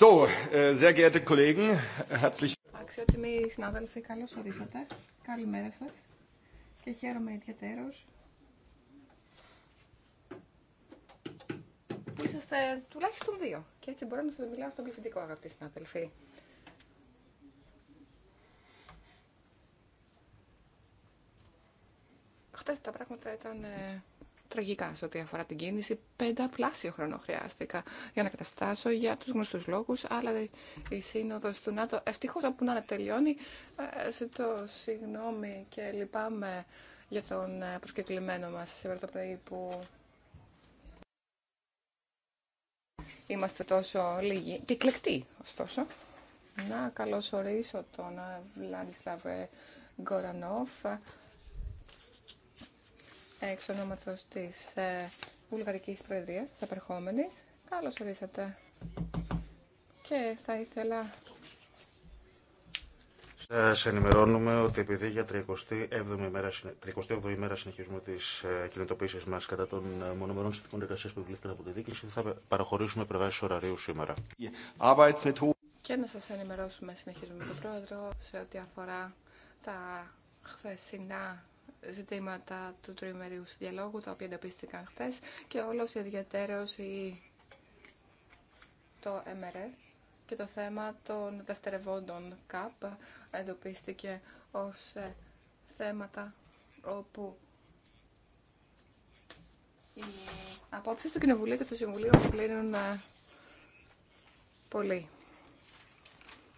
So, äh, sehr geehrte Αξιότιμοι συνάδελφοι, καλώς ορίσατε. Καλημέρα σας και χαίρομαι ιδιαίτερος που είσαστε τουλάχιστον δύο και έτσι μπορώ να σας μιλάω στον πληθυντικό, αγαπητοί συνάδελφοι. Χθες τα πράγματα ήταν ε, τραγικά σε ό,τι αφορά την κίνηση. Πενταπλάσιο χρόνο χρειάστηκα για να καταφτάσω για τους γνωστούς λόγους, αλλά η σύνοδος του ΝΑΤΟ ευτυχώς από να τελειώνει. Ε, ζητώ συγγνώμη και λυπάμαι για τον ε, προσκεκλημένο μας σήμερα το πρωί που είμαστε τόσο λίγοι και κλεκτοί ωστόσο. Να καλωσορίσω τον Βλάντισλαβ Γκορανόφ, εξ ονόματος της ε, Βουλγαρικής Προεδρίας, της απερχόμενης. Καλώς ορίσατε. Και θα ήθελα... Σα ενημερώνουμε ότι επειδή για 37η μέρα 37 ημέρα συνεχίζουμε τις ε, κινητοποίησει μας κατά των ε, μονομερών συνθηκών εργασία που επιβλήθηκαν από τη δίκηση, θα παραχωρήσουμε προβάσεις ωραρίου σήμερα. Και να σα ενημερώσουμε, συνεχίζουμε τον Πρόεδρο, σε ό,τι αφορά τα χθεσινά ζητήματα του τριμερίου διαλόγου, τα οποία εντοπίστηκαν χθε και όλο ιδιαίτερο η... το MRE και το θέμα των δευτερευόντων ΚΑΠ εντοπίστηκε ως ε, θέματα όπου οι απόψεις του Κοινοβουλίου και του Συμβουλίου αποκλίνουν ε, πολύ.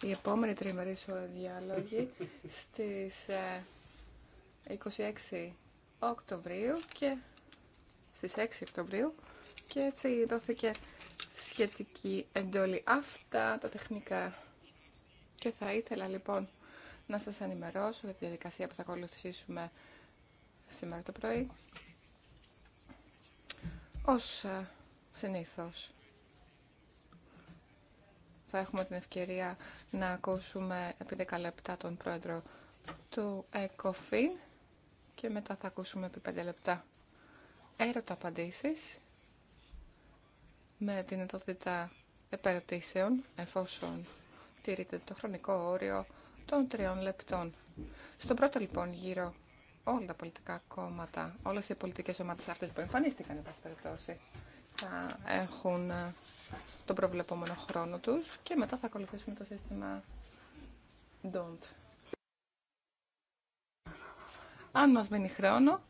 Η επόμενη τριμερή διάλογη στις ε, 26 Οκτωβρίου και στις 6 Οκτωβρίου και έτσι δόθηκε σχετική εντόλη αυτά τα τεχνικά και θα ήθελα λοιπόν να σας ενημερώσω για τη διαδικασία που θα ακολουθήσουμε σήμερα το πρωί ως ε, συνήθως θα έχουμε την ευκαιρία να ακούσουμε επί 10 λεπτά τον πρόεδρο του ΕΚΟΦΗΝ και μετά θα ακούσουμε επί 5 λεπτά έρωτα απαντήσεις με δυνατότητα επερωτήσεων εφόσον τηρείται το χρονικό όριο των τριών λεπτών. Στον πρώτο λοιπόν γύρο όλα τα πολιτικά κόμματα, όλες οι πολιτικές ομάδες αυτές που εμφανίστηκαν εν πάση θα έχουν ε, τον προβλεπόμενο χρόνο τους και μετά θα ακολουθήσουμε το σύστημα don't. Αν μας μείνει χρόνο,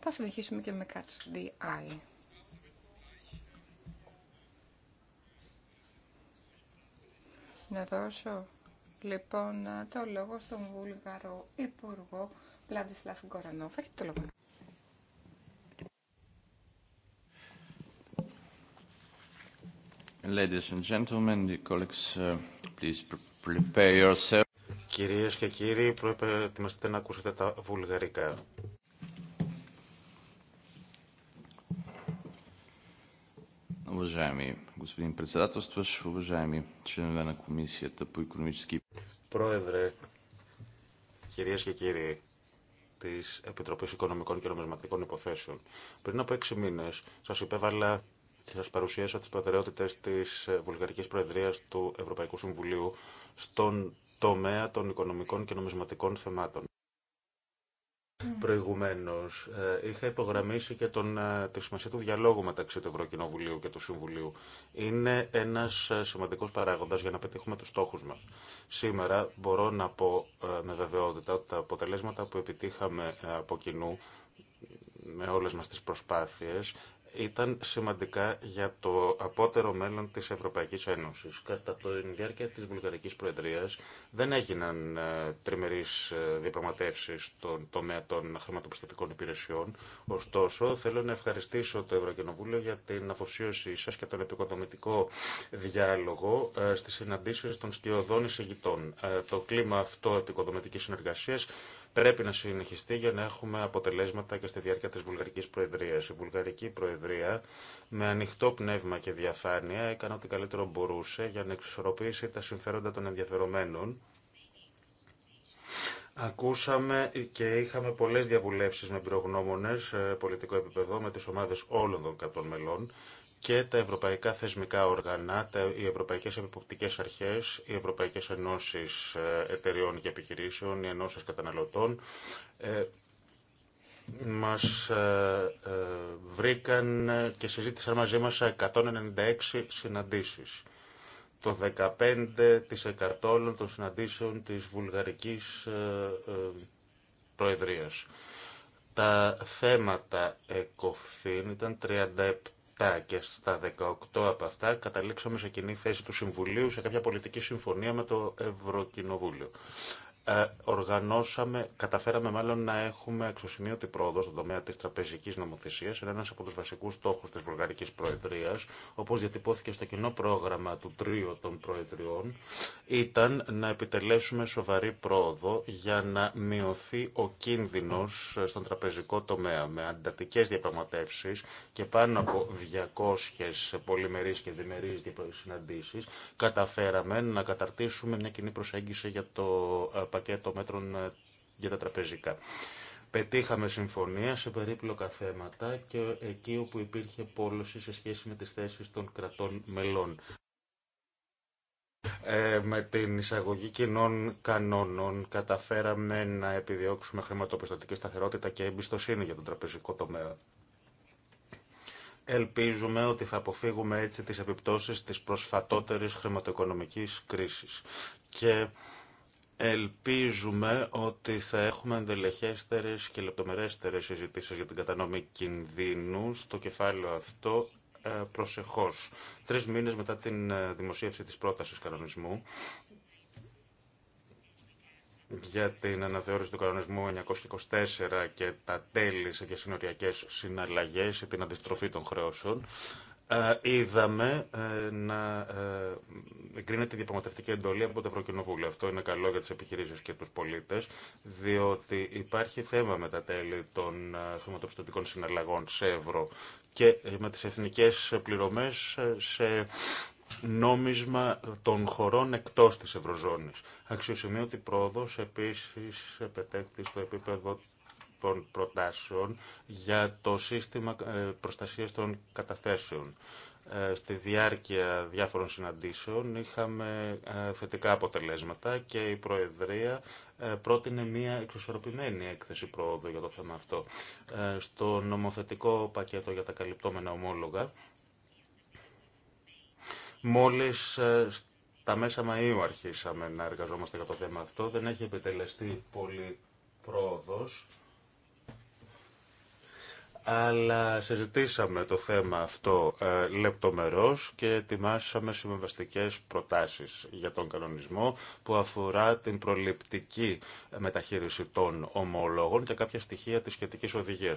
θα συνεχίσουμε και με Catch the Eye. Να δώσω λοιπόν το λόγο στον Βούλγαρο Υπουργό Βλάντισλαφ Γκορανόφ. Έχετε το λόγο. Ladies and gentlemen, the colleagues, uh, please prepare yourself. Κυρίες και κύριοι, προετοιμαστείτε να ακούσετε τα βουλγαρικά. Уважаеми господин председателстващ, уважаеми членове на Комисията по економически... Πρόεδρε, κυρίες και κύριοι της Επιτροπής Οικονομικών και Νομισματικών Υποθέσεων, πριν από έξι μήνες σας υπέβαλα και Σα παρουσίασα τι προτεραιότητε τη Βουλγαρική Προεδρία του Ευρωπαϊκού Συμβουλίου στον τομέα των οικονομικών και νομισματικών θεμάτων. Mm. Προηγουμένω, ε, είχα υπογραμμίσει και τον, ε, τη σημασία του διαλόγου μεταξύ του Ευρωκοινοβουλίου και του Συμβουλίου. Είναι ένα ε, σημαντικό παράγοντα για να πετύχουμε του στόχου μα. Σήμερα μπορώ να πω με βεβαιότητα ότι τα αποτελέσματα που επιτύχαμε από κοινού με όλες μα τι προσπάθειες ήταν σημαντικά για το απότερο μέλλον της Ευρωπαϊκής Ένωσης. Κατά τη διάρκεια της Βουλγαρικής Προεδρίας δεν έγιναν ε, τριμερείς ε, διαπραγματεύσεις στον τομέα των χρηματοπιστωτικών υπηρεσιών. Ωστόσο, θέλω να ευχαριστήσω το Ευρωκοινοβούλιο για την αφοσίωσή σας και τον επικοδομητικό διάλογο ε, στις συναντήσεις των σκιωδών εισηγητών. Το κλίμα αυτό επικοδομητικής συνεργασίας πρέπει να συνεχιστεί για να έχουμε αποτελέσματα και στη διάρκεια της Βουλγαρικής Προεδρίας. Η Βουλγαρική Προεδρία με ανοιχτό πνεύμα και διαφάνεια έκανε ό,τι καλύτερο μπορούσε για να εξισορροπήσει τα συμφέροντα των ενδιαφερομένων. Ακούσαμε και είχαμε πολλές διαβουλεύσεις με πυρογνώμονες ε, πολιτικό επίπεδο με τις ομάδες όλων των κατών μελών και τα ευρωπαϊκά θεσμικά όργανα, τα, οι ευρωπαϊκές επιποπτικές αρχές, οι ευρωπαϊκές ενώσεις ε, εταιριών και επιχειρήσεων, οι ενώσεις καταναλωτών, ε, μας ε, ε, βρήκαν και συζήτησαν μαζί μας 196 συναντήσεις. Το 15% όλων των συναντήσεων της βουλγαρικής προεδρίας. Τα θέματα εκοφήν ήταν 37 και στα 18 από αυτά καταλήξαμε σε κοινή θέση του Συμβουλίου σε κάποια πολιτική συμφωνία με το Ευρωκοινοβούλιο. Ε, οργανώσαμε, καταφέραμε μάλλον να έχουμε εξωσημείωτη πρόοδο στον τομέα τη τραπεζική νομοθεσία. Είναι ένα από του βασικού στόχου τη Βουλγαρική Προεδρία, όπω διατυπώθηκε στο κοινό πρόγραμμα του τρίου των Προεδριών, ήταν να επιτελέσουμε σοβαρή πρόοδο για να μειωθεί ο κίνδυνο στον τραπεζικό τομέα με αντατικέ διαπραγματεύσει και πάνω από 200 πολυμερεί και διμερεί συναντήσει. Καταφέραμε να καταρτήσουμε μια κοινή προσέγγιση για το ε, πακέτο μέτρων ε, για τα τραπεζικά. Πετύχαμε συμφωνία σε περίπλοκα θέματα και εκεί όπου υπήρχε πόλωση σε σχέση με τις θέσεις των κρατών μελών. Ε, με την εισαγωγή κοινών κανόνων καταφέραμε να επιδιώξουμε χρηματοπιστωτική σταθερότητα και εμπιστοσύνη για τον τραπεζικό τομέα. Ελπίζουμε ότι θα αποφύγουμε έτσι τις επιπτώσεις της προσφατότερης χρηματοοικονομικής κρίσης. Και Ελπίζουμε ότι θα έχουμε εντελεχέστερες και λεπτομερέστερες συζητήσεις για την κατανομή κινδύνου στο κεφάλαιο αυτό ε, προσεχώς. Τρεις μήνες μετά την ε, δημοσίευση της πρότασης κανονισμού για την αναθεώρηση του κανονισμού 924 και τα τέλη σε διασυνοριακές συναλλαγές ή την αντιστροφή των χρεώσεων, ε, είδαμε ε, να ε, εγκρίνεται η διαπραγματευτική εντολή από το Ευρωκοινοβούλιο. Αυτό είναι καλό για τις επιχειρήσεις και τους πολίτες, διότι υπάρχει θέμα με τα τέλη των χρηματοπιστωτικών συναλλαγών σε ευρώ και με τι εθνικέ πληρωμέ σε νόμισμα των χωρών εκτός της Ευρωζώνης. Αξιοσημείωτη πρόοδος επίσης επετέχθη στο επίπεδο των για το σύστημα ε, προστασίας των καταθέσεων. Ε, στη διάρκεια διάφορων συναντήσεων είχαμε ε, θετικά αποτελέσματα και η Προεδρία πρότεινε μια εξισορροπημένη έκθεση πρόοδου για το θέμα αυτό. Στο νομοθετικό πακέτο για τα καλυπτόμενα ομόλογα, μόλις τα μέσα Μαΐου αρχίσαμε να εργαζόμαστε για το θέμα αυτό, δεν έχει επιτελεστεί πολύ πρόοδος αλλά συζητήσαμε το θέμα αυτό ε, λεπτομερώς και ετοιμάσαμε συμβαστικές προτάσεις για τον κανονισμό που αφορά την προληπτική μεταχείριση των ομολόγων και κάποια στοιχεία της σχετικής οδηγίας.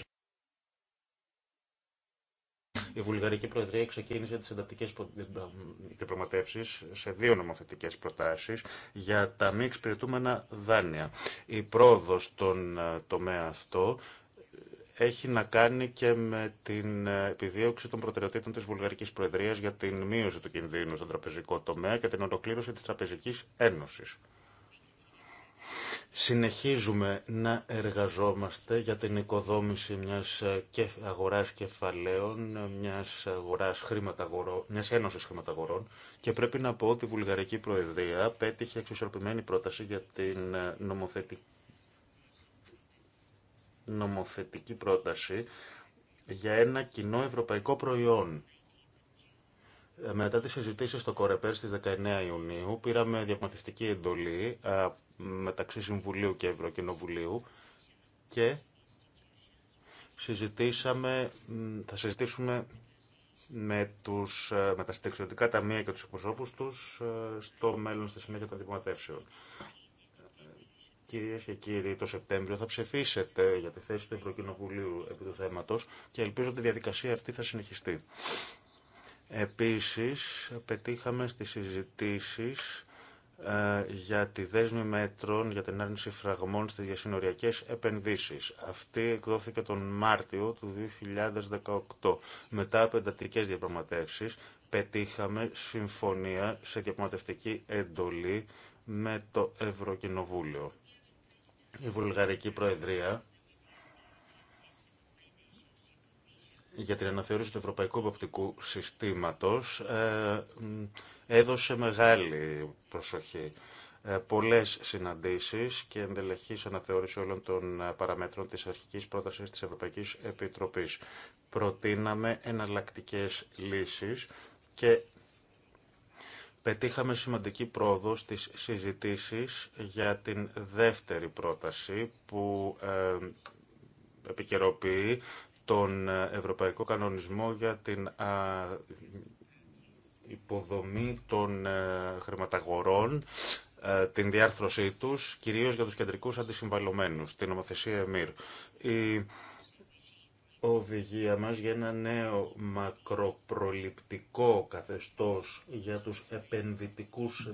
Η Βουλγαρική Προεδρία ξεκίνησε τις εντατικέ διαπραγματεύσει σε δύο νομοθετικές προτάσεις για τα μη εξυπηρετούμενα δάνεια. Η πρόοδος στον ε, τομέα αυτό έχει να κάνει και με την ε, επιδίωξη των προτεραιοτήτων της Βουλγαρικής Προεδρίας για την μείωση του κινδύνου στον τραπεζικό τομέα και την ολοκλήρωση της Τραπεζικής Ένωσης. Συνεχίζουμε να εργαζόμαστε για την οικοδόμηση μιας ε, αγοράς κεφαλαίων, μιας, αγοράς χρηματαγορών, μιας ένωσης χρηματαγορών και πρέπει να πω ότι η Βουλγαρική Προεδρία πέτυχε εξισορροπημένη πρόταση για την ε, νομοθετική νομοθετική πρόταση για ένα κοινό ευρωπαϊκό προϊόν. Ε, μετά τις συζητήσεις στο Κορεπέρ στις 19 Ιουνίου πήραμε διαπραγματευτική εντολή μεταξύ Συμβουλίου και Ευρωκοινοβουλίου και συζητήσαμε, θα συζητήσουμε με, τους, με τα συντεξιωτικά ταμεία και τους εκπροσώπους τους στο μέλλον στη συνέχεια των διαπραγματεύσεων. Κυρίε και κύριοι, το Σεπτέμβριο θα ψεφίσετε για τη θέση του Ευρωκοινοβουλίου επί του θέματο και ελπίζω ότι η διαδικασία αυτή θα συνεχιστεί. Επίση, πετύχαμε στι συζητήσει ε, για τη δέσμη μέτρων για την άρνηση φραγμών στι διασυνοριακέ επενδύσει. Αυτή εκδόθηκε τον Μάρτιο του 2018. Μετά από εντατικέ διαπραγματεύσει πετύχαμε συμφωνία σε διαπραγματευτική εντολή με το Ευρωκοινοβούλιο η Βουλγαρική Προεδρία για την αναθεώρηση του Ευρωπαϊκού Εποπτικού Συστήματος ε, έδωσε μεγάλη προσοχή. Ε, πολλές συναντήσεις και ενδελεχής αναθεώρηση όλων των ε, παραμέτρων της αρχικής πρότασης της Ευρωπαϊκής Επιτροπής. Προτείναμε εναλλακτικές λύσεις και πετύχαμε σημαντική πρόοδο στις συζητήσεις για την δεύτερη πρόταση που ε, επικαιροποιεί τον Ευρωπαϊκό Κανονισμό για την υποδομή των ε, χρηματαγορών ε, την διάρθρωσή τους, κυρίως για τους κεντρικούς αντισυμβαλλομένους, την νομοθεσία ΕΜΗΡ οδηγία μας για ένα νέο μακροπροληπτικό καθεστώς για τους, επενδυτικούς,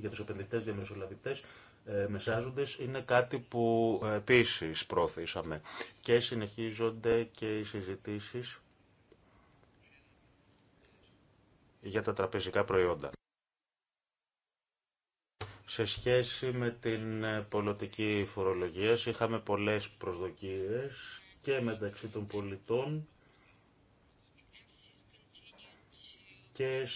για τους επενδυτές διαμεσολαβητές ε, μεσάζοντες είναι κάτι που ε, επίσης προωθήσαμε και συνεχίζονται και οι συζητήσεις για τα τραπεζικά προϊόντα. Σε σχέση με την ε, πολιτική φορολογία είχαμε πολλές προσδοκίες και μεταξύ των πολιτών και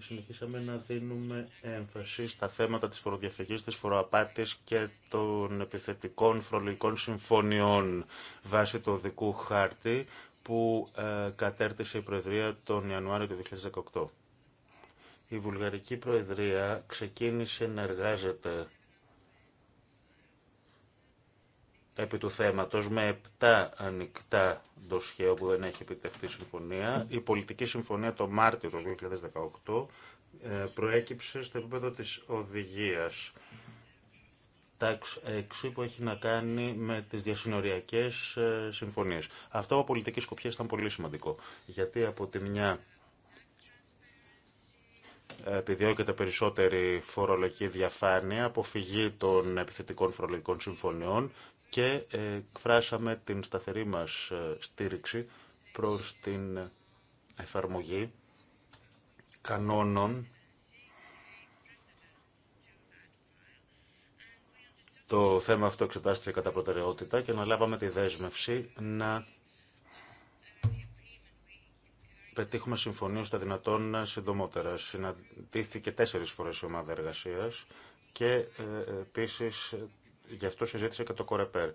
συνεχίσαμε να δίνουμε έμφαση στα θέματα της φοροδιαφυγής, της φοροαπάτης και των επιθετικών φορολογικών συμφωνιών βάσει του οδικού χάρτη που ε, κατέρτισε η Προεδρία τον Ιανουάριο του 2018. Η Βουλγαρική Προεδρία ξεκίνησε να εργάζεται επί του θέματος με 7 ανοιχτά ντοσχέ όπου δεν έχει επιτευχθεί συμφωνία. Η πολιτική συμφωνία το Μάρτιο του 2018 ε, προέκυψε στο επίπεδο της οδηγίας τάξη 6 που έχει να κάνει με τις διασυνοριακές ε, συμφωνίες. Αυτό από πολιτική σκοπιά ήταν πολύ σημαντικό, γιατί από τη μια επιδιώκεται περισσότερη φορολογική διαφάνεια, αποφυγή των επιθετικών φορολογικών συμφωνιών και εκφράσαμε την σταθερή μας ε, στήριξη προς την εφαρμογή κανόνων Το θέμα αυτό εξετάστηκε κατά προτεραιότητα και αναλάβαμε τη δέσμευση να πετύχουμε συμφωνίες στα δυνατόν συντομότερα. Συναντήθηκε τέσσερις φορές η ομάδα εργασία. και ε, επίση γι' αυτό συζήτησε και το Κορεπέρ.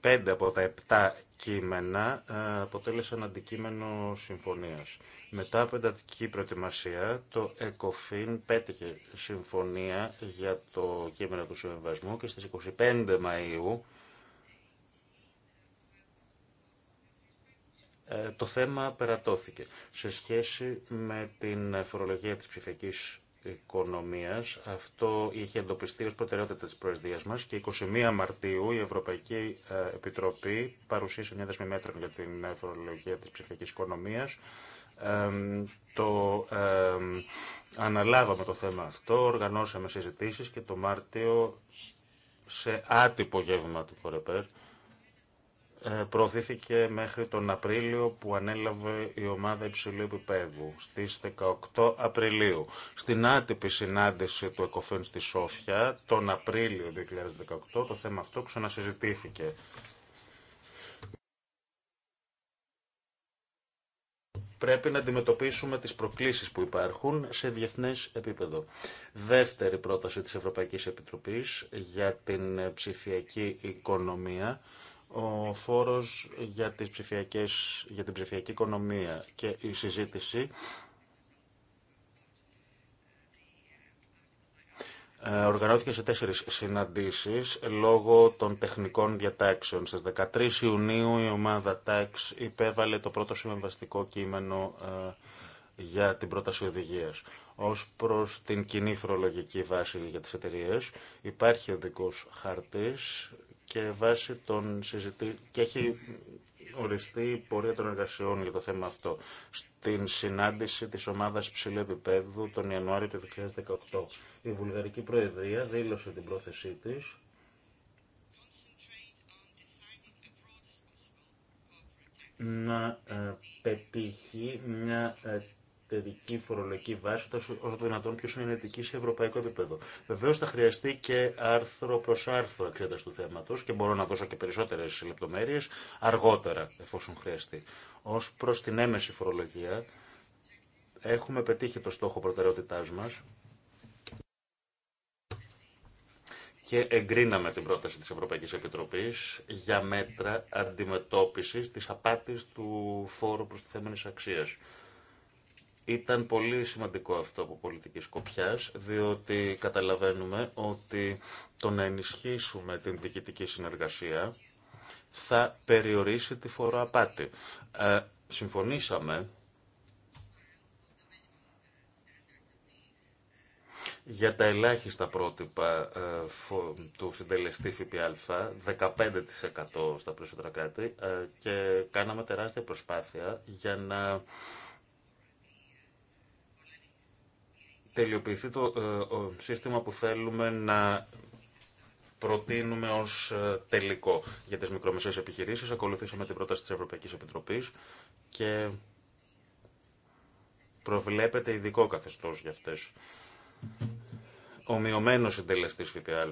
Πέντε από τα επτά κείμενα ε, αποτέλεσαν αντικείμενο συμφωνίας. Μετά από εντατική προετοιμασία, το ΕΚΟΦΗΝ πέτυχε συμφωνία για το κείμενο του συμβασμού και στις 25 Μαΐου Ε, το θέμα περατώθηκε. Σε σχέση με την φορολογία της ψηφιακής οικονομίας, αυτό είχε εντοπιστεί ως προτεραιότητα της προεσδίας μας και 21 Μαρτίου η Ευρωπαϊκή ε, Επιτροπή παρουσίασε μια δεσμή μέτρων για την ε, φορολογία της ψηφιακής οικονομίας το ε, αναλάβαμε το θέμα αυτό, οργανώσαμε συζητήσεις και το Μάρτιο σε άτυπο γεύμα του Κορεπέρ ε, προωθήθηκε μέχρι τον Απρίλιο που ανέλαβε η ομάδα υψηλού επίπεδου στις 18 Απριλίου. Στην άτυπη συνάντηση του ΕΚΟΦΕΝ στη Σόφια τον Απρίλιο 2018 το θέμα αυτό ξανασυζητήθηκε. πρέπει να αντιμετωπίσουμε τις προκλήσεις που υπάρχουν σε διεθνές επίπεδο. Δεύτερη πρόταση της Ευρωπαϊκής Επιτροπής για την ψηφιακή οικονομία ο φόρος για, τις ψηφιακές, για την ψηφιακή οικονομία και η συζήτηση ε, οργανώθηκε σε τέσσερις συναντήσεις λόγω των τεχνικών διατάξεων. Στις 13 Ιουνίου η ομάδα TAX υπέβαλε το πρώτο συμβαστικό κείμενο ε, για την πρόταση οδηγίας. Ως προς την κοινή φορολογική βάση για τις εταιρείες υπάρχει ο χαρτής και βάσει των και έχει οριστεί η πορεία των εργασιών για το θέμα αυτό στην συνάντηση της ομάδας ψηλού επίπεδου τον Ιανουάριο του 2018. Η Βουλγαρική Προεδρία δήλωσε την πρόθεσή της να ε, πετύχει μια ε, εσωτερική φορολογική βάση όσο το δυνατόν πιο συνενετική σε ευρωπαϊκό επίπεδο. Βεβαίω θα χρειαστεί και άρθρο προ άρθρο εξέταση του θέματο και μπορώ να δώσω και περισσότερε λεπτομέρειε αργότερα εφόσον χρειαστεί. Ω προ την έμεση φορολογία, έχουμε πετύχει το στόχο προτεραιότητά μα και εγκρίναμε την πρόταση τη Ευρωπαϊκή Επιτροπή για μέτρα αντιμετώπιση τη απάτης του φόρου προστιθέμενης αξία. Ήταν πολύ σημαντικό αυτό από πολιτική σκοπιά, διότι καταλαβαίνουμε ότι το να ενισχύσουμε την διοικητική συνεργασία θα περιορίσει τη φοροαπάτη. Ε, συμφωνήσαμε για τα ελάχιστα πρότυπα ε, του συντελεστή ΦΠΑ, 15% στα περισσότερα κράτη, ε, και κάναμε τεράστια προσπάθεια για να τελειοποιηθεί το ε, σύστημα που θέλουμε να προτείνουμε ως ε, τελικό για τις μικρομεσαίες επιχειρήσεις. Ακολουθήσαμε την πρόταση της Ευρωπαϊκής Επιτροπής και προβλέπεται ειδικό καθεστώς για αυτές. Ο μειωμένος συντελεστής ΦΠΑ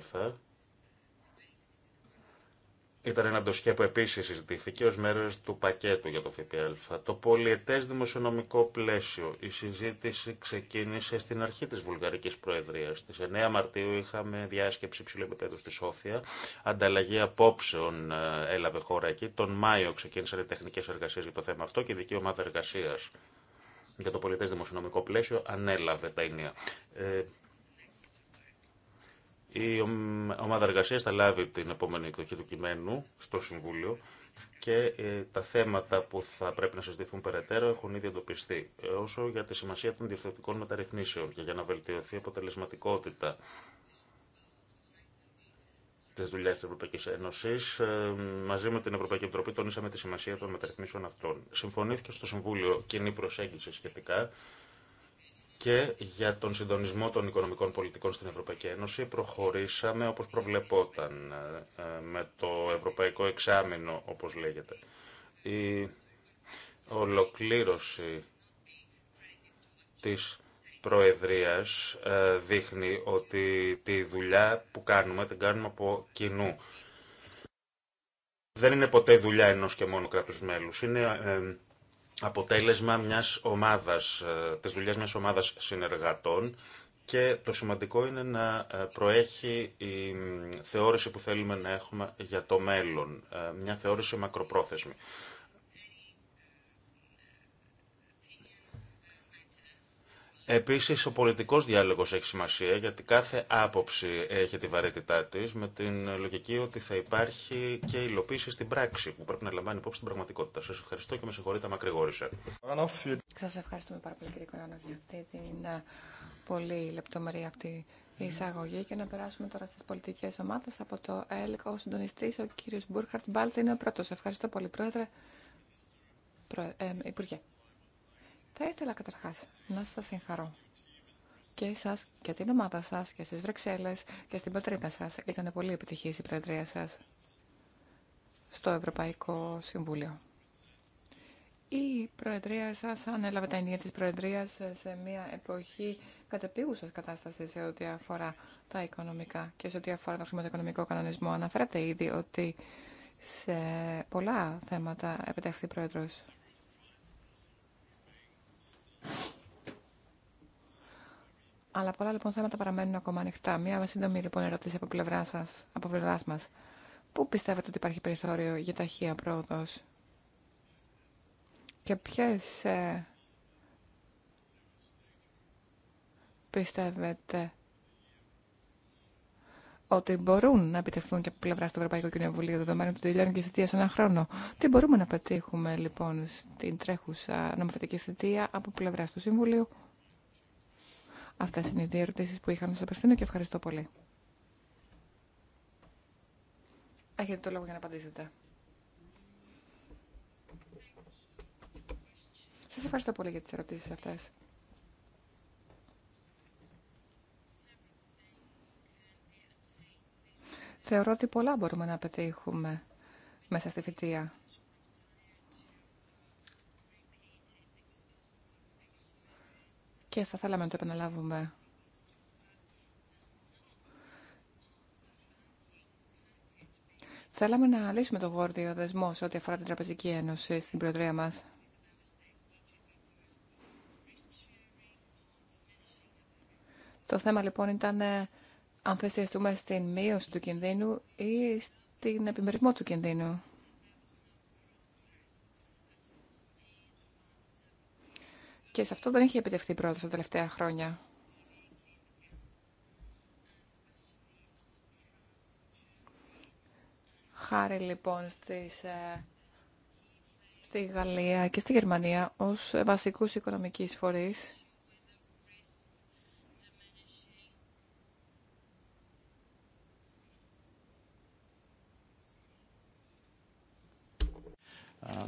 ήταν ένα ντοσχέ που επίση συζητήθηκε ω μέρο του πακέτου για το ΦΠΑ. Το πολιτέ δημοσιονομικό πλαίσιο. Η συζήτηση ξεκίνησε στην αρχή τη Βουλγαρικής Προεδρία. Τη 9 Μαρτίου είχαμε διάσκεψη ψηλού επίπεδου στη Σόφια. Ανταλλαγή απόψεων ε, έλαβε χώρα εκεί. Τον Μάιο ξεκίνησαν οι τεχνικές εργασίε για το θέμα αυτό και η δική ομάδα εργασία για το πολιτές δημοσιονομικό πλαίσιο ανέλαβε τα ενία. Ε, η ομάδα εργασία θα λάβει την επόμενη εκδοχή του κειμένου στο Συμβούλιο και ε, τα θέματα που θα πρέπει να συζητηθούν περαιτέρω έχουν ήδη εντοπιστεί. Ε, όσο για τη σημασία των διευθυντικών μεταρρυθμίσεων και για να βελτιωθεί η αποτελεσματικότητα τη δουλειά τη Ευρωπαϊκή Ένωση, ε, μαζί με την Ευρωπαϊκή Επιτροπή τονίσαμε τη σημασία των μεταρρυθμίσεων αυτών. Συμφωνήθηκε στο Συμβούλιο κοινή προσέγγιση σχετικά και για τον συντονισμό των οικονομικών πολιτικών στην Ευρωπαϊκή Ένωση προχωρήσαμε όπως προβλεπόταν ε, ε, με το Ευρωπαϊκό Εξάμεινο όπως λέγεται. Η ολοκλήρωση της Προεδρίας ε, δείχνει ότι τη δουλειά που κάνουμε την κάνουμε από κοινού. Δεν είναι ποτέ δουλειά ενός και μόνο κράτους μέλους. Είναι αποτέλεσμα μιας ομάδας, ε, της δουλειάς μιας ομάδας συνεργατών και το σημαντικό είναι να ε, προέχει η θεώρηση που θέλουμε να έχουμε για το μέλλον, ε, μια θεώρηση μακροπρόθεσμη. Επίσης, ο πολιτικός διάλογος έχει σημασία, γιατί κάθε άποψη έχει τη βαρύτητά της, με την λογική ότι θα υπάρχει και υλοποίηση στην πράξη, που πρέπει να λαμβάνει υπόψη την πραγματικότητα. Σας ευχαριστώ και με συγχωρείτε, μακρηγόρησα. Σας ευχαριστούμε πάρα πολύ, κύριε Κοράνο, για αυτή την ε, πολύ λεπτομερή αυτή εισαγωγή και να περάσουμε τώρα στις πολιτικές ομάδες. Από το ΕΛΚ, ο συντονιστής, ο κύριος Μπουρχαρτ Μπάλτ είναι ο πρώτος. Ευχαριστώ πολύ, Πρόεδρε. Ε, Υπουργέ. Θα ήθελα καταρχά να σα συγχαρώ και εσάς και την ομάδα σα και στι Βρεξέλλες και στην πατρίδα σα Ήταν πολύ επιτυχής η Προεδρία σα στο Ευρωπαϊκό Συμβούλιο. Η Προεδρία σας ανέλαβε τα ενία της Προεδρίας σε μια εποχή κατεπίγουσας κατάσταση σε ό,τι αφορά τα οικονομικά και σε ό,τι αφορά το χρηματοοικονομικό κανονισμό. Αναφέρατε ήδη ότι σε πολλά θέματα η Πρόεδρος Αλλά πολλά λοιπόν θέματα παραμένουν ακόμα ανοιχτά. Μία σύντομη λοιπόν ερώτηση από πλευρά σας, από πλευρά μας. Πού πιστεύετε ότι υπάρχει περιθώριο για ταχεία πρόοδο και ποιε ε, πιστεύετε ότι μπορούν να επιτευχθούν και από πλευρά του Ευρωπαϊκού Κοινοβουλίου δεδομένου του τελειώνει και η θητεία σε έναν χρόνο. Τι μπορούμε να πετύχουμε λοιπόν στην τρέχουσα νομοθετική θητεία από πλευρά του Συμβουλίου Αυτέ είναι οι δύο ερωτήσει που είχα να σας απευθύνω και ευχαριστώ πολύ. Έχετε το λόγο για να απαντήσετε. Σας ευχαριστώ πολύ για τις ερωτήσεις αυτές. Θεωρώ ότι πολλά μπορούμε να πετύχουμε μέσα στη φοιτεία. και θα θέλαμε να το επαναλάβουμε. Θέλαμε να λύσουμε το γόρδιο δεσμό σε ό,τι αφορά την Τραπεζική Ένωση στην Προεδρία μας. Το θέμα λοιπόν ήταν ε, αν θα στην μείωση του κινδύνου ή στην επιμερισμό του κινδύνου. Και σε αυτό δεν έχει επιτευχθεί πρόοδο τα τελευταία χρόνια. Χάρη λοιπόν στις, ε, στη Γαλλία και στη Γερμανία ως βασικούς οικονομικής φορείς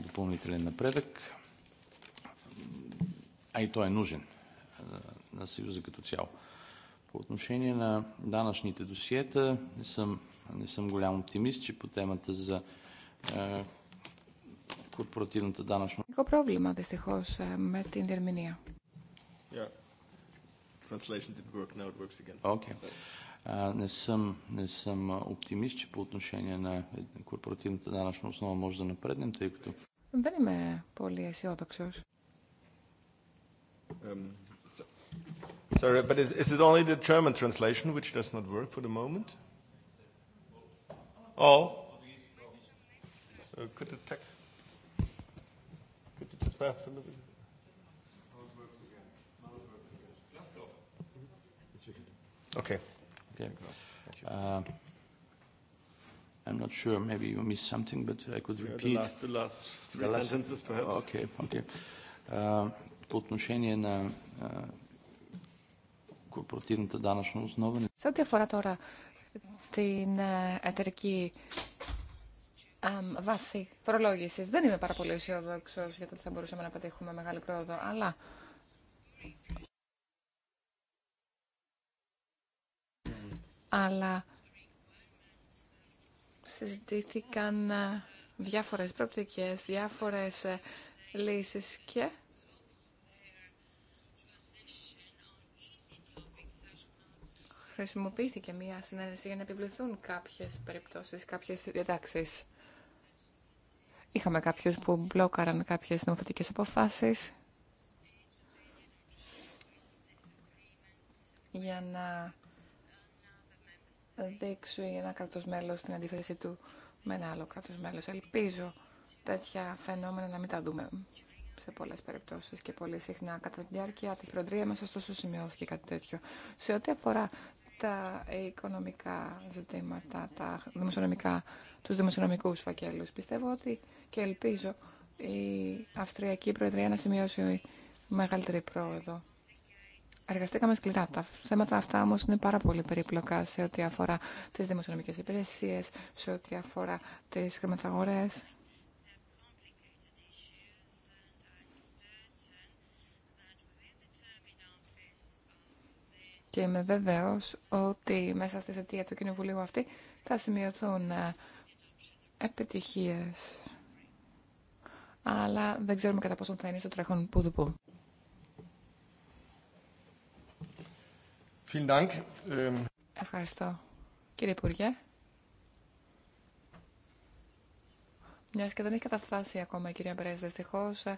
допълнителен напредък а и той е нужен на Съюза като цяло. По отношение на данъчните досиета не съм, не съм голям оптимист, че по темата за корпоративната данъчна... Какво проблема да се хош мет Yeah. Translation didn't work, now it works again. Okay. А, не, съм, не съм оптимист, че по отношение на корпоративната данъчна основа може да напреднем, тъй като... Δεν είμαι πολύ αισιόδοξο. Um, so, sorry, but is, is it only the German translation which does not work for the moment? Oh. So could the tech... Could it just perhaps a little bit... Okay. Okay. Uh, I'm not sure. Maybe you missed something, but I could repeat. Yeah, the, last, the last three the last, sentences, perhaps. Okay. Okay. Uh, по отношение на корпоративната Σε ό,τι αφορά τώρα την εταιρική βάση προλόγησης, δεν είμαι πάρα πολύ αισιόδοξο για το ότι θα μπορούσαμε να πετύχουμε μεγάλη πρόοδο, αλλά. Αλλά συζητήθηκαν διάφορες προοπτικές, διάφορες λύσεις και χρησιμοποιήθηκε μια συνέντευξη για να επιβληθούν κάποιες περιπτώσεις, κάποιες διατάξεις. Είχαμε κάποιους που μπλόκαραν κάποιες νομοθετικές αποφάσεις για να δείξουν ένα κράτος μέλος την αντίθεση του με ένα άλλο κράτος μέλος. Ελπίζω τέτοια φαινόμενα να μην τα δούμε σε πολλέ περιπτώσει και πολύ συχνά. Κατά τη διάρκεια τη Προεδρία μα, ωστόσο, σημειώθηκε κάτι τέτοιο. Σε ό,τι αφορά τα οικονομικά ζητήματα, τα δημοσιονομικά, τους δημοσιονομικούς φακέλους. Πιστεύω ότι και ελπίζω η Αυστριακή Προεδρία να σημειώσει μεγαλύτερη πρόοδο. Εργαστήκαμε σκληρά. Τα θέματα αυτά όμω είναι πάρα πολύ περίπλοκα σε ό,τι αφορά τι δημοσιονομικέ υπηρεσίε, σε ό,τι αφορά τι χρηματαγορέ. Και είμαι βεβαίως ότι μέσα στη θετία του Κοινοβουλίου αυτή θα σημειωθούν ε, επιτυχίες. Αλλά δεν ξέρουμε κατά πόσο θα είναι στο τρέχον πουδουπού. Ε, Ευχαριστώ. Κύριε Υπουργέ. Μια και δεν έχει καταφτάσει ακόμα η κυρία Μπρέζ, δυστυχώ. Ε,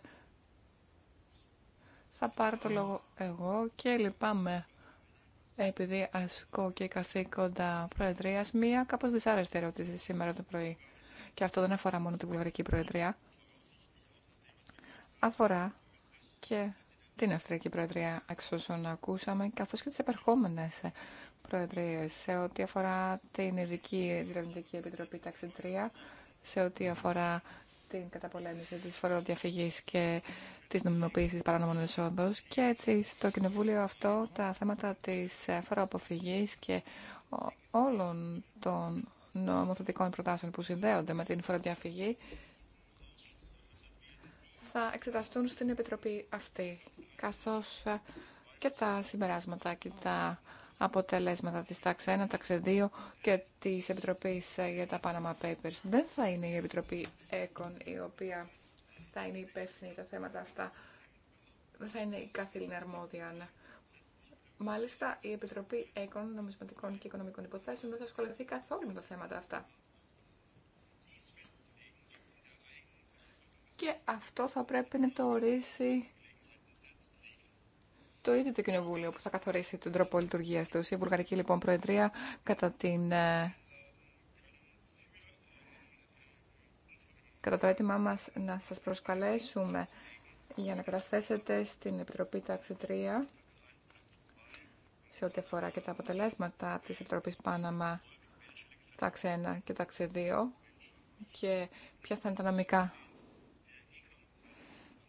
θα πάρω το λόγο εγώ και λυπάμαι επειδή ασκώ και καθήκοντα προεδρία μία κάπω δυσάρεστη ερώτηση σήμερα το πρωί. Και αυτό δεν αφορά μόνο την Βουλγαρική Προεδρία. Αφορά και την Αυστριακή Προεδρία, εξ όσων ακούσαμε, καθώ και τι επερχόμενε προεδρίε, σε ό,τι αφορά την Ειδική Διερευνητική Επιτροπή Τάξη 3, σε ό,τι αφορά την καταπολέμηση της φοροδιαφυγής και της νομιμοποίησης παράνομων εσόδων και έτσι στο Κοινοβούλιο αυτό τα θέματα της φοροαποφυγή και όλων των νομοθετικών προτάσεων που συνδέονται με την φοροδιαφυγή θα εξεταστούν στην Επιτροπή αυτή, καθώς και τα συμπεράσματα και τα αποτελέσματα της τάξη 1, τάξη 2 και της Επιτροπής για τα Panama Papers. Δεν θα είναι η Επιτροπή ΕΚΟΝ η οποία θα είναι υπεύθυνη για τα θέματα αυτά. Δεν θα είναι η Καθήλυνα αρμόδια. Μάλιστα, η Επιτροπή Έκων, Νομισματικών και Οικονομικών Υποθέσεων δεν θα ασχοληθεί καθόλου με τα θέματα αυτά. Και αυτό θα πρέπει να το ορίσει το ίδιο το Κοινοβούλιο που θα καθορίσει τον τρόπο λειτουργία του. Η Βουλγαρική λοιπόν Προεδρία κατά την ε, κατά το αίτημά μας να σας προσκαλέσουμε για να καταθέσετε στην Επιτροπή Τάξη 3 σε ό,τι αφορά και τα αποτελέσματα της Επιτροπής Πάναμα Τάξη 1 και Τάξη 2 και ποια θα είναι τα νομικά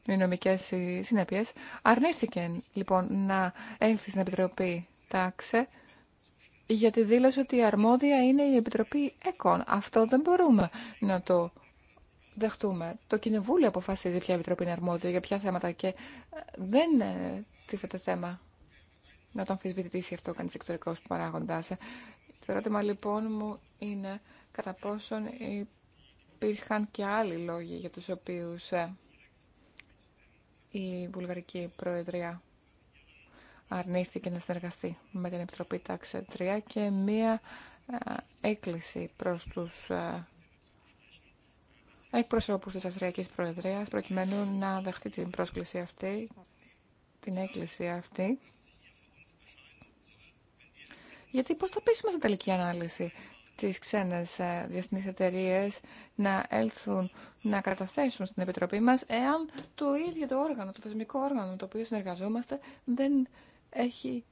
οι νομικές συνέπειες. Αρνήθηκε λοιπόν να έλθει στην Επιτροπή Τάξε γιατί δήλωσε ότι η αρμόδια είναι η Επιτροπή ΕΚΟΝ. Αυτό δεν μπορούμε να το δεχτούμε. Το Κοινοβούλιο αποφασίζει ποια επιτροπή είναι αρμόδια, για ποια θέματα και ε, δεν ε, τίθεται θέμα να το αμφισβητήσει αυτό κανεί εξωτερικό παράγοντά. Ε, το ερώτημα λοιπόν μου είναι κατά πόσον υπήρχαν και άλλοι λόγοι για τους οποίους η Βουλγαρική Προεδρία αρνήθηκε να συνεργαστεί με την Επιτροπή Τάξη 3 και μία έκκληση προς τους εκπροσώπου τη Αυστριακή Προεδρία, προκειμένου να δεχτεί την πρόσκληση αυτή, την έκκληση αυτή. Γιατί πώ θα πείσουμε στην τελική ανάλυση τι ξένε διεθνεί εταιρείε να έλθουν να καταθέσουν στην Επιτροπή μας εάν το ίδιο το όργανο, το θεσμικό όργανο με το οποίο συνεργαζόμαστε δεν έχει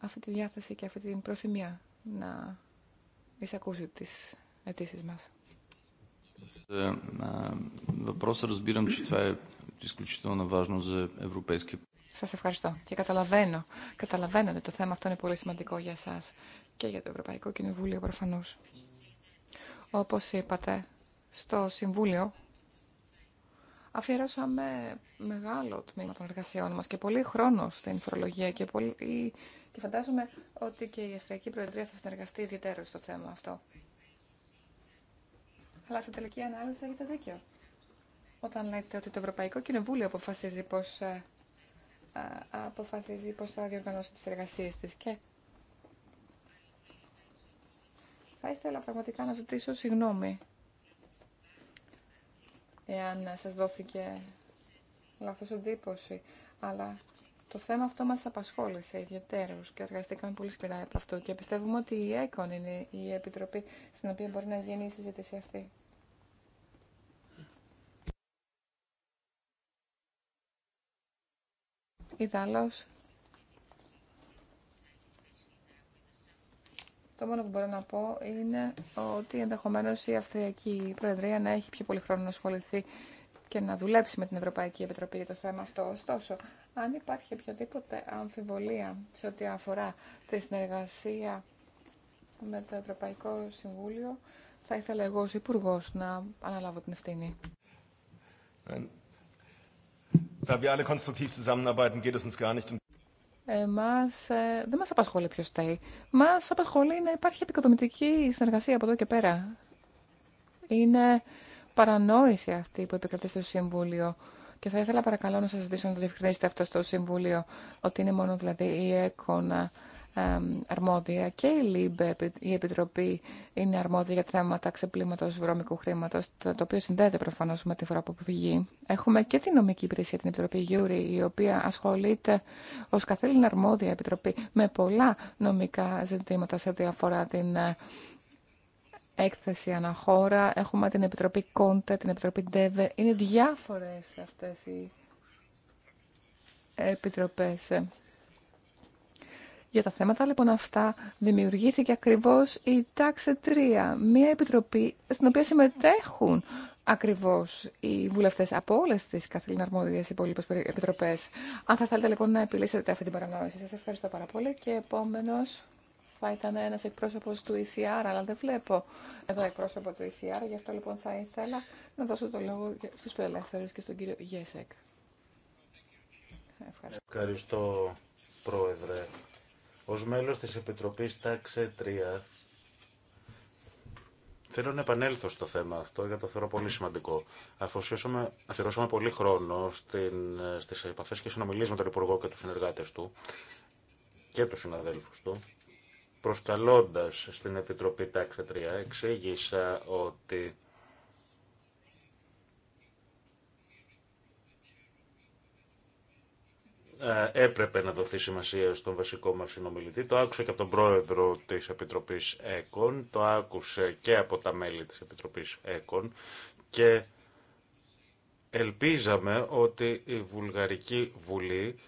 αυτή τη διάθεση και αυτή την προθυμία να εισακούσει τις αιτήσει μας. Σα ευχαριστώ και καταλαβαίνω. Καταλαβαίνω ότι το θέμα αυτό είναι πολύ σημαντικό για εσά και για το Ευρωπαϊκό Κοινοβούλιο προφανώ. Όπω είπατε, στο Συμβούλιο αφιερώσαμε μεγάλο τμήμα των εργασιών μα και πολύ χρόνο στην φορολογία και, πολύ... και φαντάζομαι ότι και η Αστραϊκή Προεδρία θα συνεργαστεί ιδιαίτερα στο θέμα αυτό. Αλλά σε τελική ανάλυση έχετε δίκιο. Όταν λέτε ότι το Ευρωπαϊκό Κοινοβούλιο αποφασίζει πώς, ε, ε, αποφασίζει πώς θα διοργανώσει τις εργασίες της και θα ήθελα πραγματικά να ζητήσω συγγνώμη εάν σας δόθηκε λάθος εντύπωση, αλλά το θέμα αυτό μας απασχόλησε ιδιαίτερως και εργαστήκαμε πολύ σκληρά από αυτό και πιστεύουμε ότι η ΕΚΟΝ είναι η επιτροπή στην οποία μπορεί να γίνει η συζήτηση αυτή. Ιδάλλως, το μόνο που μπορώ να πω είναι ότι ενδεχομένως η Αυστριακή Προεδρία να έχει πιο πολύ χρόνο να ασχοληθεί και να δουλέψει με την Ευρωπαϊκή Επιτροπή για το θέμα αυτό. Ωστόσο, αν υπάρχει οποιαδήποτε αμφιβολία σε ό,τι αφορά τη συνεργασία με το Ευρωπαϊκό Συμβούλιο, θα ήθελα εγώ ως Υπουργός να αναλάβω την ευθύνη. Da δεν μας απασχολεί ποιος στέει. Μας απασχολεί να υπάρχει επικοδομητική συνεργασία από εδώ και πέρα. Είναι παρανόηση αυτή που επικρατεί στο Συμβούλιο. Και θα ήθελα παρακαλώ να σας ζητήσω να το διευκρινίσετε αυτό στο Συμβούλιο, ότι είναι μόνο δηλαδή η έκονα αρμόδια και η ΛΥΜΠΕ, η Επιτροπή, είναι αρμόδια για θέματα ξεπλήματο βρώμικου χρήματο, το οποίο συνδέεται προφανώ με τη φορά που πηγεί. Έχουμε και την νομική υπηρεσία, την Επιτροπή Γιούρη, η οποία ασχολείται ω καθήλυνα αρμόδια επιτροπή με πολλά νομικά ζητήματα σε διαφορά την ε, έκθεση αναχώρα. Έχουμε την Επιτροπή Κόντε, την Επιτροπή Ντέβε. Είναι διάφορε αυτέ οι επιτροπές για τα θέματα λοιπόν αυτά δημιουργήθηκε ακριβώς η τάξη 3, μια επιτροπή στην οποία συμμετέχουν ακριβώς οι βουλευτές από όλες τις καθήλυνα αρμόδιες υπόλοιπες επιτροπές. Αν θα θέλετε λοιπόν να επιλύσετε αυτή την παρανόηση, σας ευχαριστώ πάρα πολύ και επόμενος θα ήταν ένας εκπρόσωπος του ECR, αλλά δεν βλέπω εδώ εκπρόσωπο του ECR, γι' αυτό λοιπόν θα ήθελα να δώσω το λόγο στους ελεύθερους και στον κύριο Γέσεκ. Ευχαριστώ. Ευχαριστώ, Πρόεδρε. Ως μέλος της Επιτροπής Τάξε 3, Θέλω να επανέλθω στο θέμα αυτό, γιατί το θεωρώ πολύ σημαντικό. αφιερώσαμε πολύ χρόνο στην, στις επαφές και συνομιλίες με τον Υπουργό και τους συνεργάτες του και τους συναδέλφους του. Προσκαλώντας στην Επιτροπή Τάξε 3, εξήγησα ότι Ε, έπρεπε να δοθεί σημασία στον βασικό μας συνομιλητή. Το άκουσε και από τον πρόεδρο της Επιτροπής ΕΚΟΝ, το άκουσε και από τα μέλη της Επιτροπής ΕΚΟΝ και ελπίζαμε ότι η Βουλγαρική Βουλή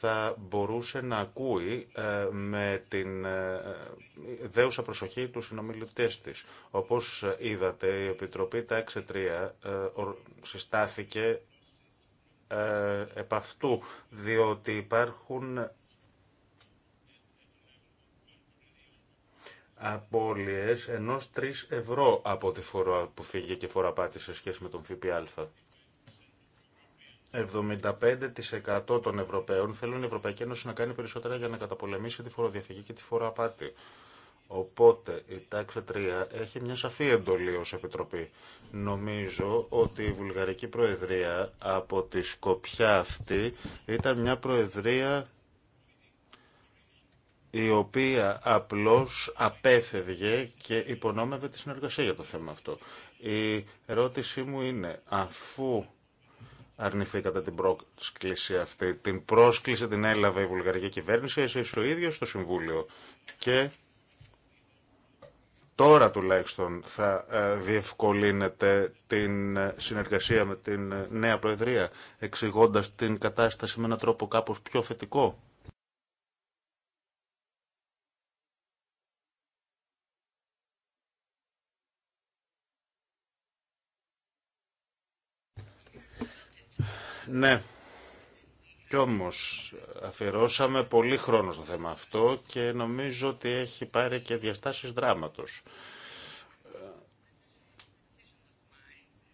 θα μπορούσε να ακούει ε, με την ε, δέουσα προσοχή του συνομιλητές της. Όπως είδατε, η Επιτροπή τα 6 συστάθηκε ε, επ' αυτού, διότι υπάρχουν απώλειες ενός 3 ευρώ από τη φορά που φύγει και φοραπάτη σε σχέση με τον ΦΠΑ. 75% των Ευρωπαίων θέλουν η Ευρωπαϊκή Ένωση να κάνει περισσότερα για να καταπολεμήσει τη φοροδιαφυγή και τη φοροαπάτη. Οπότε η τάξη 3 έχει μια σαφή εντολή ως Επιτροπή. Νομίζω ότι η Βουλγαρική Προεδρία από τη σκοπιά αυτή ήταν μια Προεδρία η οποία απλώς απέφευγε και υπονόμευε τη συνεργασία για το θέμα αυτό. Η ερώτησή μου είναι, αφού αρνηθήκατε την πρόσκληση αυτή, την πρόσκληση την έλαβε η βουλγαρική κυβέρνηση, εσείς ο ίδιος στο Συμβούλιο και τώρα τουλάχιστον θα ε, διευκολύνεται την ε, συνεργασία με την ε, νέα Προεδρία, εξηγώντα την κατάσταση με έναν τρόπο κάπως πιο θετικό. Ναι, κι όμως αφιερώσαμε πολύ χρόνο στο θέμα αυτό και νομίζω ότι έχει πάρει και διαστάσεις δράματος.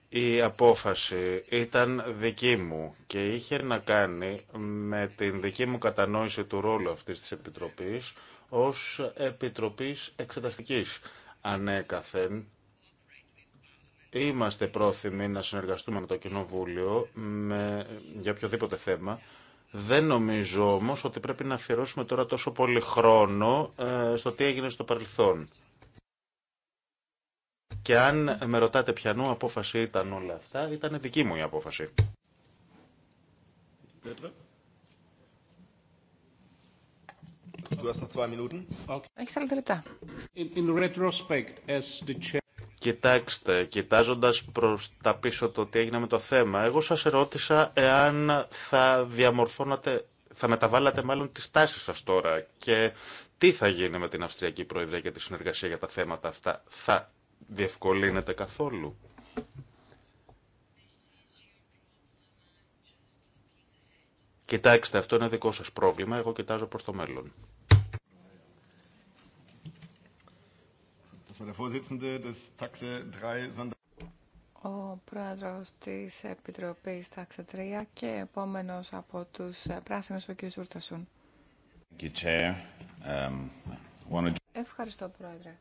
Η απόφαση ήταν δική μου και είχε να κάνει με την δική μου κατανόηση του ρόλου αυτής της Επιτροπής ως Επιτροπής Εξεταστικής. Ανέκαθεν, είμαστε πρόθυμοι να συνεργαστούμε με το Κοινοβούλιο με, για οποιοδήποτε θέμα, δεν νομίζω όμως ότι πρέπει να αφιερώσουμε τώρα τόσο πολύ χρόνο ε, στο τι έγινε στο παρελθόν. Και αν με ρωτάτε ποιανού απόφαση ήταν όλα αυτά, ήταν δική μου η απόφαση. Έχεις άλλα λεπτά. Κοιτάξτε, κοιτάζοντας προς τα πίσω το τι έγινε με το θέμα, εγώ σας ερώτησα εάν θα διαμορφώνατε, θα μεταβάλλατε μάλλον τις τάσεις σας τώρα και τι θα γίνει με την Αυστριακή Προεδρία και τη συνεργασία για τα θέματα αυτά. Θα διευκολύνεται καθόλου. Κοιτάξτε, αυτό είναι δικό σας πρόβλημα, εγώ κοιτάζω προς το μέλλον. Ο πρόεδρος της Επιτροπής Τάξε 3 και επόμενος από τους πράσινους, ο κ. Ούρτασούν. Um, Ευχαριστώ, πρόεδρε.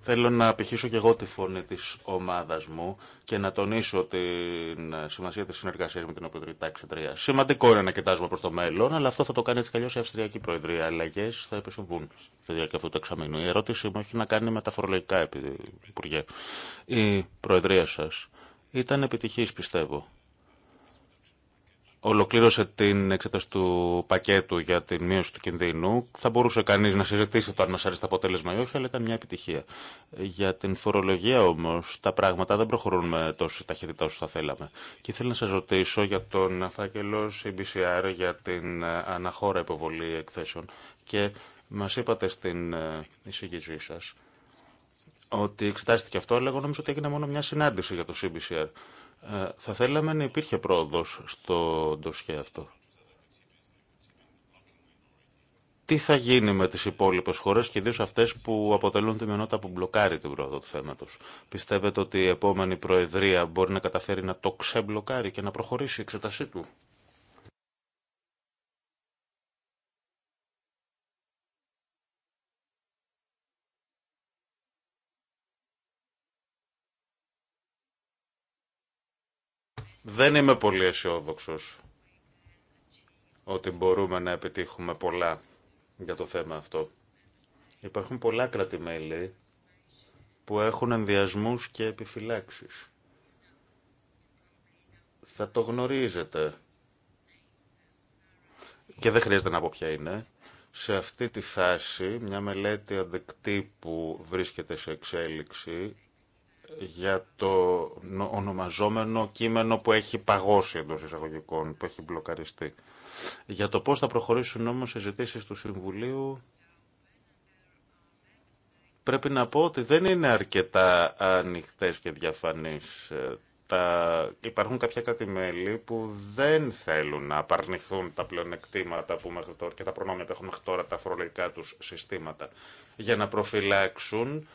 Θέλω να απηχήσω και εγώ τη φωνή της ομάδας μου και να τονίσω την σημασία της συνεργασίας με την Επιτροπή Τάξη 3. Σημαντικό είναι να κοιτάζουμε προς το μέλλον, αλλά αυτό θα το κάνει έτσι καλώς η Αυστριακή Προεδρία. Αλλαγέ θα επισυμβούν στη διάρκεια αυτού του εξαμήνου. Η ερώτηση μου έχει να κάνει με τα φορολογικά, Υπουργέ. Η Προεδρία σας ήταν επιτυχής, πιστεύω ολοκλήρωσε την εξέταση του πακέτου για τη μείωση του κινδύνου. Θα μπορούσε κανείς να συζητήσει το αν μας αρέσει το αποτέλεσμα ή όχι, αλλά ήταν μια επιτυχία. Για την φορολογία όμως τα πράγματα δεν προχωρούν με τόση ταχύτητα όσο θα θέλαμε. Και ήθελα να σας ρωτήσω για τον φάκελο CBCR για την ε, αναχώρα υποβολή εκθέσεων. Και μας είπατε στην ε, εισηγήσή σας ότι εξετάστηκε αυτό, αλλά εγώ νομίζω ότι έγινε μόνο μια συνάντηση για το CBCR. Ε, θα θέλαμε να υπήρχε πρόοδος στο ντοσχέ αυτό. Τι θα γίνει με τις υπόλοιπες χώρες και ιδίως αυτές που αποτελούν τη μειονότητα που μπλοκάρει την πρόοδο του θέματος. Πιστεύετε ότι η επόμενη Προεδρία μπορεί να καταφέρει να το ξεμπλοκάρει και να προχωρήσει η εξετασή του. Δεν είμαι πολύ αισιόδοξο ότι μπορούμε να επιτύχουμε πολλά για το θέμα αυτό. Υπάρχουν πολλά κρατημέλη που έχουν ενδιασμούς και επιφυλάξεις. Θα το γνωρίζετε. Και δεν χρειάζεται να πω ποια είναι. Σε αυτή τη φάση, μια μελέτη που βρίσκεται σε εξέλιξη για το ονομαζόμενο κείμενο που έχει παγώσει εντό εισαγωγικών, που έχει μπλοκαριστεί. Για το πώς θα προχωρήσουν όμως ζητήσεις του Συμβουλίου πρέπει να πω ότι δεν είναι αρκετά ανοιχτέ και διαφανείς. Ε, τα... Υπάρχουν κάποια κάτι μέλη που δεν θέλουν να απαρνηθούν τα πλεονεκτήματα που μέχρι τώρα και τα προνόμια που έχουν μέχρι τώρα τα φορολογικά τους συστήματα για να προφυλάξουν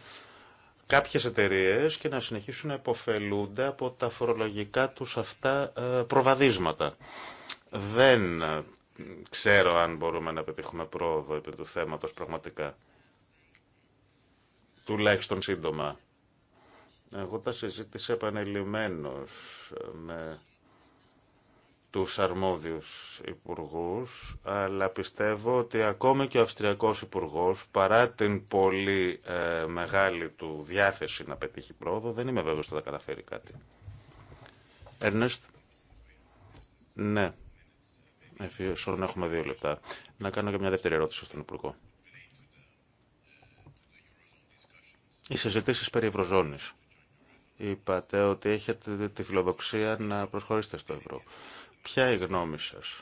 κάποιες εταιρείε και να συνεχίσουν να υποφελούνται από τα φορολογικά τους αυτά ε, προβαδίσματα. Δεν ε, ξέρω αν μπορούμε να πετύχουμε πρόοδο επί του θέματος πραγματικά. Τουλάχιστον σύντομα. Εγώ τα συζήτησα επανελειμμένως ε, με τους αρμόδιους υπουργούς, αλλά πιστεύω ότι ακόμη και ο Αυστριακός Υπουργός, παρά την πολύ ε, μεγάλη του διάθεση να πετύχει πρόοδο, δεν είμαι βέβαιος ότι θα καταφέρει κάτι. Έρνεστ. Ναι. Εφόσον έχουμε δύο λεπτά, να κάνω και μια δεύτερη ερώτηση στον Υπουργό. Οι συζητήσει περί Ευρωζώνης. Είπατε ότι έχετε τη φιλοδοξία να προσχωρήσετε στο ευρώ. Ποια είναι η γνώμη σας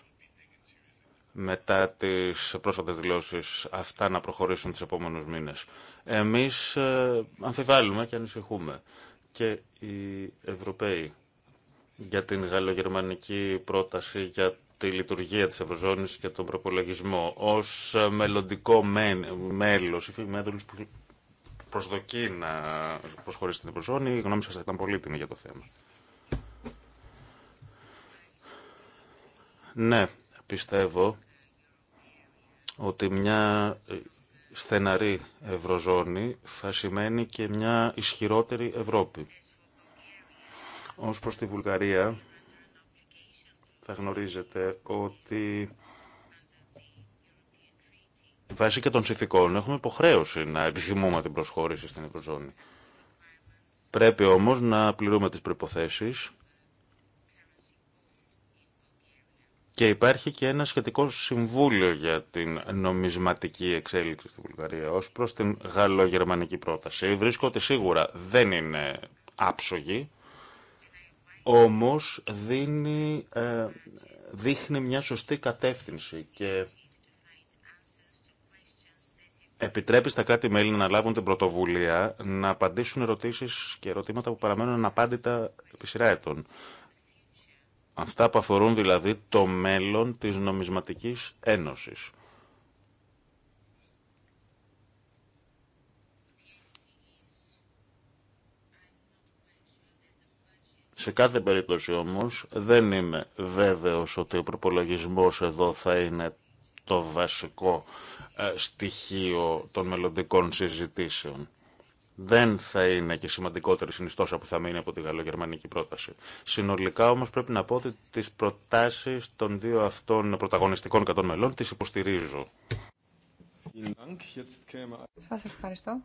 μετά τις πρόσφατες δηλώσεις αυτά να προχωρήσουν τις επόμενους μήνες. Εμείς ε, αμφιβάλλουμε και ανησυχούμε. Και οι Ευρωπαίοι για την γαλλογερμανική πρόταση για τη λειτουργία της Ευρωζώνης και τον προπολογισμό ως ε, μελλοντικό μέλος ή μέλος που προσδοκεί να προσχωρήσει στην Ευρωζώνη, η γνώμη σας θα ήταν πολύτιμη για το θέμα. Ναι, πιστεύω ότι μια στεναρή ευρωζώνη θα σημαίνει και μια ισχυρότερη Ευρώπη. Ως προς τη Βουλγαρία θα γνωρίζετε ότι βάσει και των συνθηκών έχουμε υποχρέωση να επιθυμούμε την προσχώρηση στην Ευρωζώνη. Πρέπει όμως να πληρούμε τις προϋποθέσεις Και υπάρχει και ένα σχετικό συμβούλιο για την νομισματική εξέλιξη στην Βουλγαρία ως προς την γαλλογερμανική πρόταση. Βρίσκω ότι σίγουρα δεν είναι άψογη, όμως δίνει, ε, δείχνει μια σωστή κατεύθυνση και επιτρέπει στα κράτη-μέλη να λάβουν την πρωτοβουλία να απαντήσουν ερωτήσεις και ερωτήματα που παραμένουν αναπάντητα επί σειρά ετών. Αυτά που αφορούν δηλαδή το μέλλον της νομισματικής ένωσης. Σε κάθε περίπτωση όμως δεν είμαι βέβαιος ότι ο προπολογισμός εδώ θα είναι το βασικό ε, στοιχείο των μελλοντικών συζητήσεων δεν θα είναι και σημαντικότερη συνιστόσα που θα μείνει από τη γαλλογερμανική πρόταση. Συνολικά όμως πρέπει να πω ότι τις προτάσεις των δύο αυτών πρωταγωνιστικών κατών μελών τις υποστηρίζω. Σας ευχαριστώ.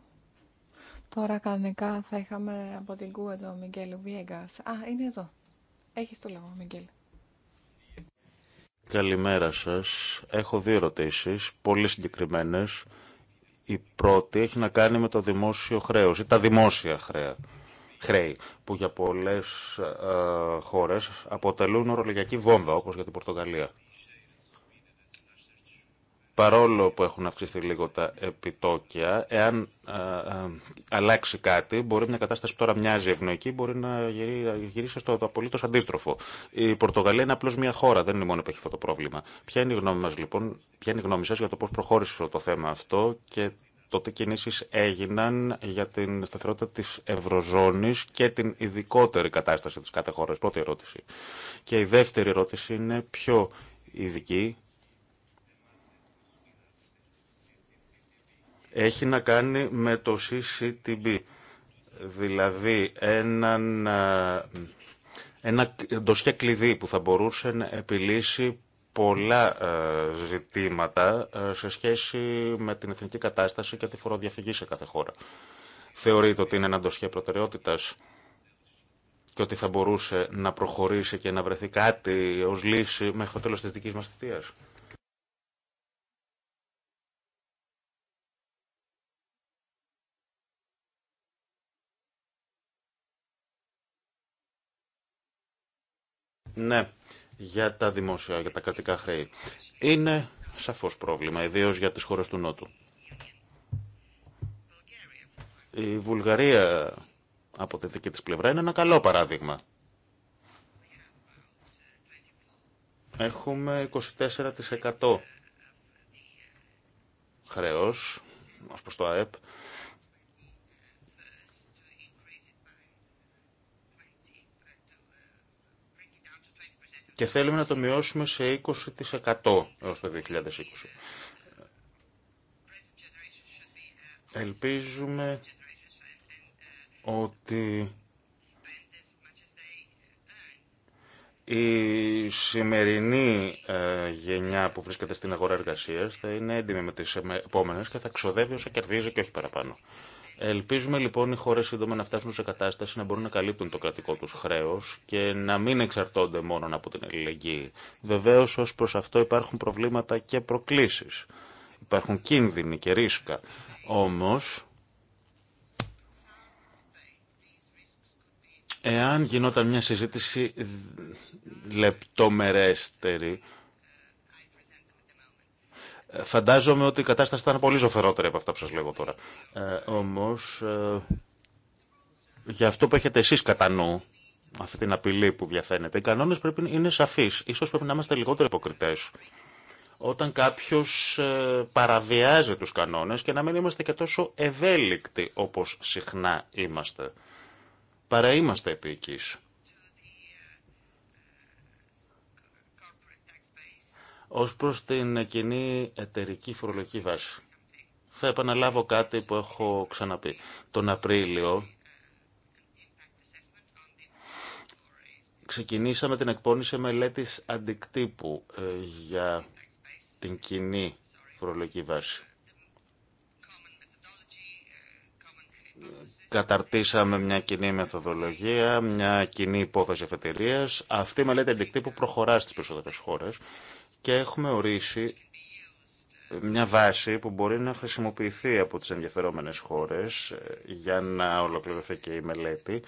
Τώρα κανονικά θα είχαμε από την ΚΟΕ του Μιγγέλ Βιέγκας. Α, είναι εδώ. Έχεις το λόγο, Μιγγέλ. Καλημέρα σας. Έχω δύο ερωτήσει πολύ συγκεκριμένες η πρώτη έχει να κάνει με το δημόσιο χρέος ή τα δημόσια χρέα, χρέη, που για πολλές χώρε χώρες αποτελούν ορολογιακή βόμβα, όπως για την Πορτογαλία παρόλο που έχουν αυξηθεί λίγο τα επιτόκια, εάν α, ε, ε, αλλάξει κάτι, μπορεί μια κατάσταση που τώρα μοιάζει ευνοϊκή, μπορεί να γυρίσει στο απολύτω αντίστροφο. Η Πορτογαλία είναι απλώ μια χώρα, δεν είναι μόνο που έχει αυτό το πρόβλημα. Ποια είναι η γνώμη μα λοιπόν, ποια είναι η γνώμη σα για το πώ προχώρησε το θέμα αυτό και το τι κινήσει έγιναν για την σταθερότητα τη Ευρωζώνη και την ειδικότερη κατάσταση τη κάθε χώρα. Πρώτη ερώτηση. Και η δεύτερη ερώτηση είναι πιο ειδική έχει να κάνει με το CCTV, δηλαδή έναν, ένα ντοσιά κλειδί που θα μπορούσε να επιλύσει πολλά ζητήματα σε σχέση με την εθνική κατάσταση και τη φοροδιαφυγή σε κάθε χώρα. Θεωρείτε ότι είναι ένα ντοσιά προτεραιότητας και ότι θα μπορούσε να προχωρήσει και να βρεθεί κάτι ως λύση μέχρι το τέλος της δικής μας θητείας. Ναι, για τα δημόσια, για τα κρατικά χρέη. Είναι σαφώς πρόβλημα, Ιδίω για τις χώρες του Νότου. Η Βουλγαρία από τη δική της πλευρά είναι ένα καλό παράδειγμα. Έχουμε 24% χρέος ως προς το ΑΕΠ και θέλουμε να το μειώσουμε σε 20% έως το 2020. Ελπίζουμε ότι η σημερινή ε, γενιά που βρίσκεται στην αγορά εργασίας θα είναι έντιμη με τις επόμενες και θα ξοδεύει όσα κερδίζει και όχι παραπάνω. Ελπίζουμε λοιπόν οι χώρε σύντομα να φτάσουν σε κατάσταση να μπορούν να καλύπτουν το κρατικό του χρέο και να μην εξαρτώνται μόνο από την αλληλεγγύη. Βεβαίω, ω προ αυτό υπάρχουν προβλήματα και προκλήσει. Υπάρχουν κίνδυνοι και ρίσκα. Όμω, εάν γινόταν μια συζήτηση λεπτομερέστερη, Φαντάζομαι ότι η κατάσταση θα είναι πολύ ζωφερότερη από αυτά που σας λέγω τώρα. Ε, όμως, ε, για αυτό που έχετε εσείς κατά νου, αυτή την απειλή που διαφαίνεται, οι κανόνες πρέπει να είναι σαφείς. Ίσως πρέπει να είμαστε λιγότερο υποκριτές. Όταν κάποιος ε, παραβιάζει τους κανόνες και να μην είμαστε και τόσο ευέλικτοι όπως συχνά είμαστε. Παραείμαστε επί επίκης. Ως προς την κοινή εταιρική φορολογική βάση. Θα επαναλάβω κάτι που έχω ξαναπεί. Τον Απρίλιο ξεκινήσαμε την εκπόνηση μελέτης αντικτύπου ε, για την κοινή φορολογική βάση. Καταρτήσαμε μια κοινή μεθοδολογία, μια κοινή υπόθεση εφετηρίας. Αυτή η μελέτη αντικτύπου προχωρά στις περισσότερες χώρες και έχουμε ορίσει μια βάση που μπορεί να χρησιμοποιηθεί από τις ενδιαφερόμενες χώρες ε, για να ολοκληρωθεί και η μελέτη.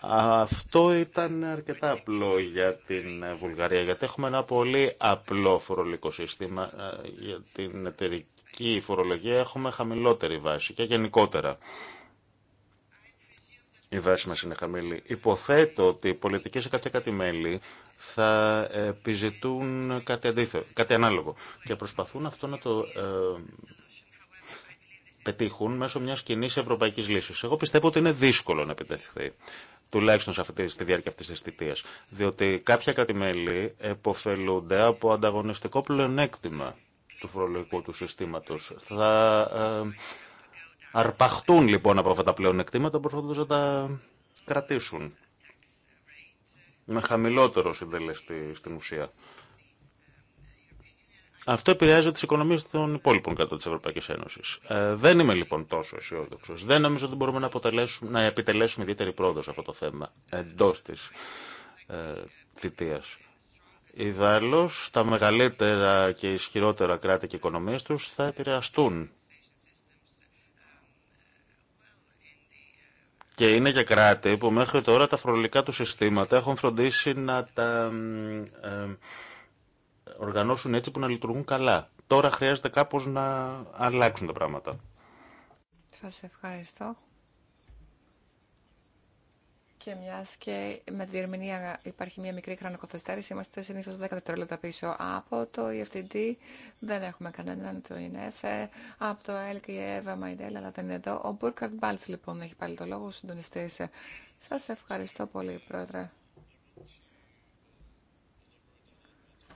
Αυτό ήταν αρκετά απλό για την Βουλγαρία, γιατί έχουμε ένα πολύ απλό φορολογικό σύστημα. Ε, για την εταιρική φορολογία έχουμε χαμηλότερη βάση και γενικότερα. Η βάση μας είναι χαμηλή. Υποθέτω ότι οι πολιτικές σε κάποια κάτι μέλη θα επιζητούν κάτι, κάτι ανάλογο και προσπαθούν αυτό να το ε, πετύχουν μέσω μιας κοινή ευρωπαϊκής λύσης. Εγώ πιστεύω ότι είναι δύσκολο να επιτευχθεί τουλάχιστον σε αυτή, στη διάρκεια αυτής της θητείας. Διότι κάποια κρατημέλη εποφελούνται από ανταγωνιστικό πλεονέκτημα του φορολογικού του συστήματος. Θα ε, αρπαχτούν λοιπόν από αυτά τα πλεονεκτήματα προσπαθώντας να τα κρατήσουν με χαμηλότερο συντελεστή στην ουσία. Αυτό επηρεάζει τι οικονομίε των υπόλοιπων κάτω τη Ευρωπαϊκή Ένωση. Ε, δεν είμαι λοιπόν τόσο αισιόδοξο. Δεν νομίζω ότι μπορούμε να, να επιτελέσουμε ιδιαίτερη πρόοδο σε αυτό το θέμα εντό τη ε, θητεία. Ιδάλω, τα μεγαλύτερα και ισχυρότερα κράτη και οικονομίε του θα επηρεαστούν Και είναι για κράτη που μέχρι τώρα τα φορολογικά του συστήματα έχουν φροντίσει να τα ε, οργανώσουν έτσι που να λειτουργούν καλά. Τώρα χρειάζεται κάπως να αλλάξουν τα πράγματα. Σας ευχαριστώ. Και μια και με τη διερμηνία υπάρχει μια μικρή χρονοκοθεστέρηση, είμαστε συνήθω 10 δευτερόλεπτα πίσω. Από το EFTD δεν έχουμε κανέναν, το ΕΝΕΦΕ, e από το ΕΛ και η e, ΕΒΑ Μαϊντέλ, αλλά δεν είναι εδώ. Ο Μπούρκαρτ Μπάλτ λοιπόν έχει πάλι το λόγο, συντονιστή. Σα ευχαριστώ πολύ, Πρόεδρε.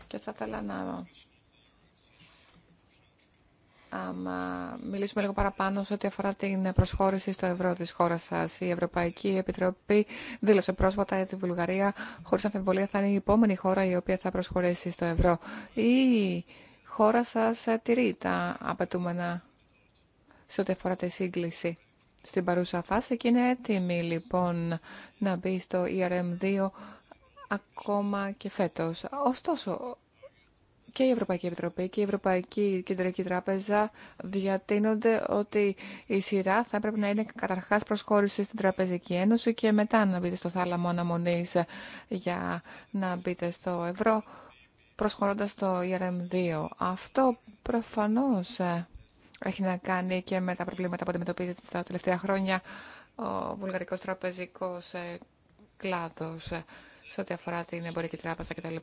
Και θα ήθελα να μιλήσουμε λίγο παραπάνω σε ό,τι αφορά την προσχώρηση στο ευρώ της χώρας σας. Η Ευρωπαϊκή Επιτροπή δήλωσε πρόσφατα ότι η Βουλγαρία χωρίς αμφιβολία θα είναι η επόμενη χώρα η οποία θα προσχωρήσει στο ευρώ. Η χώρα σας τηρεί τα απαιτούμενα σε ό,τι αφορά τη σύγκληση στην παρούσα φάση και είναι έτοιμη λοιπόν να μπει στο ERM2 ακόμα και φέτος. Ωστόσο, και η Ευρωπαϊκή Επιτροπή και η Ευρωπαϊκή Κεντρική Τράπεζα διατείνονται ότι η σειρά θα έπρεπε να είναι καταρχάς προσχώρηση στην Τραπεζική Ένωση και μετά να μπείτε στο θάλαμο αναμονής για να μπείτε στο ευρώ προσχωρώντας το ERM2. Αυτό προφανώς ε, έχει να κάνει και με τα προβλήματα που αντιμετωπίζεται στα τελευταία χρόνια ο βουλγαρικός τραπεζικός ε, κλάδος ε, σε ό,τι αφορά την εμπορική τράπεζα κτλ.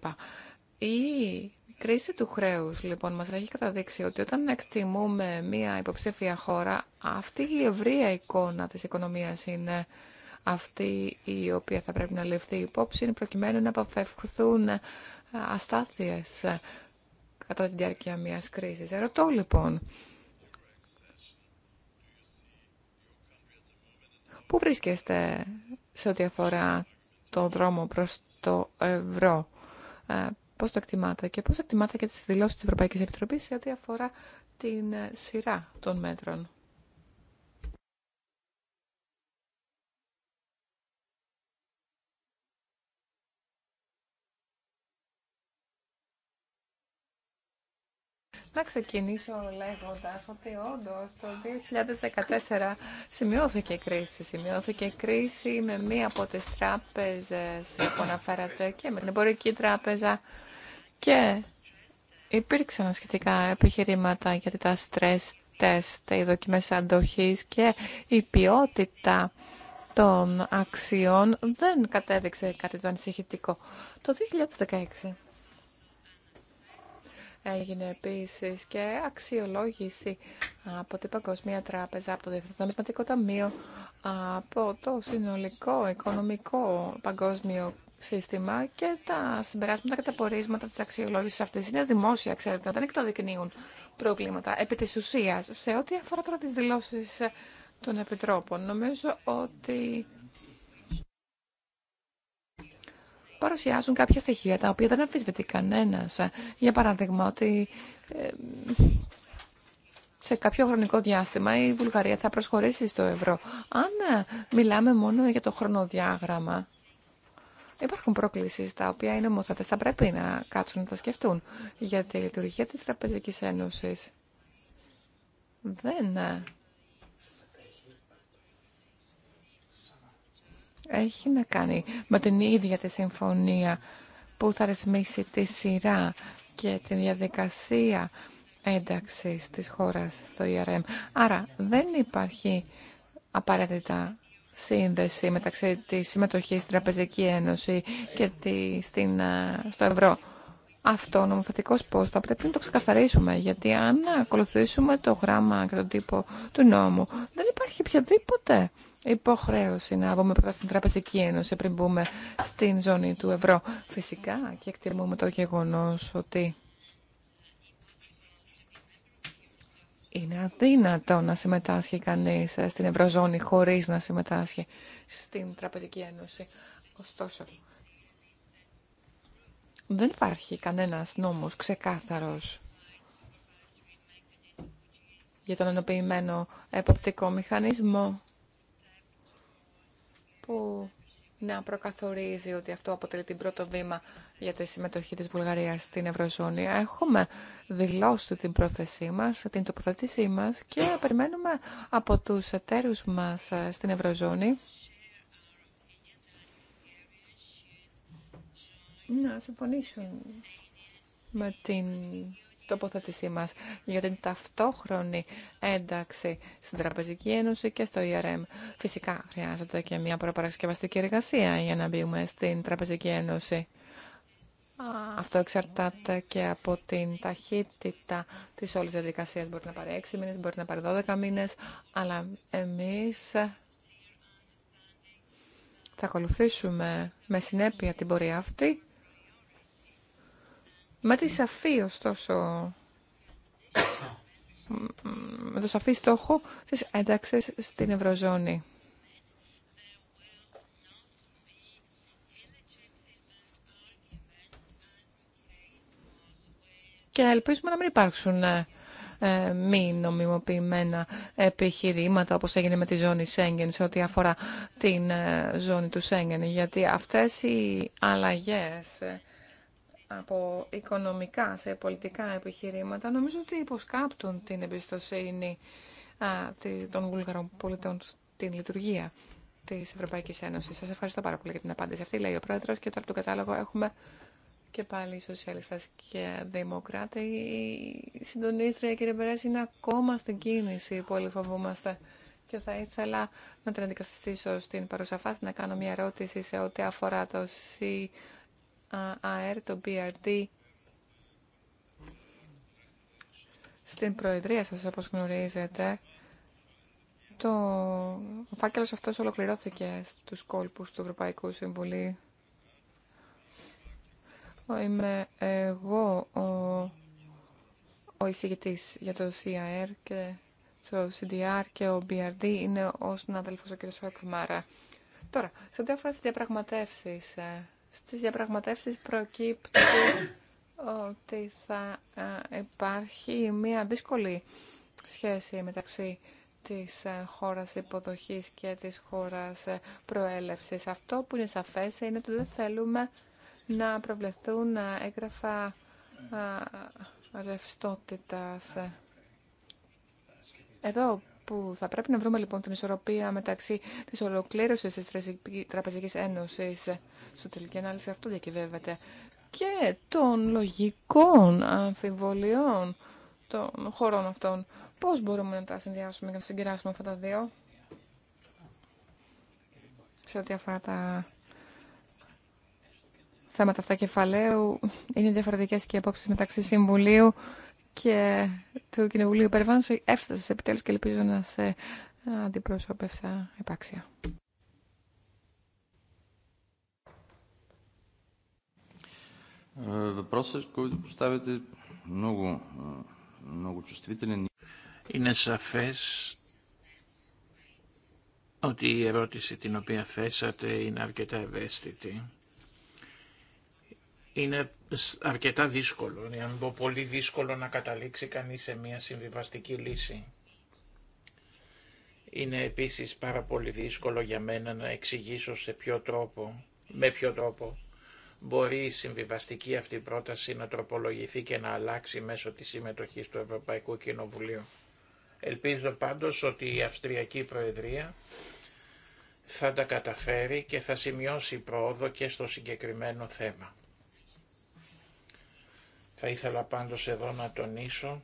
Η κρίση του χρέους, λοιπόν, μας έχει καταδείξει ότι όταν εκτιμούμε μία υποψήφια χώρα, αυτή η ευρεία εικόνα της οικονομίας είναι αυτή η οποία θα πρέπει να ληφθεί υπόψη, προκειμένου να αποφευχθούν αστάθειες κατά τη διάρκεια μιας κρίσης. Ερωτώ, λοιπόν, πού βρίσκεστε σε ό,τι αφορά το δρόμο προς το ευρώ ε, Πώς το εκτιμάτε και πώς εκτιμάτε και τις δηλώσεις της Ευρωπαϊκής Επιτροπής σε ό,τι αφορά την ε, σειρά των μέτρων. Να ξεκινήσω λέγοντα ότι όντω το 2014 σημειώθηκε κρίση. Σημειώθηκε κρίση με μία από τι τράπεζε που αναφέρατε και με την Εμπορική Τράπεζα και υπήρξαν σχετικά επιχειρήματα γιατί τα stress test, οι δοκιμές αντοχής και η ποιότητα των αξιών δεν κατέδειξε κάτι το ανησυχητικό. Το 2016 έγινε επίσης και αξιολόγηση από την Παγκοσμία Τράπεζα, από το Διεθνές Νομισματικό Ταμείο, από το συνολικό οικονομικό παγκόσμιο σύστημα και τα συμπεράσματα και τα πορίσματα της αξιολόγησης αυτής είναι δημόσια, ξέρετε, δεν εκτοδεικνύουν προβλήματα. Επί της ουσίας, σε ό,τι αφορά τώρα τις δηλώσεις των επιτρόπων, νομίζω ότι παρουσιάζουν κάποια στοιχεία τα οποία δεν αμφισβητεί κανένα. Για παράδειγμα, ότι ε, σε κάποιο χρονικό διάστημα η Βουλγαρία θα προσχωρήσει στο ευρώ. Αν ε, μιλάμε μόνο για το χρονοδιάγραμμα, Υπάρχουν πρόκλησεις τα οποία οι νομοθετέ, θα πρέπει να κάτσουν να τα σκεφτούν για τη λειτουργία τη Τραπεζική Ένωση Δεν ε, έχει να κάνει με την ίδια τη συμφωνία που θα ρυθμίσει τη σειρά και τη διαδικασία ένταξης της χώρας στο ERM. Άρα δεν υπάρχει απαραίτητα σύνδεση μεταξύ της συμμετοχής στην Τραπεζική Ένωση και τη, στην, στο ευρώ. Αυτό νομοθετικό πώ θα πρέπει να το ξεκαθαρίσουμε, γιατί αν ακολουθήσουμε το γράμμα και τον τύπο του νόμου, δεν υπάρχει οποιαδήποτε υποχρέωση να βγούμε πρώτα στην Τραπεζική Ένωση πριν μπούμε στην ζώνη του ευρώ. Φυσικά και εκτιμούμε το γεγονό ότι Είναι αδύνατο να συμμετάσχει κανείς ε, στην Ευρωζώνη χωρίς να συμμετάσχει στην Τραπεζική Ένωση. Ωστόσο, δεν υπάρχει κανένας νόμος ξεκάθαρος για τον ενοποιημένο εποπτικό μηχανισμό που να προκαθορίζει ότι αυτό αποτελεί την πρώτο βήμα για τη συμμετοχή της Βουλγαρίας στην Ευρωζώνη. Έχουμε δηλώσει την πρόθεσή μας, την τοποθετήσή μας και περιμένουμε από τους εταίρους μας ε, στην Ευρωζώνη να συμφωνήσουν με την τοποθέτησή μας για την ταυτόχρονη ένταξη στην Τραπεζική Ένωση και στο ERM. Φυσικά χρειάζεται και μια προπαρασκευαστική εργασία για να μπούμε στην Τραπεζική Ένωση. Αυτό εξαρτάται και από την ταχύτητα της όλης διαδικασίας. Μπορεί να πάρει έξι μήνες, μπορεί να πάρει 12 μήνες, αλλά εμείς θα ακολουθήσουμε με συνέπεια την πορεία αυτή με τη σαφή, ωστόσο, με το σαφή στόχο τη ένταξης στην Ευρωζώνη. Και ελπίζουμε να μην υπάρξουν ε, ε, μη νομιμοποιημένα επιχειρήματα όπως έγινε με τη ζώνη Σέγγεν σε ό,τι αφορά την ε, ζώνη του Σέγγεν γιατί αυτές οι αλλαγές ε, από οικονομικά σε πολιτικά επιχειρήματα, νομίζω ότι υποσκάπτουν την εμπιστοσύνη των βουλγαρών πολιτών στην λειτουργία τη Ευρωπαϊκή Ένωση. Σα ευχαριστώ πάρα πολύ για την απάντηση αυτή, λέει ο Πρόεδρο. Και τώρα από τον κατάλογο έχουμε και πάλι σοσιαλιστέ και δημοκράτε. Η συντονίστρια, κύριε Μπερέση, είναι ακόμα στην κίνηση. Πολύ φοβούμαστε. Και θα ήθελα να την αντικαθιστήσω στην παρουσιαφάση, να κάνω μια ερώτηση σε ό,τι αφορά το σύ... ΑΕΡ, το BRD, στην Προεδρία σας, όπως γνωρίζετε, το... ο φάκελος αυτός ολοκληρώθηκε στους κόλπους του Ευρωπαϊκού Συμβουλίου. Είμαι εγώ ο, ο εισηγητής για το CIR και το CDR και ο BRD είναι ο συνάδελφος ο κ. Φακμάρα. Τώρα, σε ό,τι αφορά τις διαπραγματεύσεις, στις διαπραγματεύσεις προκύπτει ότι θα ε, υπάρχει μια δύσκολη σχέση μεταξύ της ε, χώρας υποδοχής και της χώρας ε, προέλευσης. Αυτό που είναι σαφές είναι ότι δεν θέλουμε να προβλεφθούν έγγραφα ρευστότητας. Εδώ που θα πρέπει να βρούμε λοιπόν την ισορροπία μεταξύ τη ολοκλήρωση τη Τραπεζική Ένωση στο τελική ανάλυση αυτό διακυβεύεται και των λογικών αμφιβολιών των χωρών αυτών. Πώς μπορούμε να τα συνδυάσουμε και να συγκεράσουμε αυτά τα δύο σε ό,τι αφορά τα θέματα αυτά κεφαλαίου. Είναι διαφορετικές και οι απόψεις μεταξύ Συμβουλίου και του Κοινοβουλίου Περιβάλλοντος έφτασε επιτέλους και ελπίζω να σε αντιπροσωπεύσα επάξια. Ε, είναι σαφές ότι η ερώτηση την οποία θέσατε είναι αρκετά ευαίσθητη. Είναι αρκετά δύσκολο, για να πολύ δύσκολο να καταλήξει κανείς σε μια συμβιβαστική λύση. Είναι επίσης πάρα πολύ δύσκολο για μένα να εξηγήσω σε ποιο τρόπο, με ποιο τρόπο μπορεί η συμβιβαστική αυτή πρόταση να τροπολογηθεί και να αλλάξει μέσω της συμμετοχής του Ευρωπαϊκού Κοινοβουλίου. Ελπίζω πάντως ότι η Αυστριακή Προεδρία θα τα καταφέρει και θα σημειώσει πρόοδο και στο συγκεκριμένο θέμα. Θα ήθελα πάντως εδώ να τονίσω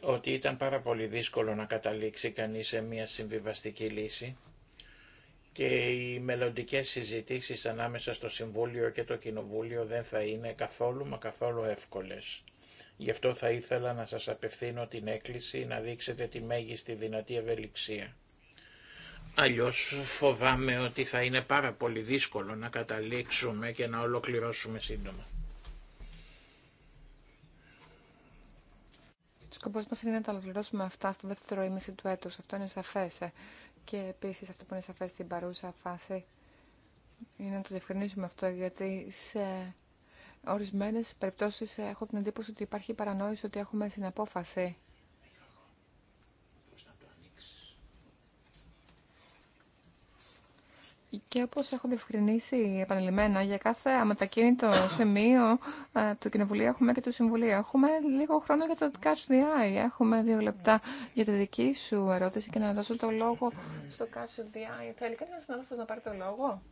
ότι ήταν πάρα πολύ δύσκολο να καταλήξει κανείς σε μια συμβιβαστική λύση και οι μελλοντικές συζητήσεις ανάμεσα στο Συμβούλιο και το Κοινοβούλιο δεν θα είναι καθόλου μα καθόλου εύκολες. Γι' αυτό θα ήθελα να σας απευθύνω την έκκληση να δείξετε τη μέγιστη δυνατή ευελιξία. Αλλιώς φοβάμαι ότι θα είναι πάρα πολύ δύσκολο να καταλήξουμε και να ολοκληρώσουμε σύντομα. Σκοπός μας είναι να τα ολοκληρώσουμε αυτά στο δεύτερο ήμιση του έτους. Αυτό είναι σαφές. Ε. Και επίσης αυτό που είναι σαφές στην παρούσα φάση είναι να το διευκρινίσουμε αυτό γιατί σε ορισμένες περιπτώσεις έχω την εντύπωση ότι υπάρχει παρανόηση ότι έχουμε συναπόφαση Και όπως έχω διευκρινίσει επανειλημμένα, για κάθε αμετακίνητο σημείο ε, του Κοινοβουλίου έχουμε και του Συμβουλίου. Έχουμε λίγο χρόνο για το Catch the Eye. Έχουμε δύο λεπτά για τη δική σου ερώτηση και να δώσω το λόγο στο Catch the Eye. Θέλει κανένα να πάρει το λόγο.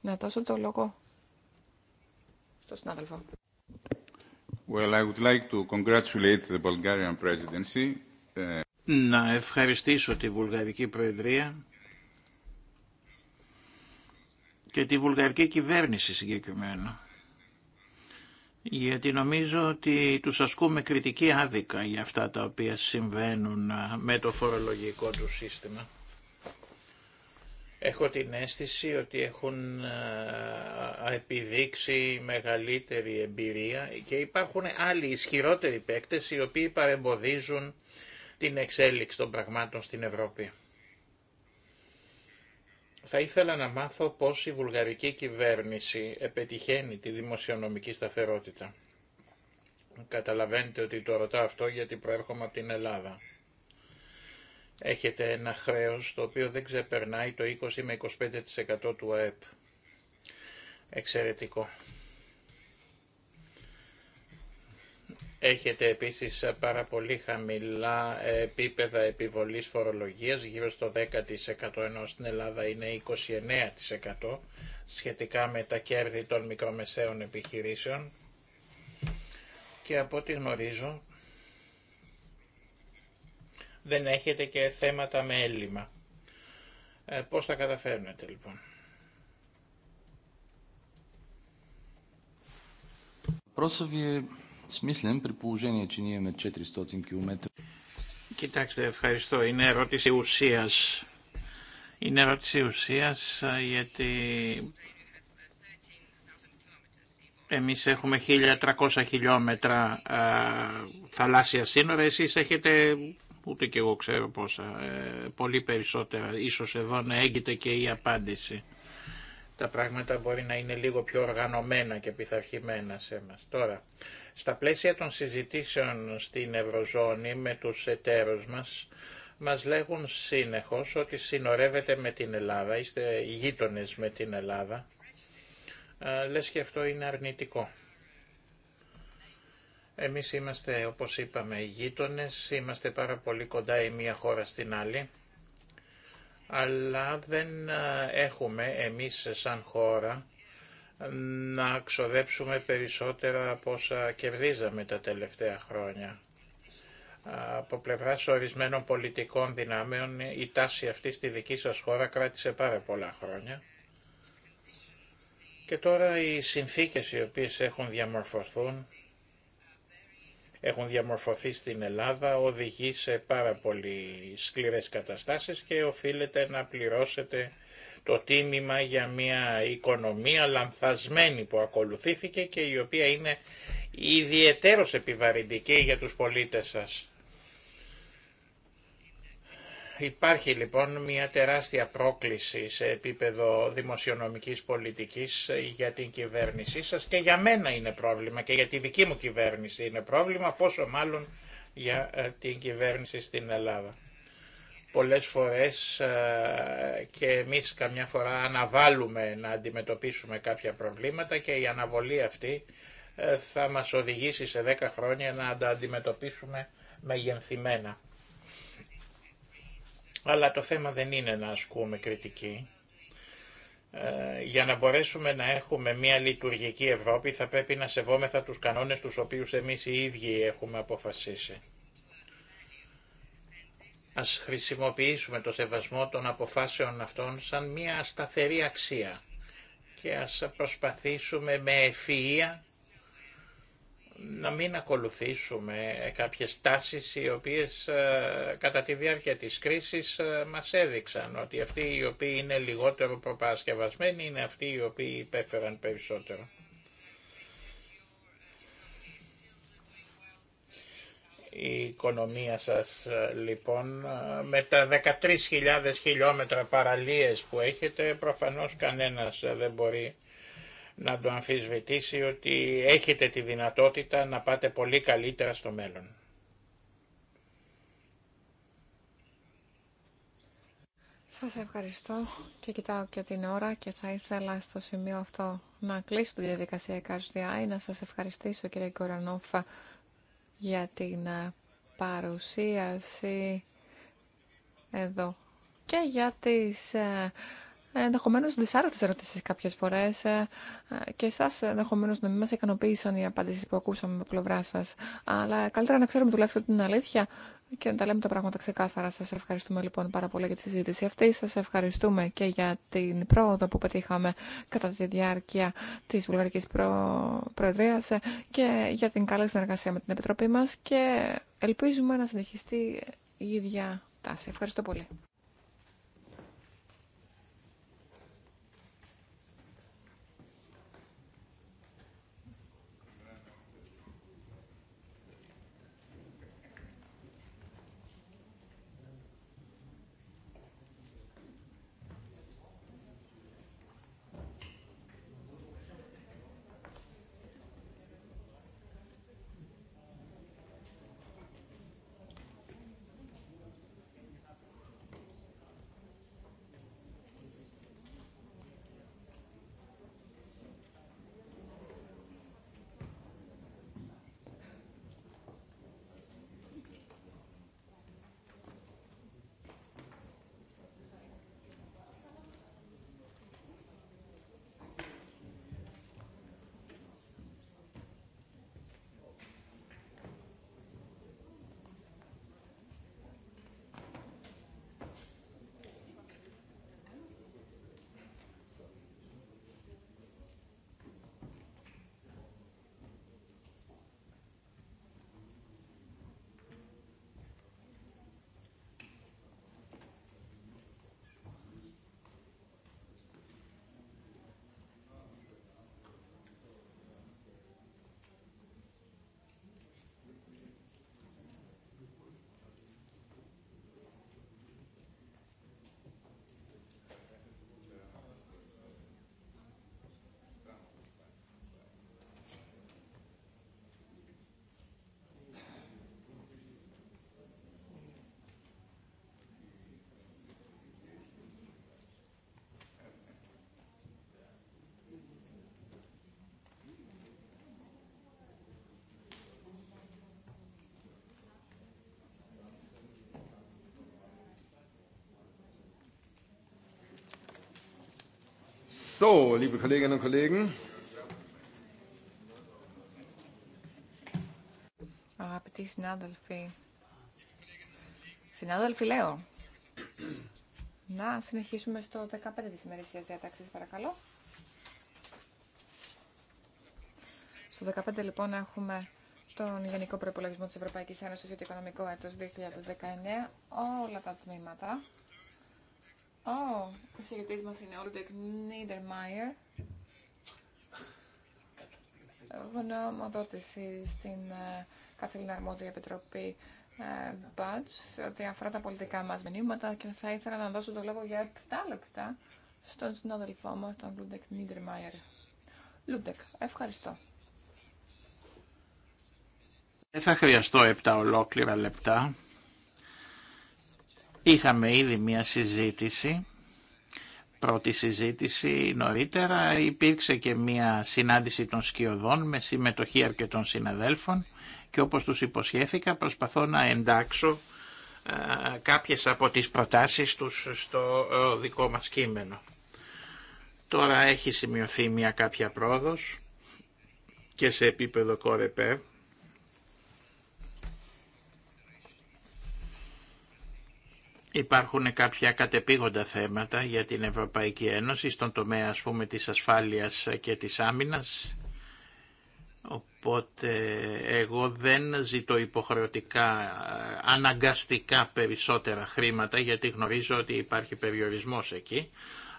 Να δώσω το λόγο στο συνάδελφο. Well, I would like to congratulate the Bulgarian presidency ε, να ευχαριστήσω τη Βουλγαρική Προεδρία και τη Βουλγαρική Κυβέρνηση συγκεκριμένα. Γιατί νομίζω ότι τους ασκούμε κριτική άδικα για αυτά τα οποία συμβαίνουν με το φορολογικό του σύστημα. Έχω την αίσθηση ότι έχουν ε, επιδείξει μεγαλύτερη εμπειρία και υπάρχουν άλλοι ισχυρότεροι παίκτες οι οποίοι παρεμποδίζουν την εξέλιξη των πραγμάτων στην Ευρώπη. Θα ήθελα να μάθω πώς η βουλγαρική κυβέρνηση επετυχαίνει τη δημοσιονομική σταθερότητα. Καταλαβαίνετε ότι το ρωτάω αυτό γιατί προέρχομαι από την Ελλάδα. Έχετε ένα χρέος το οποίο δεν ξεπερνάει το 20 με 25% του ΑΕΠ. Εξαιρετικό. Έχετε επίσης πάρα πολύ χαμηλά επίπεδα επιβολής φορολογίας, γύρω στο 10% ενώ στην Ελλάδα είναι 29% σχετικά με τα κέρδη των μικρομεσαίων επιχειρήσεων. Και από ό,τι γνωρίζω δεν έχετε και θέματα με έλλειμμα. Ε, πώς θα καταφέρνετε λοιπόν. Πρόσωποι смислен при положение, че ние имаме 400 км. Κοιτάξτε, ευχαριστώ. Είναι ερώτηση ουσία. Είναι ερώτηση ουσία γιατί Εμεί έχουμε 1300 χιλιόμετρα α, ε, θαλάσσια σύνορα, Εσεί έχετε ούτε και εγώ ξέρω πόσα, ε, πολύ περισσότερα. Ίσως εδώ να έγκυται και η απάντηση. Τα πράγματα μπορεί να είναι λίγο πιο οργανωμένα και πειθαρχημένα σε μας. Τώρα, στα πλαίσια των συζητήσεων στην Ευρωζώνη με τους εταίρους μας, μας λέγουν σύνεχως ότι συνορεύεται με την Ελλάδα, είστε γείτονες με την Ελλάδα. Λες και αυτό είναι αρνητικό. Εμείς είμαστε, όπως είπαμε, γείτονες, είμαστε πάρα πολύ κοντά η μία χώρα στην άλλη, αλλά δεν έχουμε εμείς σαν χώρα να ξοδέψουμε περισσότερα από όσα κερδίζαμε τα τελευταία χρόνια. Από πλευρά ορισμένων πολιτικών δυνάμεων η τάση αυτή στη δική σας χώρα κράτησε πάρα πολλά χρόνια. Και τώρα οι συνθήκες οι οποίες έχουν διαμορφωθούν, έχουν διαμορφωθεί στην Ελλάδα, οδηγεί σε πάρα πολύ σκληρές καταστάσεις και οφείλεται να πληρώσετε το τίμημα για μια οικονομία λανθασμένη που ακολουθήθηκε και η οποία είναι ιδιαιτέρως επιβαρυντική για τους πολίτες σας. Υπάρχει λοιπόν μια τεράστια πρόκληση σε επίπεδο δημοσιονομικής πολιτικής για την κυβέρνησή σας και για μένα είναι πρόβλημα και για τη δική μου κυβέρνηση είναι πρόβλημα, πόσο μάλλον για ε, την κυβέρνηση στην Ελλάδα πολλές φορές ε, και εμείς καμιά φορά αναβάλουμε να αντιμετωπίσουμε κάποια προβλήματα και η αναβολή αυτή ε, θα μας οδηγήσει σε 10 χρόνια να τα αντιμετωπίσουμε μεγενθυμένα. Αλλά το θέμα δεν είναι να ασκούμε κριτική. Ε, για να μπορέσουμε να έχουμε μια λειτουργική Ευρώπη θα πρέπει να σεβόμεθα τους κανόνες τους οποίους εμείς οι ίδιοι έχουμε αποφασίσει. Ας χρησιμοποιήσουμε το σεβασμό των αποφάσεων αυτών σαν μια σταθερή αξία και ας προσπαθήσουμε με ευφυΐα να μην ακολουθήσουμε κάποιες τάσεις οι οποίες ε, κατά τη διάρκεια της κρίσης ε, μας έδειξαν ότι αυτοί οι οποίοι είναι λιγότερο προπαρασκευασμένοι είναι αυτοί οι οποίοι υπέφεραν περισσότερο. η οικονομία σας ε, λοιπόν ε, με τα 13.000 χιλιόμετρα παραλίες που έχετε προφανώς κανένας ε, δεν μπορεί να το αμφισβητήσει ότι έχετε τη δυνατότητα να πάτε πολύ καλύτερα στο μέλλον. Σας ευχαριστώ και κοιτάω και την ώρα και θα ήθελα στο σημείο αυτό να κλείσω τη διαδικασία Καρσδιάη, να σας ευχαριστήσω κύριε Κορανόφα για την ε, παρουσίαση εδώ και για τις ε, ενδεχομένω δυσάρεστε ερωτήσει κάποιε φορέ ε, και εσά ενδεχομένω να μην μα ικανοποίησαν οι απαντήσει που ακούσαμε από πλευρά σα. Αλλά καλύτερα να ξέρουμε τουλάχιστον την αλήθεια και να τα λέμε τα πράγματα ξεκάθαρα. Σας ευχαριστούμε λοιπόν πάρα πολύ για τη συζήτηση αυτή. Σας ευχαριστούμε και για την πρόοδο που πετύχαμε κατά τη διάρκεια της Βουλγαρικής Προ... και για την καλή συνεργασία με την Επιτροπή μας και ελπίζουμε να συνεχιστεί η ίδια τάση. Ευχαριστώ πολύ. So, liebe Kolleginnen und Kollegen. Αγαπητοί συνάδελφοι, συνάδελφοι λέω, να συνεχίσουμε στο 15 της ημερησίας διατάξης παρακαλώ. Στο 15 λοιπόν έχουμε τον Γενικό Προπολογισμό της Ευρωπαϊκής Ένωσης για το Οικονομικό Έτος 2019, όλα τα τμήματα. Oh, ο συγκεκριτής μας είναι ο Ρούντεκ Νίντερμαϊερ. Γνωμοδότηση στην ε, Καθήλυνα Αρμόδια Επιτροπή BUDS ε, σε ό,τι αφορά τα πολιτικά μας μηνύματα και θα ήθελα να δώσω το λόγο για 7 λεπτά στον συνάδελφό μας, τον Λούντεκ Νίντερμαϊερ. Λούντεκ, ευχαριστώ. Δεν θα χρειαστώ 7 ολόκληρα λεπτά Είχαμε ήδη μια συζήτηση, πρώτη συζήτηση νωρίτερα, υπήρξε και μια συνάντηση των σκιωδών με συμμετοχή αρκετών συναδέλφων και όπως τους υποσχέθηκα προσπαθώ να εντάξω ε, κάποιες από τις προτάσεις τους στο ε, δικό μας κείμενο. Τώρα έχει σημειωθεί μια κάποια πρόοδος και σε επίπεδο κορεπέ Υπάρχουν κάποια κατεπήγοντα θέματα για την Ευρωπαϊκή Ένωση στον τομέα ας πούμε της ασφάλειας και της άμυνας. Οπότε εγώ δεν ζητώ υποχρεωτικά, αναγκαστικά περισσότερα χρήματα γιατί γνωρίζω ότι υπάρχει περιορισμός εκεί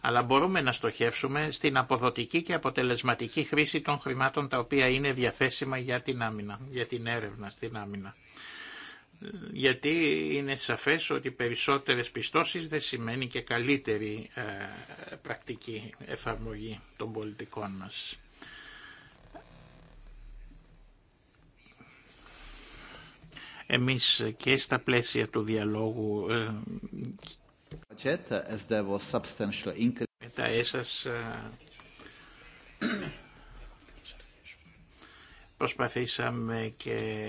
αλλά μπορούμε να στοχεύσουμε στην αποδοτική και αποτελεσματική χρήση των χρημάτων τα οποία είναι διαθέσιμα για την άμυνα, για την έρευνα στην άμυνα γιατί είναι σαφές ότι περισσότερες πιστώσεις δεν σημαίνει και καλύτερη ε, πρακτική εφαρμογή των πολιτικών μας. Εμείς και στα πλαίσια του διαλόγου με τα ΕΣΑΣ Προσπαθήσαμε και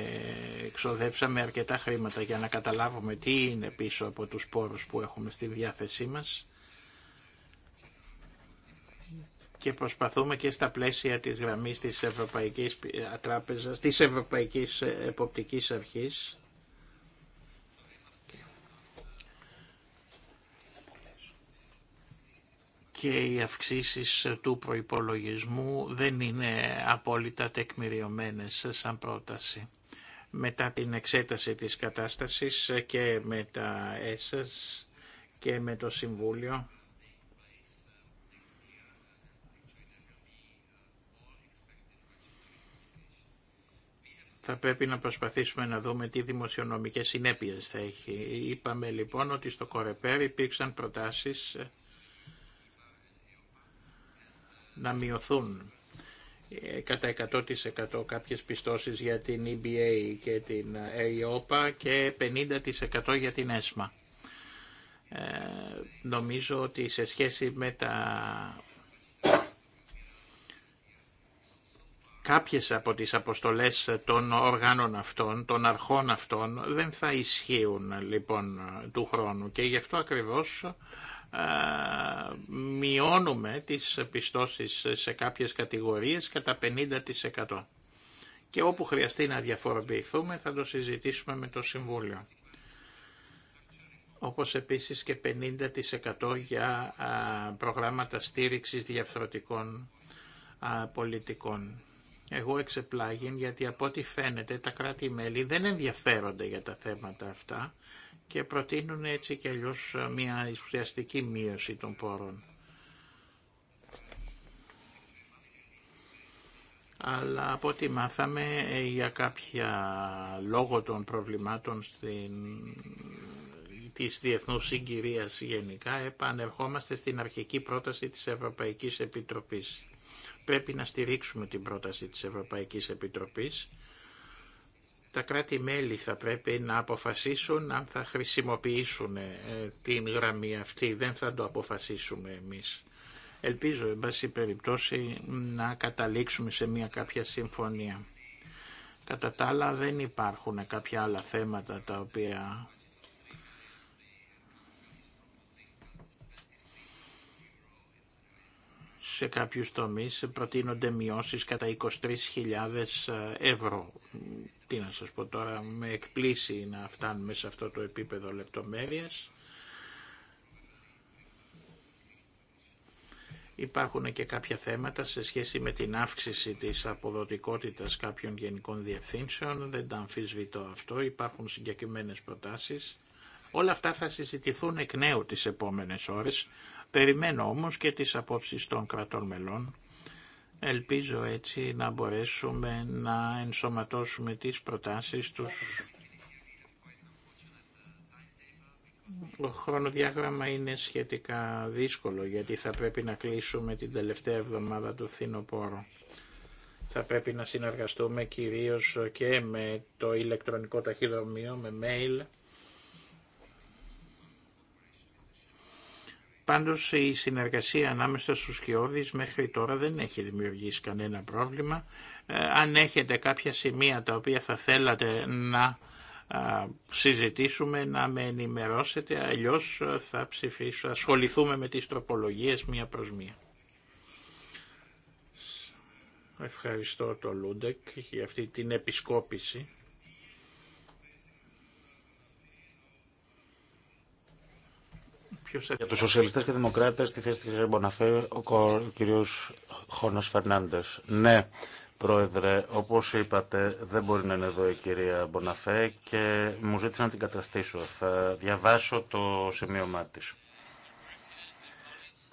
ξοδέψαμε αρκετά χρήματα για να καταλάβουμε τι είναι πίσω από τους πόρους που έχουμε στη διάθεσή μας και προσπαθούμε και στα πλαίσια της γραμμής της Ευρωπαϊκής Τράπεζας, της Ευρωπαϊκής Εποπτικής Αρχής και οι αυξήσεις του προϋπολογισμού δεν είναι απόλυτα τεκμηριωμένες σαν πρόταση. Μετά την εξέταση της κατάστασης και με τα ΕΣΑΣ και με το Συμβούλιο θα πρέπει να προσπαθήσουμε να δούμε τι δημοσιονομικές συνέπειες θα έχει. Είπαμε λοιπόν ότι στο Κορεπέρ υπήρξαν προτάσεις να μειωθούν ε, κατά 100% κάποιες πιστώσεις για την EBA και την ΕΟΠΑ και 50% για την ΕΣΜΑ. Ε, νομίζω ότι σε σχέση με τα κάποιες από τις αποστολές των οργάνων αυτών, των αρχών αυτών, δεν θα ισχύουν λοιπόν του χρόνου και γι' αυτό ακριβώς μειώνουμε τις πιστώσεις σε κάποιες κατηγορίες κατά 50%. Και όπου χρειαστεί να διαφοροποιηθούμε θα το συζητήσουμε με το Συμβούλιο. Όπως επίσης και 50% για προγράμματα στήριξης διαφορετικών πολιτικών. Εγώ εξεπλάγει γιατί από ό,τι φαίνεται τα κράτη-μέλη δεν ενδιαφέρονται για τα θέματα αυτά και προτείνουν έτσι και αλλιώ ε, μια ουσιαστική μείωση των πόρων. Αλλά από ό,τι μάθαμε ε, για κάποια λόγω των προβλημάτων στην... της διεθνούς συγκυρίας γενικά επανερχόμαστε στην αρχική πρόταση της Ευρωπαϊκής Επιτροπής. Πρέπει να στηρίξουμε την πρόταση της Ευρωπαϊκής Επιτροπής τα κράτη-μέλη θα πρέπει να αποφασίσουν αν θα χρησιμοποιήσουν ε, την γραμμή αυτή. Δεν θα το αποφασίσουμε εμείς. Ελπίζω, εν πάση περιπτώσει, να καταλήξουμε σε μια κάποια συμφωνία. Κατά τα άλλα δεν υπάρχουν κάποια άλλα θέματα τα οποία σε κάποιους τομείς προτείνονται μειώσεις κατά 23.000 ευρώ τι να σας πω τώρα, με εκπλήσει να φτάνουμε σε αυτό το επίπεδο λεπτομέρειας. Υπάρχουν και κάποια θέματα σε σχέση με την αύξηση της αποδοτικότητας κάποιων γενικών διευθύνσεων, δεν τα αμφισβητώ αυτό, υπάρχουν συγκεκριμένες προτάσεις. Όλα αυτά θα συζητηθούν εκ νέου τις επόμενες ώρες, περιμένω όμως και τις απόψεις των κρατών μελών Ελπίζω έτσι να μπορέσουμε να ενσωματώσουμε τις προτάσεις τους. Το χρονοδιάγραμμα είναι σχετικά δύσκολο γιατί θα πρέπει να κλείσουμε την τελευταία εβδομάδα του φθινοπόρου. Θα πρέπει να συνεργαστούμε κυρίως και με το ηλεκτρονικό ταχυδρομείο, με mail Πάντως η συνεργασία ανάμεσα στους σκιώδεις μέχρι τώρα δεν έχει δημιουργήσει κανένα πρόβλημα. Ε, αν έχετε κάποια σημεία τα οποία θα θέλατε να συζητήσουμε, να με ενημερώσετε, αλλιώς ε, θα ψηφίσω, ασχοληθούμε με τις τροπολογίες μία προς μία. Ευχαριστώ το Λούντεκ για αυτή την επισκόπηση. Για τους σοσιαλιστές και δημοκράτες, στη θέση τη κυρία Μποναφέ, ο κύριος Χόνα Φερνάντες. Ναι, Πρόεδρε, όπως είπατε, δεν μπορεί να είναι εδώ η κυρία Μποναφέ και μου ζήτησε να την καταστήσω. Θα διαβάσω το σημείωμά τη.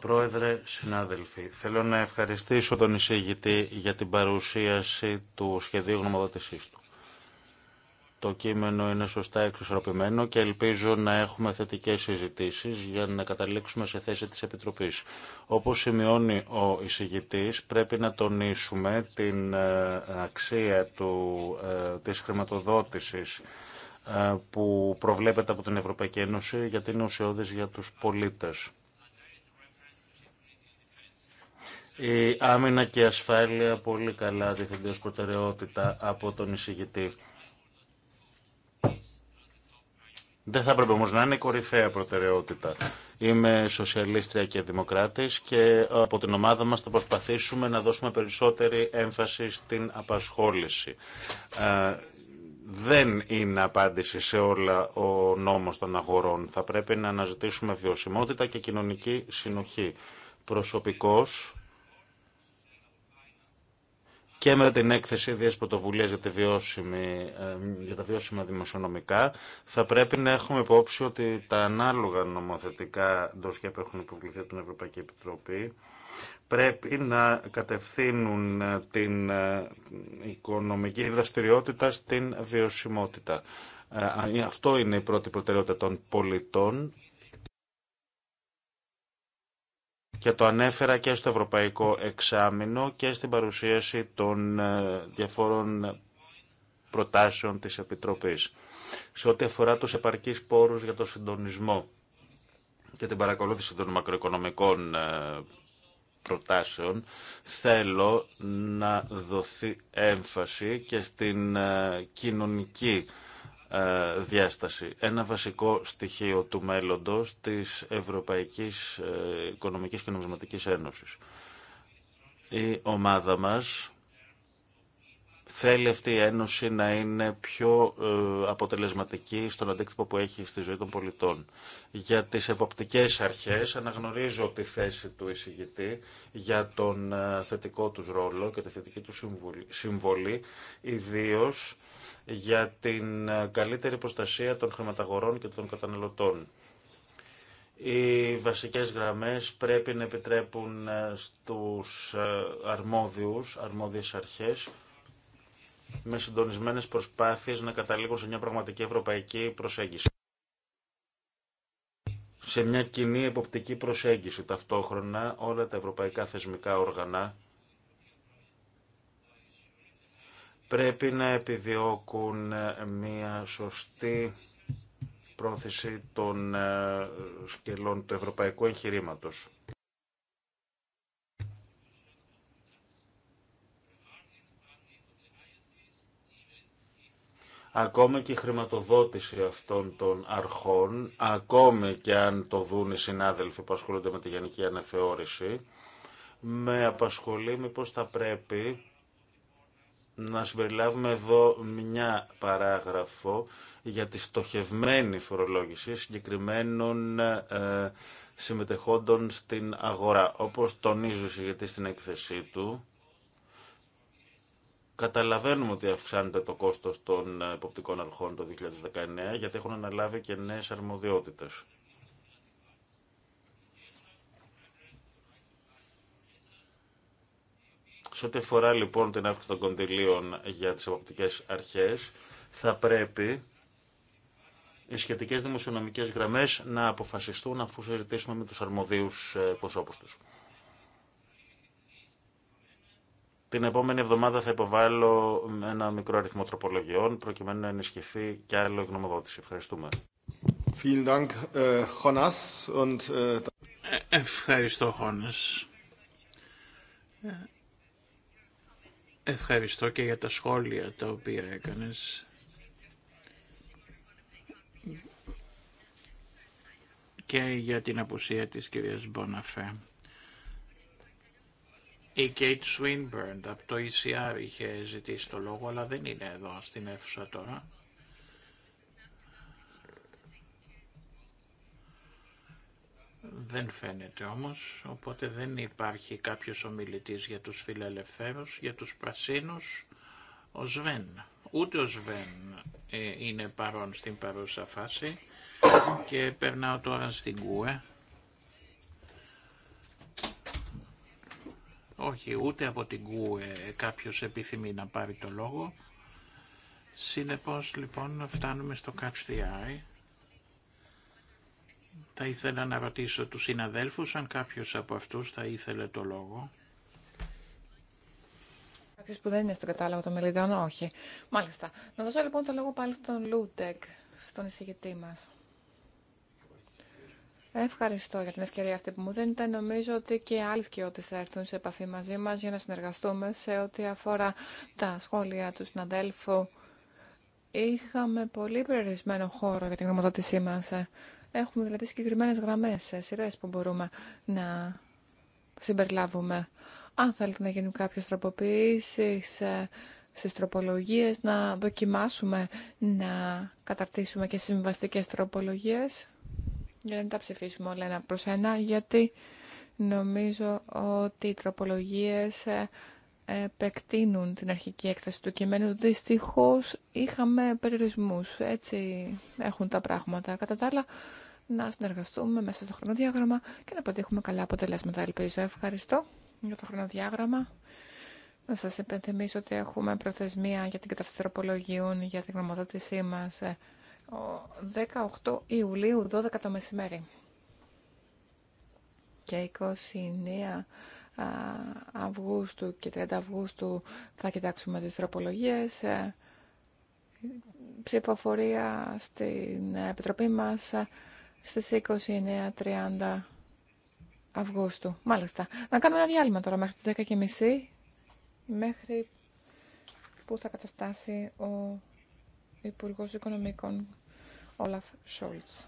Πρόεδρε, συνάδελφοι, θέλω να ευχαριστήσω τον εισηγητή για την παρουσίαση του σχεδίου γνωμοδότησής του το κείμενο είναι σωστά εξισορροπημένο και ελπίζω να έχουμε θετικές συζητήσεις για να καταλήξουμε σε θέση της Επιτροπής. Όπως σημειώνει ο εισηγητής, πρέπει να τονίσουμε την ε, αξία του, ε, της χρηματοδότησης ε, που προβλέπεται από την Ευρωπαϊκή Ένωση γιατί είναι ουσιώδης για τους πολίτες. Η άμυνα και ασφάλεια πολύ καλά ως προτεραιότητα από τον εισηγητή. Δεν θα έπρεπε όμω να είναι κορυφαία προτεραιότητα. Είμαι σοσιαλίστρια και δημοκράτη και από την ομάδα μα θα προσπαθήσουμε να δώσουμε περισσότερη έμφαση στην απασχόληση. Ε, δεν είναι απάντηση σε όλα ο νόμος των αγορών. Θα πρέπει να αναζητήσουμε βιωσιμότητα και κοινωνική συνοχή. Προσωπικός και με την έκθεση το πρωτοβουλία για, ε, για τα βιώσιμα δημοσιονομικά θα πρέπει να έχουμε υπόψη ότι τα ανάλογα νομοθετικά ντοσιά που έχουν υποβληθεί από την Ευρωπαϊκή Επιτροπή πρέπει να κατευθύνουν ε, την ε, οικονομική δραστηριότητα στην βιωσιμότητα. Αυτό είναι η πρώτη προτεραιότητα των πολιτών και το ανέφερα και στο Ευρωπαϊκό Εξάμεινο και στην παρουσίαση των ε, διαφόρων προτάσεων της Επιτροπής. Σε ό,τι αφορά τους επαρκείς πόρους για το συντονισμό και την παρακολούθηση των μακροοικονομικών ε, προτάσεων, θέλω να δοθεί έμφαση και στην ε, κοινωνική ε, διάσταση. Ένα βασικό στοιχείο του μέλλοντος της Ευρωπαϊκής ε, Οικονομικής και Νομισματικής Ένωσης. Η ομάδα μας θέλει αυτή η Ένωση να είναι πιο ε, αποτελεσματική στον αντίκτυπο που έχει στη ζωή των πολιτών. Για τις εποπτικές αρχές αναγνωρίζω τη θέση του εισηγητή για τον θετικό τους ρόλο και τη θετική του συμβολή, ιδίως για την ε, καλύτερη προστασία των χρηματαγορών και των καταναλωτών. Οι βασικές γραμμές πρέπει να επιτρέπουν ε, στους ε, αρμόδιους, αρμόδιες αρχές, με συντονισμένες προσπάθειες να καταλήγουν σε μια πραγματική ευρωπαϊκή προσέγγιση. Σε μια κοινή εποπτική προσέγγιση ταυτόχρονα όλα τα ευρωπαϊκά θεσμικά όργανα πρέπει να επιδιώκουν μια σωστή πρόθεση των ε, σκελών του ευρωπαϊκού εγχειρήματος. Ακόμα και η χρηματοδότηση αυτών των αρχών, ακόμη και αν το δουν οι συνάδελφοι που ασχολούνται με τη γενική αναθεώρηση, με απασχολεί μήπως θα πρέπει να συμπεριλάβουμε εδώ μια παράγραφο για τη στοχευμένη φορολόγηση συγκεκριμένων ε, συμμετεχόντων στην αγορά. Όπως τονίζει ο στην έκθεσή του, Καταλαβαίνουμε ότι αυξάνεται το κόστος των υποπτικών ε, αρχών το 2019 γιατί έχουν αναλάβει και νέες αρμοδιότητες. Σε ό,τι αφορά λοιπόν την αύξηση των κοντιλίων για τις εποπτικές αρχές, θα πρέπει οι σχετικές δημοσιονομικές γραμμές να αποφασιστούν αφού συζητήσουμε με τους αρμοδίους ε, προσώπους τους. Την επόμενη εβδομάδα θα υποβάλω ένα μικρό αριθμό τροπολογιών προκειμένου να ενισχυθεί και άλλο η γνωμοδότηση. Ευχαριστούμε. Ε, ε, ευχαριστώ, Χώνας. Ευχαριστώ και για τα σχόλια τα οποία έκανες. και για την απουσία της κυρίας Μποναφέ. Η Κέιτ Σουίνμπερντ από το ECR είχε ζητήσει το λόγο, αλλά δεν είναι εδώ στην αίθουσα τώρα. Δεν φαίνεται όμως, οπότε δεν υπάρχει κάποιος ομιλητής για τους φιλελευθέρους, για τους πρασίνους, ο Σβέν. Ούτε ο Σβέν ε, είναι παρόν στην παρούσα φάση και περνάω τώρα στην ΚΟΕ. Όχι, ούτε από την κούε κάποιος επιθυμεί να πάρει το λόγο. Συνεπώς λοιπόν φτάνουμε στο Catch the Eye. Θα ήθελα να ρωτήσω τους συναδέλφους αν κάποιος από αυτούς θα ήθελε το λόγο. Κάποιος που δεν είναι στο κατάλογο των μελιδών, όχι. Μάλιστα. Να δώσω λοιπόν το λόγο πάλι στον Λούτεκ, στον εισηγητή μας. Ευχαριστώ για την ευκαιρία αυτή που μου δίνετε. Νομίζω ότι και άλλοι σκιώτε θα έρθουν σε επαφή μαζί μα για να συνεργαστούμε σε ό,τι αφορά τα σχόλια του συναδέλφου. Είχαμε πολύ περιορισμένο χώρο για την γνωμοδότησή μα. Έχουμε δηλαδή συγκεκριμένες γραμμές, ε, σειρές που μπορούμε να συμπεριλάβουμε. Αν θέλετε να γίνουν κάποιες τροποποιήσεις ε, στις τροπολογίες, να δοκιμάσουμε να καταρτήσουμε και συμβαστικές τροπολογίες για να μην τα ψηφίσουμε όλα ένα προς ένα, γιατί νομίζω ότι οι τροπολογίες ε, επεκτείνουν την αρχική έκταση του κειμένου. Δυστυχώς είχαμε περιορισμούς. Έτσι έχουν τα πράγματα. Κατά τα άλλα, να συνεργαστούμε μέσα στο χρονοδιάγραμμα και να πετύχουμε καλά αποτελέσματα. Ελπίζω. Ευχαριστώ για το χρονοδιάγραμμα. Να σας υπενθυμίσω ότι έχουμε προθεσμία για την κατάσταση για την γνωμοδότησή μας 18 ε, Ιουλίου, 12 το μεσημέρι. Και 29 Αυγούστου και 30 Αυγούστου θα κοιτάξουμε τις τροπολογίες. Ε, ψηφοφορία στην Επιτροπή μας ε, στις 29-30 Αυγούστου. Μάλιστα. Να κάνουμε ένα διάλειμμα τώρα μέχρι τις 10.30 μέχρι που θα καταστάσει ο Υπουργός Οικονομικών Όλαφ Σόλτς.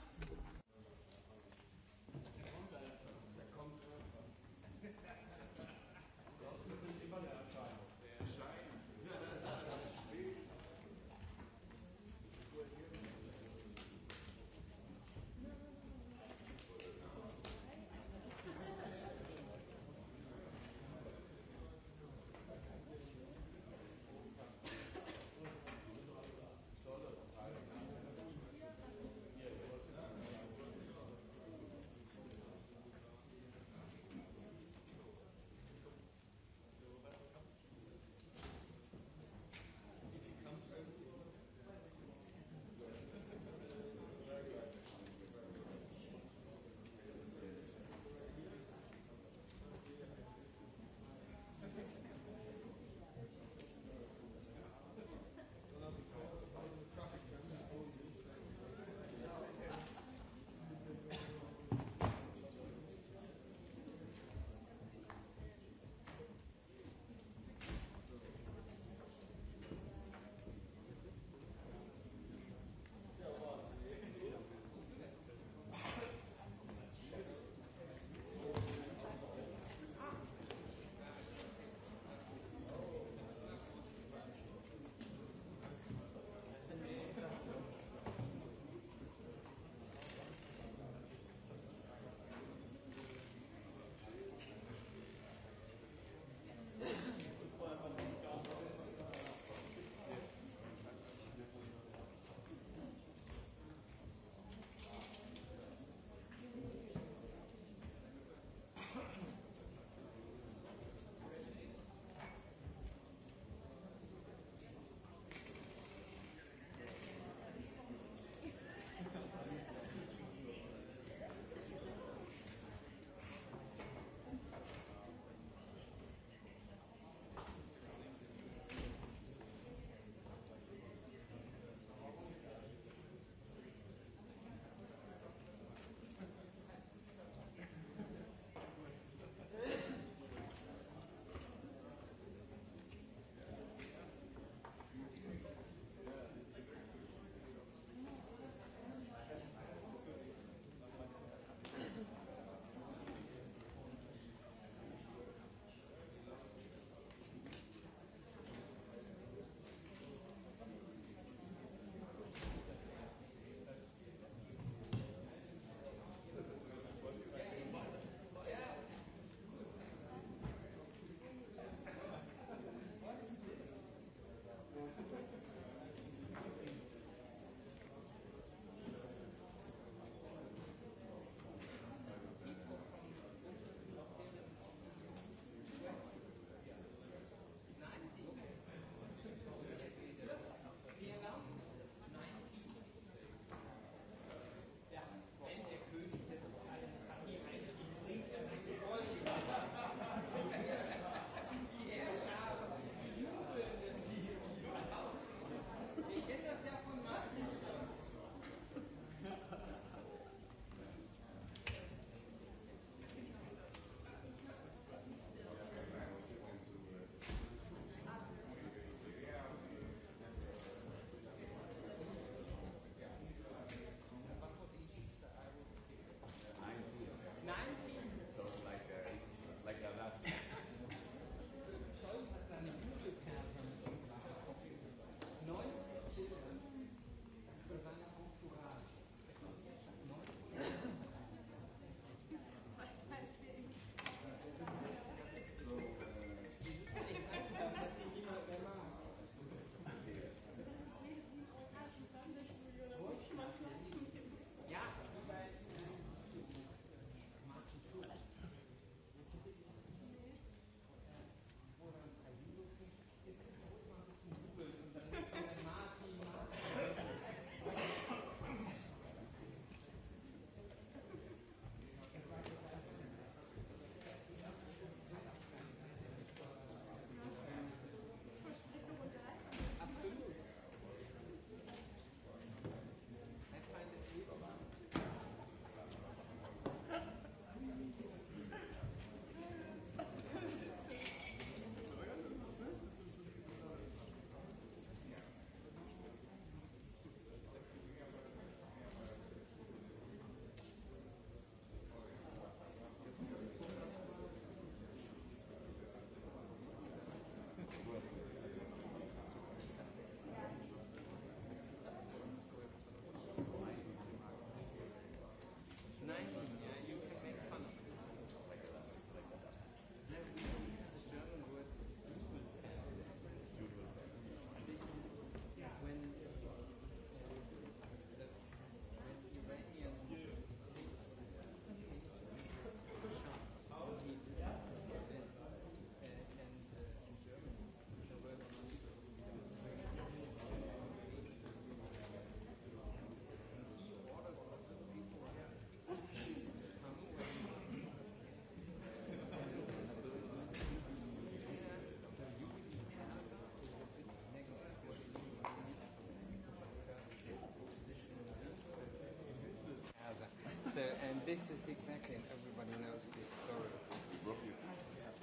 and this is exactly, and everybody knows this story.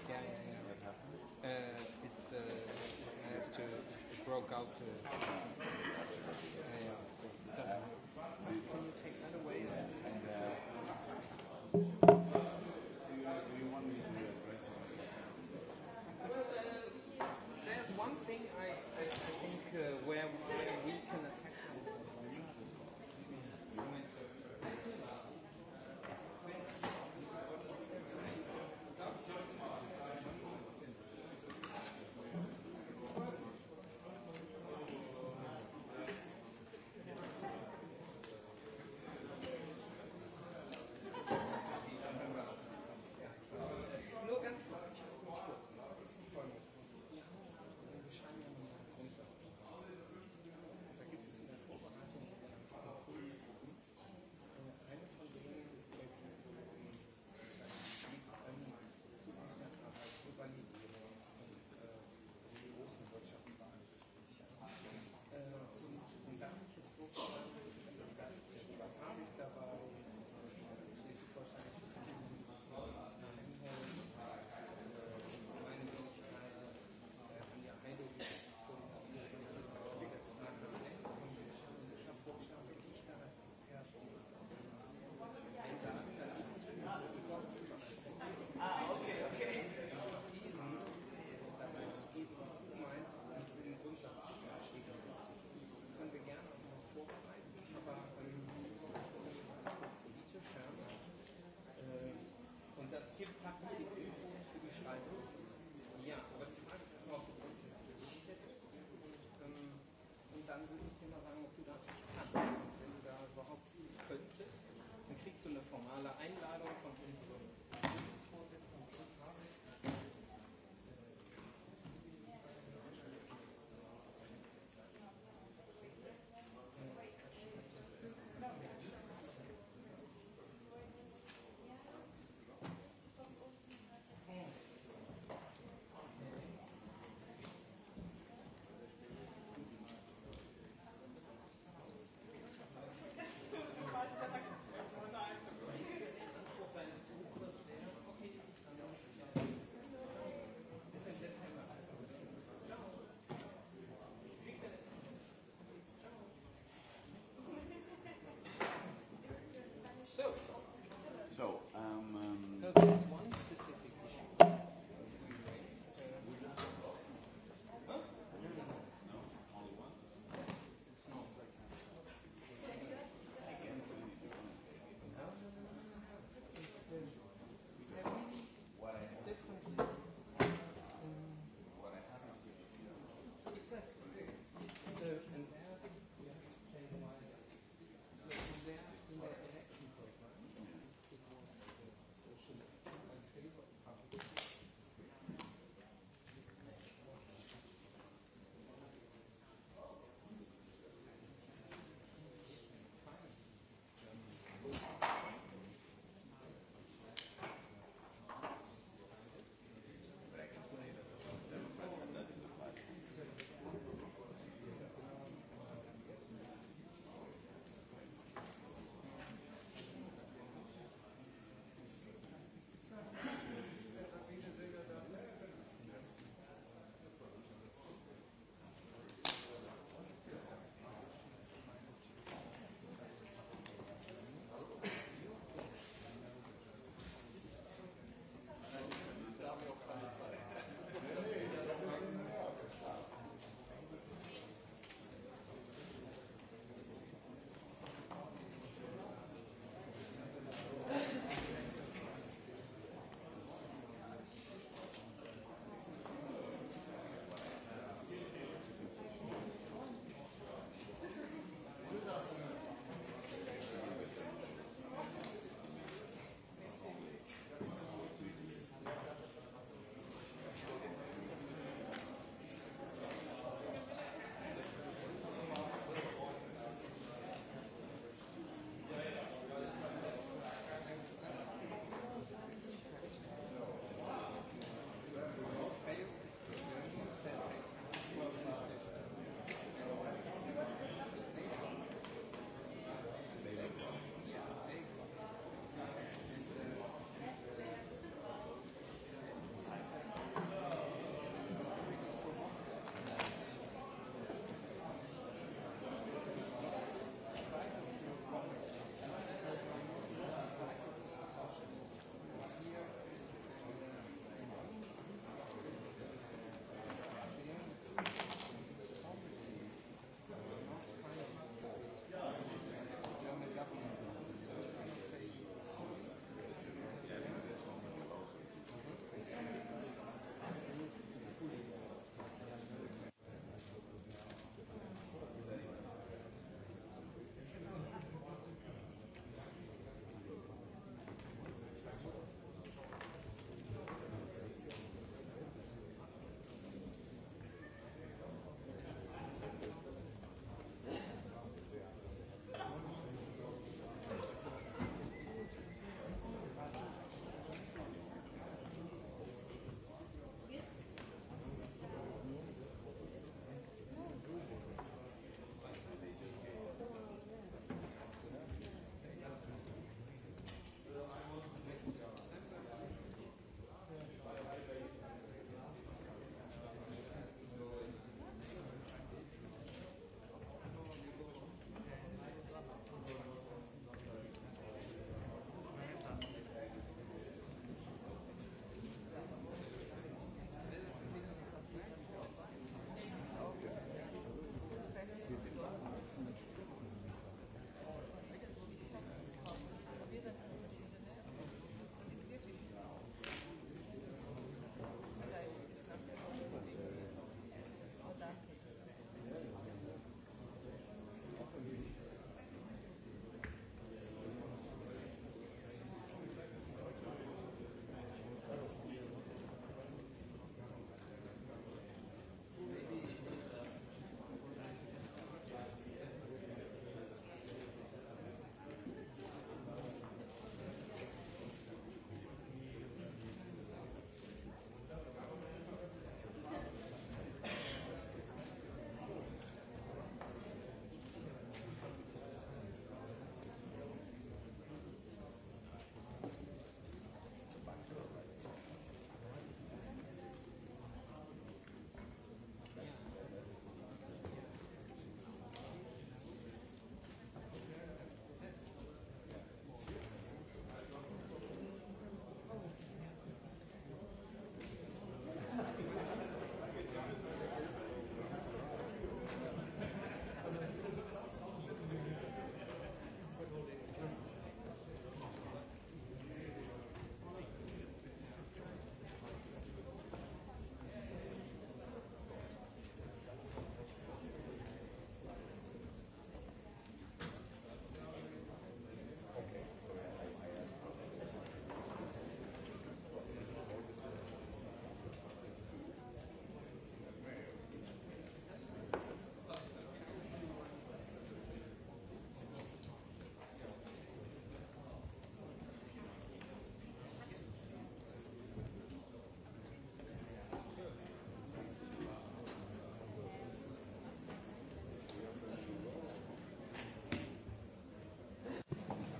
Yeah, yeah, yeah. Uh, it's, uh, to, it broke out. Uh, yeah, of course. Can you take that away? And, uh, Formale Einladung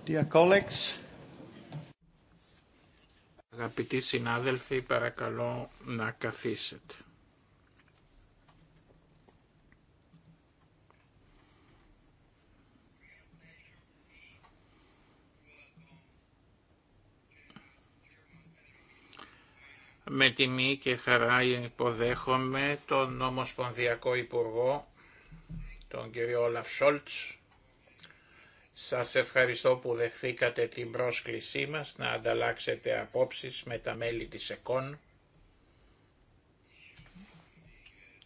Dear colleagues. Αγαπητοί συνάδελφοι, παρακαλώ να καθίσετε. Με τιμή και χαρά υποδέχομαι τον Ομοσπονδιακό Υπουργό, τον κύριο Όλαφ Σόλτς, σας ευχαριστώ που δεχθήκατε την πρόσκλησή μας να ανταλλάξετε απόψεις με τα μέλη της ΕΚΟΝ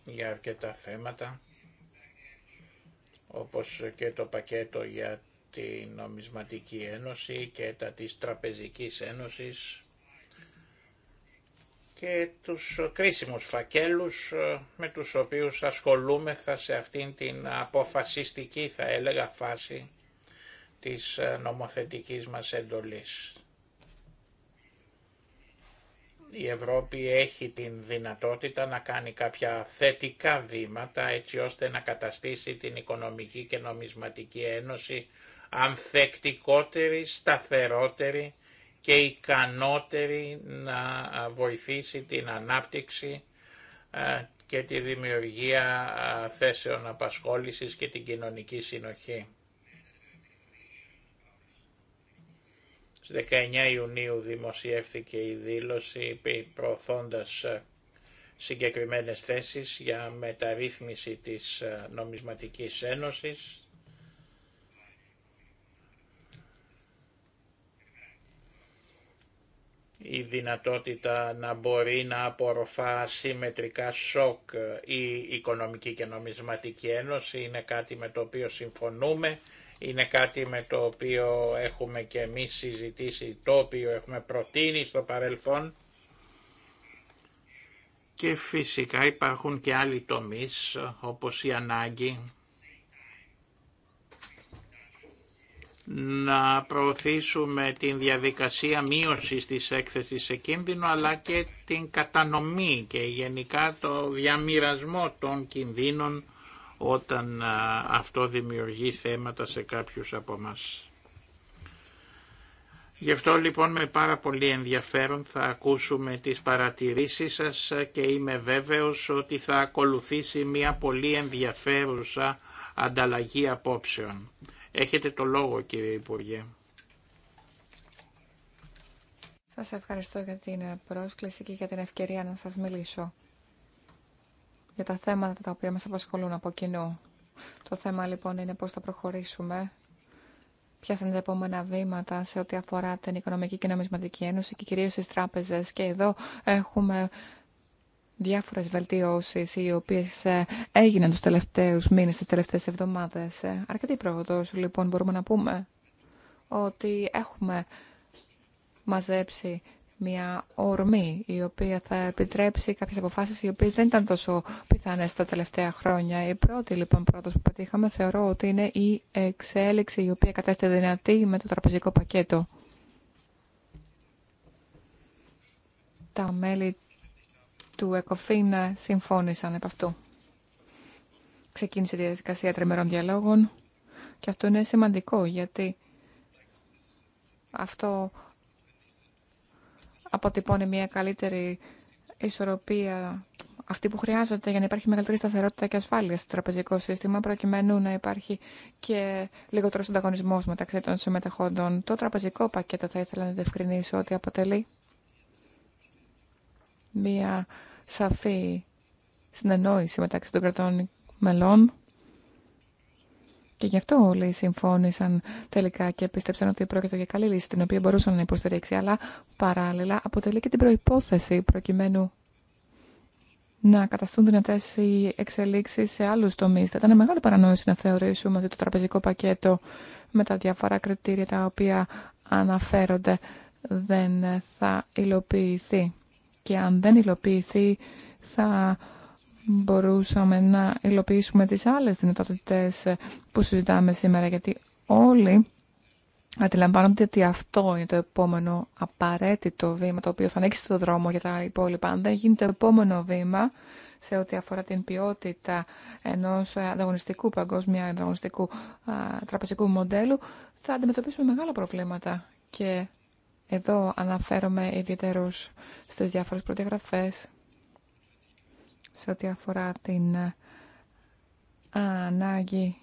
για αρκετά θέματα όπως και το πακέτο για την Νομισματική Ένωση και τα της Τραπεζικής Ένωσης και τους κρίσιμους φακέλους ε, με τους οποίους ασχολούμεθα σε αυτήν την αποφασιστική θα έλεγα φάση της ε, νομοθετικής μας εντολής. Η Ευρώπη έχει την δυνατότητα να κάνει κάποια θετικά βήματα έτσι ώστε να καταστήσει την Οικονομική και Νομισματική Ένωση ανθεκτικότερη, σταθερότερη και ικανότερη να βοηθήσει την ανάπτυξη και τη δημιουργία θέσεων απασχόλησης και την κοινωνική συνοχή. Στις 19 Ιουνίου δημοσιεύθηκε η δήλωση προωθώντας ε, συγκεκριμένες θέσεις για μεταρρύθμιση της ε, νομισματικής ένωσης. Η δυνατότητα να μπορεί να απορροφά συμμετρικά σοκ ε, η Οικονομική και Νομισματική Ένωση είναι κάτι με το οποίο συμφωνούμε είναι κάτι με το οποίο έχουμε και εμείς συζητήσει, το οποίο έχουμε προτείνει στο παρελθόν. Και φυσικά υπάρχουν και άλλοι τομείς, όπως η ανάγκη να προωθήσουμε την διαδικασία μείωσης της έκθεσης σε κίνδυνο αλλά και την κατανομή και γενικά το διαμοιρασμό των κινδύνων όταν αυτό δημιουργεί θέματα σε κάποιους από μας. Γι' αυτό λοιπόν με πάρα πολύ ενδιαφέρον θα ακούσουμε τις παρατηρήσεις σας και είμαι βέβαιος ότι θα ακολουθήσει μια πολύ ενδιαφέρουσα ανταλλαγή απόψεων. Έχετε το λόγο κύριε Υπουργέ. Σας ευχαριστώ για την πρόσκληση και για την ευκαιρία να σας μιλήσω για τα θέματα τα οποία μας απασχολούν από κοινού. Το θέμα λοιπόν είναι πώς θα προχωρήσουμε, ποια θα είναι τα επόμενα βήματα σε ό,τι αφορά την Οικονομική και Νομισματική Ένωση και κυρίως τις τράπεζες. Και εδώ έχουμε διάφορες βελτιώσεις οι οποίες ε, έγιναν τους τελευταίους μήνες, τις τελευταίες εβδομάδες. Ε, αρκετή πρόοδος λοιπόν μπορούμε να πούμε ότι έχουμε μαζέψει μια ορμή η οποία θα επιτρέψει κάποιες αποφάσεις οι οποίες δεν ήταν τόσο πιθανές τα τελευταία χρόνια. Η πρώτη λοιπόν πρόταση που πετύχαμε θεωρώ ότι είναι η εξέλιξη η οποία κατέστη δυνατή με το τραπεζικό πακέτο. Τα μέλη του ΕΚΟΦΗΝ συμφώνησαν επ' αυτού. Ξεκίνησε η διαδικασία τριμερών διαλόγων και αυτό είναι σημαντικό γιατί αυτό αποτυπώνει μια καλύτερη ισορροπία αυτή που χρειάζεται για να υπάρχει μεγαλύτερη σταθερότητα και ασφάλεια στο τραπεζικό σύστημα, προκειμένου να υπάρχει και λιγότερο ανταγωνισμό μεταξύ των συμμετεχόντων. Το τραπεζικό πακέτο θα ήθελα να διευκρινίσω ότι αποτελεί μια σαφή συνεννόηση μεταξύ των κρατών μελών και γι' αυτό όλοι συμφώνησαν τελικά και πίστεψαν ότι πρόκειται για καλή λύση, την οποία μπορούσαν να υποστηρίξει, αλλά παράλληλα αποτελεί και την προϋπόθεση προκειμένου να καταστούν δυνατέ οι εξελίξει σε άλλου τομεί. Θα ήταν μεγάλη παρανόηση να θεωρήσουμε ότι το τραπεζικό πακέτο με τα διάφορα κριτήρια τα οποία αναφέρονται δεν θα υλοποιηθεί. Και αν δεν υλοποιηθεί, θα μπορούσαμε να υλοποιήσουμε τις άλλες δυνατότητες που συζητάμε σήμερα, γιατί όλοι αντιλαμβάνονται ότι αυτό είναι το επόμενο απαραίτητο βήμα, το οποίο θα ανοίξει το δρόμο για τα υπόλοιπα. Αν δεν γίνει το επόμενο βήμα σε ό,τι αφορά την ποιότητα ενός ανταγωνιστικού, παγκόσμια ανταγωνιστικού τραπεζικού μοντέλου, θα αντιμετωπίσουμε μεγάλα προβλήματα. Και εδώ αναφέρομαι ιδιαίτερως στις διάφορες προδιαγραφές σε ό,τι αφορά την ε, ανάγκη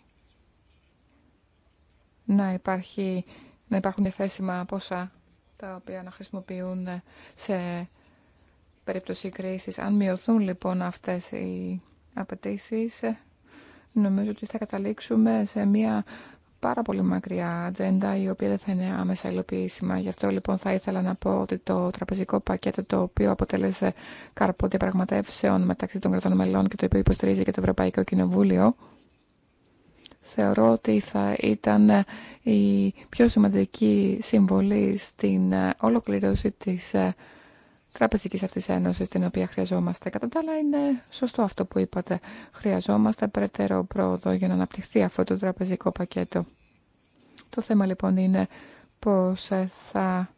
να, υπάρχει, να υπάρχουν διαθέσιμα ποσά τα οποία να χρησιμοποιούν σε περίπτωση κρίσης. Αν μειωθούν λοιπόν αυτές οι απαιτήσει, νομίζω ότι θα καταλήξουμε σε μια πάρα πολύ μακριά ατζέντα η οποία δεν θα είναι άμεσα υλοποιήσιμα. Γι' αυτό λοιπόν θα ήθελα να πω ότι το τραπεζικό πακέτο το οποίο αποτέλεσε καρπό διαπραγματεύσεων μεταξύ των κρατών μελών και το οποίο υποστηρίζει και το Ευρωπαϊκό Κοινοβούλιο θεωρώ ότι θα ήταν η πιο σημαντική συμβολή στην ολοκληρώση της ε, τραπεζικής αυτής Ένωση την οποία χρειαζόμαστε. Κατά τα άλλα είναι σωστό αυτό που είπατε. Χρειαζόμαστε περαιτέρω πρόοδο για να αναπτυχθεί αυτό το τραπεζικό πακέτο. Το θέμα λοιπόν είναι πώς ε, θα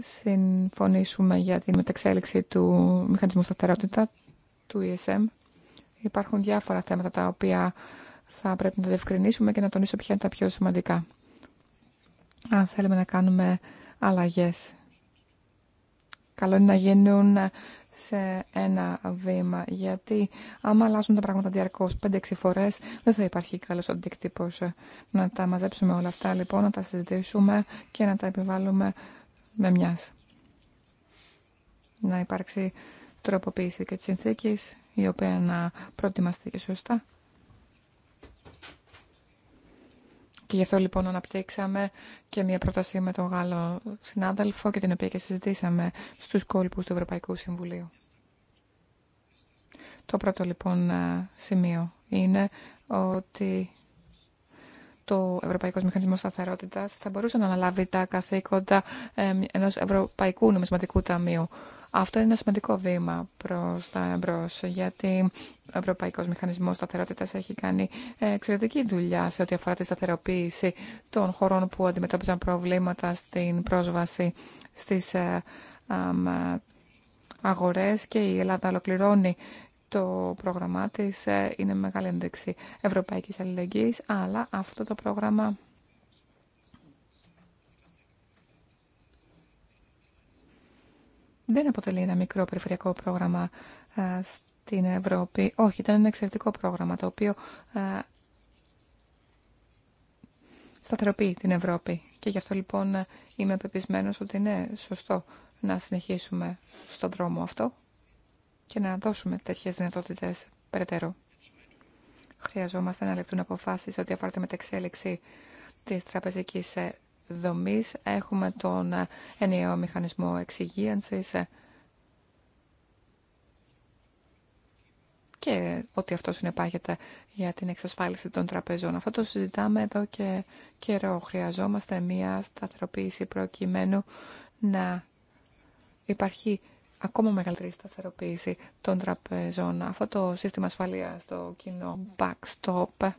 συμφωνήσουμε για την μεταξέλιξη του μηχανισμού σταθερότητα του ESM. Υπάρχουν διάφορα θέματα τα οποία θα πρέπει να τα διευκρινίσουμε και να τονίσω ποια είναι τα πιο σημαντικά. Αν θέλουμε να κάνουμε αλλαγές Καλό είναι να γίνουν σε ένα βήμα, γιατί άμα αλλάζουν τα πράγματα διαρκώς 5-6 φορές, δεν θα υπάρχει καλός αντίκτυπος. Να τα μαζέψουμε όλα αυτά λοιπόν, να τα συζητήσουμε και να τα επιβάλλουμε με μιας. Να υπάρξει τροποποίηση και της συνθήκης, η οποία να προετοιμαστεί και σωστά Και γι' αυτό λοιπόν αναπτύξαμε και μια πρόταση με τον Γάλλο συνάδελφο και την οποία και συζητήσαμε στους κόλπους του Ευρωπαϊκού Συμβουλίου. Το πρώτο λοιπόν ε, σημείο είναι ότι το Ευρωπαϊκό Μηχανισμό Σταθερότητα θα μπορούσε να αναλάβει τα καθήκοντα ε, ενό Ευρωπαϊκού Νομισματικού Ταμείου. Αυτό είναι ένα σημαντικό βήμα προ τα εμπρό, γιατί ο Ευρωπαϊκό Μηχανισμό σταθερότητα έχει κάνει εξαιρετική δουλειά σε ό,τι αφορά τη σταθεροποίηση των χωρών που αντιμετώπιζαν προβλήματα στην πρόσβαση στι ε, ε, αγορέ και η Ελλάδα ολοκληρώνει το πρόγραμμά της ε, είναι μεγάλη ένδειξη ευρωπαϊκής αλληλεγγύης, αλλά αυτό το πρόγραμμα δεν αποτελεί ένα μικρό περιφερειακό πρόγραμμα ε, στην Ευρώπη. Όχι, ήταν ένα εξαιρετικό πρόγραμμα το οποίο ε, σταθεροποιεί την Ευρώπη. Και γι' αυτό λοιπόν είμαι πεπισμένος ότι είναι σωστό να συνεχίσουμε στον δρόμο αυτό και να δώσουμε τέτοιες δυνατότητες περαιτέρω. Χρειαζόμαστε να λεφτούν αποφάσεις ότι αφορά τη μεταξέλιξη της τραπεζικής ε, δομής. Έχουμε τον ενιαίο μηχανισμό εξυγίανσης και ότι αυτό συνεπάγεται για την εξασφάλιση των τραπεζών. Αυτό το συζητάμε εδώ και καιρό. Χρειαζόμαστε μια σταθεροποίηση προκειμένου να υπάρχει ακόμα μεγαλύτερη σταθεροποίηση των τραπεζών. Αυτό το σύστημα ασφαλείας, το κοινό backstop,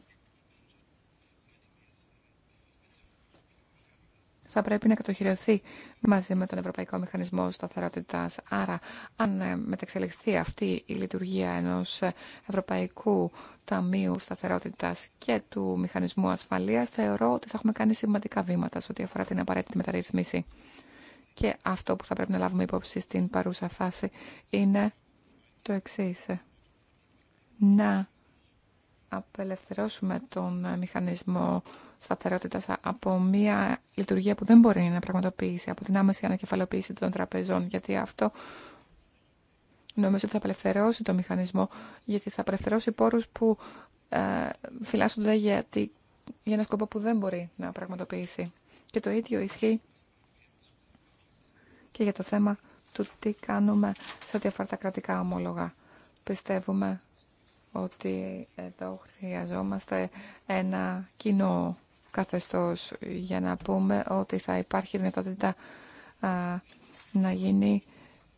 θα πρέπει να κατοχυρωθεί μαζί με τον Ευρωπαϊκό Μηχανισμό Σταθερότητα. Άρα, αν ε, μεταξελιχθεί αυτή η λειτουργία ενό Ευρωπαϊκού Ταμείου Σταθερότητα και του Μηχανισμού Ασφαλεία, θεωρώ ότι θα έχουμε κάνει σημαντικά βήματα σε ό,τι αφορά την απαραίτητη μεταρρύθμιση. Και αυτό που θα πρέπει να λάβουμε υπόψη στην παρούσα φάση είναι το εξή. Να απελευθερώσουμε τον μηχανισμό σταθερότητα από μια λειτουργία που δεν μπορεί να πραγματοποιήσει, από την άμεση ανακεφαλοποίηση των τραπεζών, γιατί αυτό νομίζω ότι θα απελευθερώσει το μηχανισμό, γιατί θα απελευθερώσει πόρους που ε, φυλάσσονται για, για ένα σκοπό που δεν μπορεί να πραγματοποιήσει. Και το ίδιο ισχύει και για το θέμα του τι κάνουμε σε ό,τι αφορά τα κρατικά ομόλογα. Πιστεύουμε ότι εδώ χρειαζόμαστε ένα κοινό καθεστώς για να πούμε ότι θα υπάρχει δυνατότητα α, να γίνει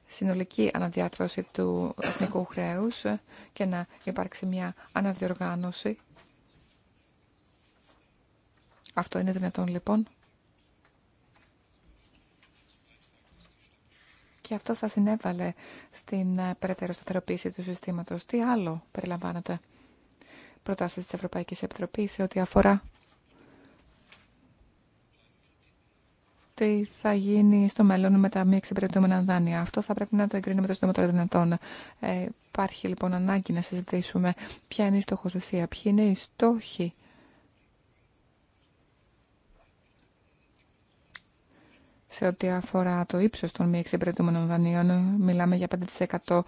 συνολική αναδιάρθρωση του εθνικού χρέους και να υπάρξει μια αναδιοργάνωση. Αυτό είναι δυνατόν λοιπόν. Και αυτό θα συνέβαλε στην ε, περαιτέρω σταθεροποίηση του συστήματος. Τι άλλο περιλαμβάνεται προτάσεις της Ευρωπαϊκής Επιτροπής σε ό,τι αφορά τι θα γίνει στο μέλλον με τα μη εξυπηρετούμενα δάνεια. Αυτό θα πρέπει να το εγκρίνουμε το συντομότερο δυνατόν. Ε, υπάρχει λοιπόν ανάγκη να συζητήσουμε ποια είναι η στοχοθεσία, ποιοι είναι οι στόχοι. Σε ό,τι αφορά το ύψος των μη εξυπηρετούμενων δανείων, μιλάμε για 5%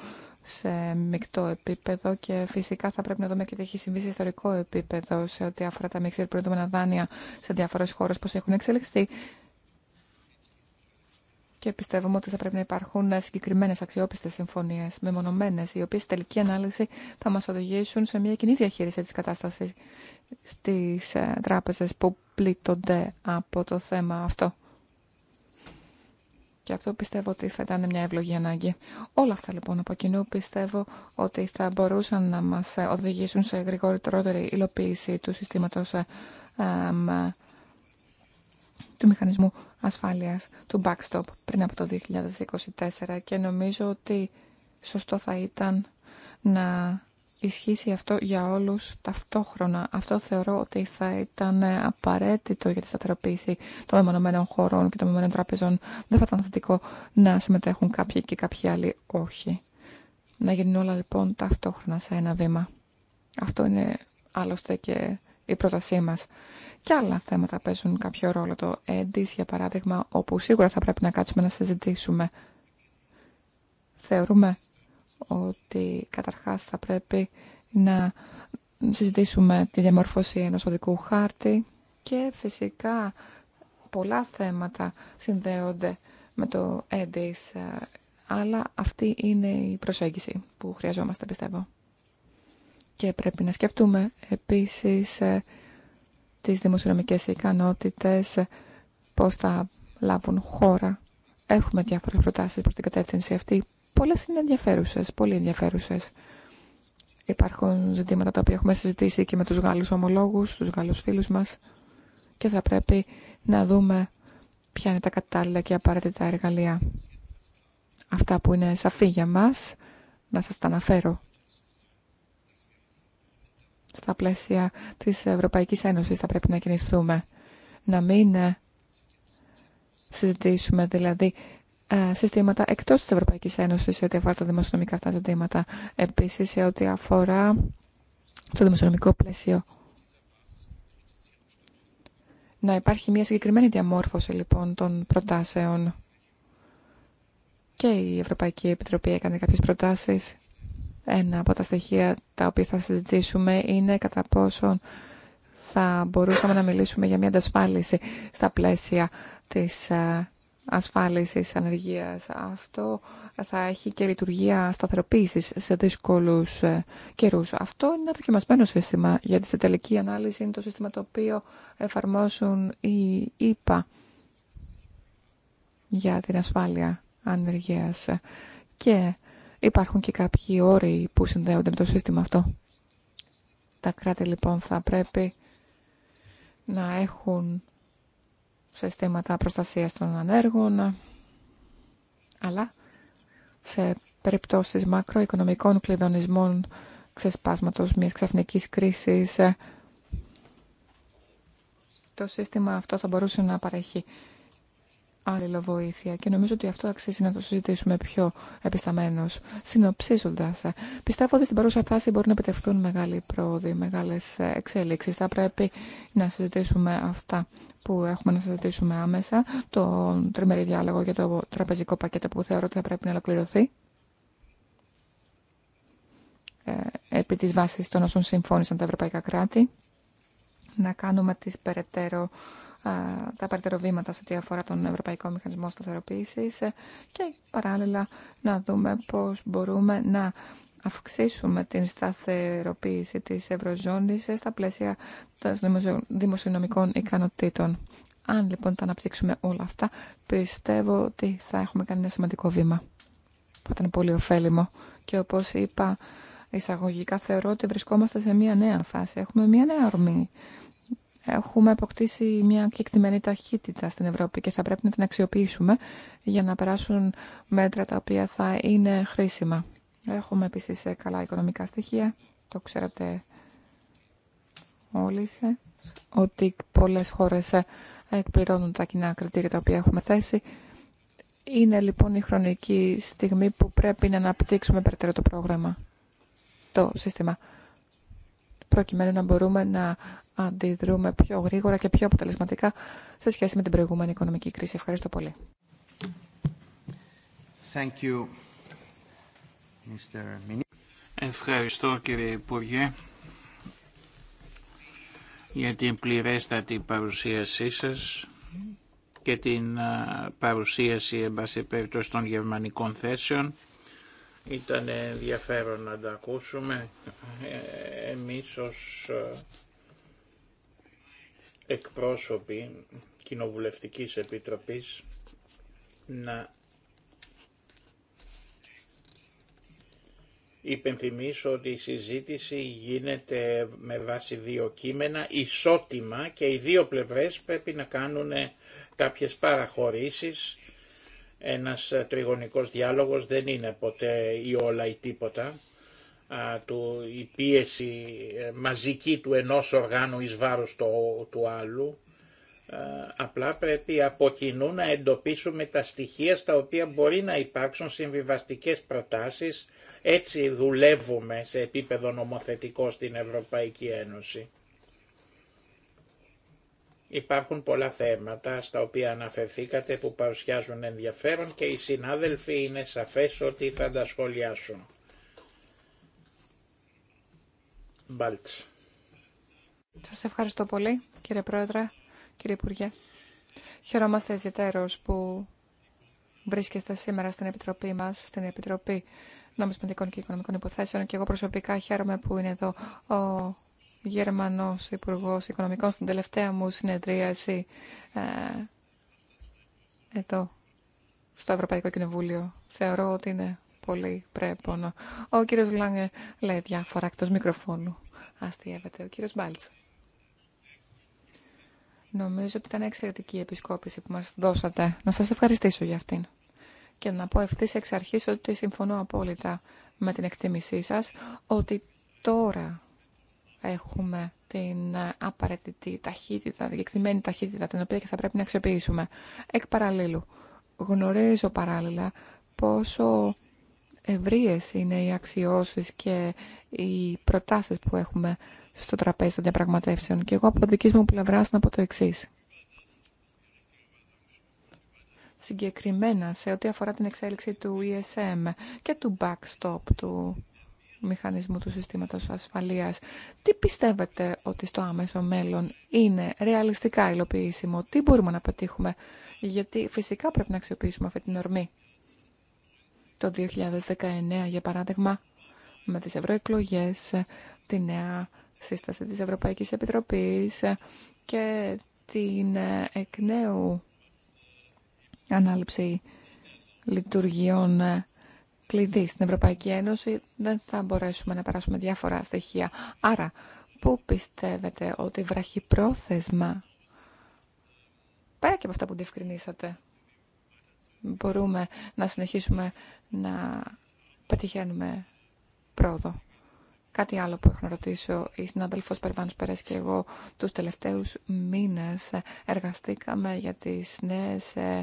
σε μεικτό επίπεδο και φυσικά θα πρέπει να δούμε και τι έχει συμβεί σε ιστορικό επίπεδο σε ό,τι αφορά τα μη εξυπηρετούμενα δάνεια σε διαφορέ χώρε πώ έχουν εξελιχθεί και πιστεύουμε ότι θα πρέπει να υπάρχουν συγκεκριμένε αξιόπιστε συμφωνίε, μεμονωμένε, οι οποίε στη τελική ανάλυση θα μα οδηγήσουν σε μια κοινή διαχείριση τη κατάσταση στι ε, τράπεζε που πλήττονται από το θέμα αυτό. Και αυτό πιστεύω ότι θα ήταν μια ευλογή ανάγκη. Όλα αυτά λοιπόν από κοινού πιστεύω ότι θα μπορούσαν να μας οδηγήσουν σε γρηγορότερη υλοποίηση του συστήματος ε, ε, του μηχανισμού ασφάλειας του backstop πριν από το 2024 και νομίζω ότι σωστό θα ήταν να ισχύσει αυτό για όλους ταυτόχρονα. Αυτό θεωρώ ότι θα ήταν απαραίτητο για τη σταθεροποίηση των μεμονωμένων χωρών και των μεμονωμένων τραπεζών. Δεν θα ήταν θετικό να συμμετέχουν κάποιοι και κάποιοι άλλοι όχι. Να γίνουν όλα λοιπόν ταυτόχρονα σε ένα βήμα. Αυτό είναι άλλωστε και η πρότασή μας και άλλα θέματα παίζουν κάποιο ρόλο. Το έντις, για παράδειγμα, όπου σίγουρα θα πρέπει να κάτσουμε να συζητήσουμε. Θεωρούμε ότι καταρχάς θα πρέπει να συζητήσουμε τη διαμόρφωση ενός οδικού χάρτη και φυσικά πολλά θέματα συνδέονται με το έντις, αλλά αυτή είναι η προσέγγιση που χρειαζόμαστε, πιστεύω. Και πρέπει να σκεφτούμε επίσης ε, τις δημοσιονομικές ικανότητες, πώς θα λάβουν χώρα. Έχουμε διάφορες προτάσεις προς την κατεύθυνση αυτή. Πολλές είναι ενδιαφέρουσες, πολύ ενδιαφέρουσες. Υπάρχουν ζητήματα τα οποία έχουμε συζητήσει και με τους Γάλλους ομολόγους, τους Γάλλους φίλους μας και θα πρέπει να δούμε ποια είναι τα κατάλληλα και απαραίτητα εργαλεία. Αυτά που είναι σαφή για μας, να σας τα αναφέρω στα πλαίσια της Ευρωπαϊκής Ένωσης θα πρέπει να κινηθούμε. Να μην ε, συζητήσουμε δηλαδή ε, συστήματα εκτός της Ευρωπαϊκής Ένωσης σε ό,τι αφορά τα δημοσιονομικά αυτά ζητήματα. Επίσης σε ό,τι αφορά το δημοσιονομικό πλαίσιο. Να υπάρχει μια συγκεκριμένη διαμόρφωση λοιπόν των προτάσεων. Και η Ευρωπαϊκή Επιτροπή έκανε κάποιες προτάσεις ένα από τα στοιχεία τα οποία θα συζητήσουμε είναι κατά πόσον θα μπορούσαμε να μιλήσουμε για μια αντασφάλιση στα πλαίσια της ε, ασφάλισης ανεργίας. Αυτό θα έχει και λειτουργία σταθεροποίησης σε δύσκολους ε, καιρούς. Αυτό είναι ένα δοκιμασμένο σύστημα, γιατί σε τελική ανάλυση είναι το σύστημα το οποίο εφαρμόσουν οι ΙΠΑ για την ασφάλεια ανεργίας. Και Υπάρχουν και κάποιοι όροι που συνδέονται με το σύστημα αυτό. Τα κράτη λοιπόν θα πρέπει να έχουν συστήματα προστασίας των ανέργων, αλλά σε περιπτώσεις μακροοικονομικών κλειδονισμών ξεσπάσματος μιας ξαφνικής κρίσης, το σύστημα αυτό θα μπορούσε να παρέχει αλληλοβοήθεια και νομίζω ότι αυτό αξίζει να το συζητήσουμε πιο επισταμένο, Συνοψίζοντας, πιστεύω ότι στην παρούσα φάση μπορεί να επιτευχθούν μεγάλοι πρόοδοι, μεγάλες εξέλιξεις. Θα πρέπει να συζητήσουμε αυτά που έχουμε να συζητήσουμε άμεσα, το τριμερή διάλογο για το τραπεζικό πακέτο που θεωρώ ότι θα πρέπει να ολοκληρωθεί ε, επί της βάσης των όσων συμφώνησαν τα ευρωπαϊκά κράτη, να κάνουμε τις περαιτέρω τα περαιτέρω βήματα σε ό,τι αφορά τον Ευρωπαϊκό Μηχανισμό σταθεροποίηση ε, και παράλληλα να δούμε πώς μπορούμε να αυξήσουμε την σταθεροποίηση της Ευρωζώνης ε, στα πλαίσια των δημοσιονομικών ικανοτήτων. Αν λοιπόν τα αναπτύξουμε όλα αυτά, πιστεύω ότι θα έχουμε κάνει ένα σημαντικό βήμα που ήταν πολύ ωφέλιμο. Και όπως είπα εισαγωγικά, θεωρώ ότι βρισκόμαστε σε μια νέα φάση. Έχουμε μια νέα ορμή έχουμε αποκτήσει μια κεκτημένη ταχύτητα στην Ευρώπη και θα πρέπει να την αξιοποιήσουμε για να περάσουν μέτρα τα οποία θα είναι χρήσιμα. Έχουμε επίσης ε, καλά οικονομικά στοιχεία, το ξέρατε όλοι ότι πολλές χώρες ε, εκπληρώνουν τα κοινά κριτήρια τα οποία έχουμε θέσει. Είναι λοιπόν η χρονική στιγμή που πρέπει να αναπτύξουμε περαιτέρω το πρόγραμμα, το σύστημα προκειμένου να μπορούμε να αντιδρούμε πιο γρήγορα και πιο αποτελεσματικά σε σχέση με την προηγούμενη οικονομική κρίση. Ευχαριστώ πολύ. Thank you, Mr. Ευχαριστώ κύριε Υπουργέ για την πληρέστατη παρουσίασή σας και την παρουσίαση περίπτωση, των γερμανικών θέσεων. Ήταν ενδιαφέρον να τα ακούσουμε. Ε, εμείς ως ε, εκπρόσωποι Κοινοβουλευτικής Επιτροπής να υπενθυμίσω ότι η συζήτηση γίνεται με βάση δύο κείμενα ισότιμα και οι δύο πλευρές πρέπει να κάνουν κάποιες παραχωρήσεις ένας ε, τριγωνικός διάλογος δεν είναι ποτέ ή όλα ή τίποτα. του, η πίεση ε, μαζική του ενός οργάνου εις βάρος του, άλλου. απλά πρέπει από κοινού να εντοπίσουμε τα στοιχεία στα οποία μπορεί να υπάρξουν συμβιβαστικές προτάσεις. Έτσι δουλεύουμε σε επίπεδο νομοθετικό στην Ευρωπαϊκή Ένωση. Υπάρχουν πολλά θέματα στα οποία αναφερθήκατε που παρουσιάζουν ενδιαφέρον και οι συνάδελφοι είναι σαφές ότι θα τα σχολιάσουν. Μπάλτς. Σας ευχαριστώ πολύ κύριε Πρόεδρε, κύριε Υπουργέ. Χαιρόμαστε ιδιαίτερως που βρίσκεστε σήμερα στην Επιτροπή μας, στην Επιτροπή Νομισματικών και Οικονομικών Υποθέσεων και εγώ προσωπικά χαίρομαι που είναι εδώ ο Γερμανός Υπουργός Οικονομικών στην τελευταία μου συνεδρίαση ε, εδώ στο Ευρωπαϊκό Κοινοβούλιο. Θεωρώ ότι είναι πολύ πρέπονο. Ο κύριος Λάγκε λέει διάφορα εκτός μικροφώνου. Αστείευεται ο κύριος Μπάλτς. Νομίζω ότι ήταν εξαιρετική η επισκόπηση που μας δώσατε. Να σας ευχαριστήσω για αυτήν. Και να πω ευθύ εξ αρχής ότι συμφωνώ απόλυτα με την εκτίμησή σας ότι τώρα έχουμε την ε, απαραίτητη ταχύτητα, διεκτημένη ταχύτητα, την οποία και θα πρέπει να αξιοποιήσουμε. Εκ παραλλήλου, γνωρίζω παράλληλα πόσο ευρείες είναι οι αξιώσεις και οι προτάσεις που έχουμε στο τραπέζι των διαπραγματεύσεων. Και εγώ από δική μου πλευρά να πω το εξή. Συγκεκριμένα σε ό,τι αφορά την εξέλιξη του ESM και του backstop του μηχανισμού του συστήματος ασφαλείας. Τι πιστεύετε ότι στο άμεσο μέλλον είναι ρεαλιστικά υλοποιήσιμο, τι μπορούμε να πετύχουμε, γιατί φυσικά πρέπει να αξιοποιήσουμε αυτή την ορμή. Το 2019, για παράδειγμα, με τις ευρωεκλογέ, τη νέα σύσταση της Ευρωπαϊκής Επιτροπής και την ε, εκ νέου ανάληψη λειτουργιών ε, κλειδί στην Ευρωπαϊκή Ένωση, δεν θα μπορέσουμε να περάσουμε διάφορα στοιχεία. Άρα, πού πιστεύετε ότι βραχυπρόθεσμα, πέρα και από αυτά που διευκρινίσατε, μπορούμε να συνεχίσουμε να πετυχαίνουμε πρόοδο. Κάτι άλλο που έχω να ρωτήσω, η συνάδελφο Περβάνου Περέ και εγώ του τελευταίου μήνε εργαστήκαμε για τι νέε ε,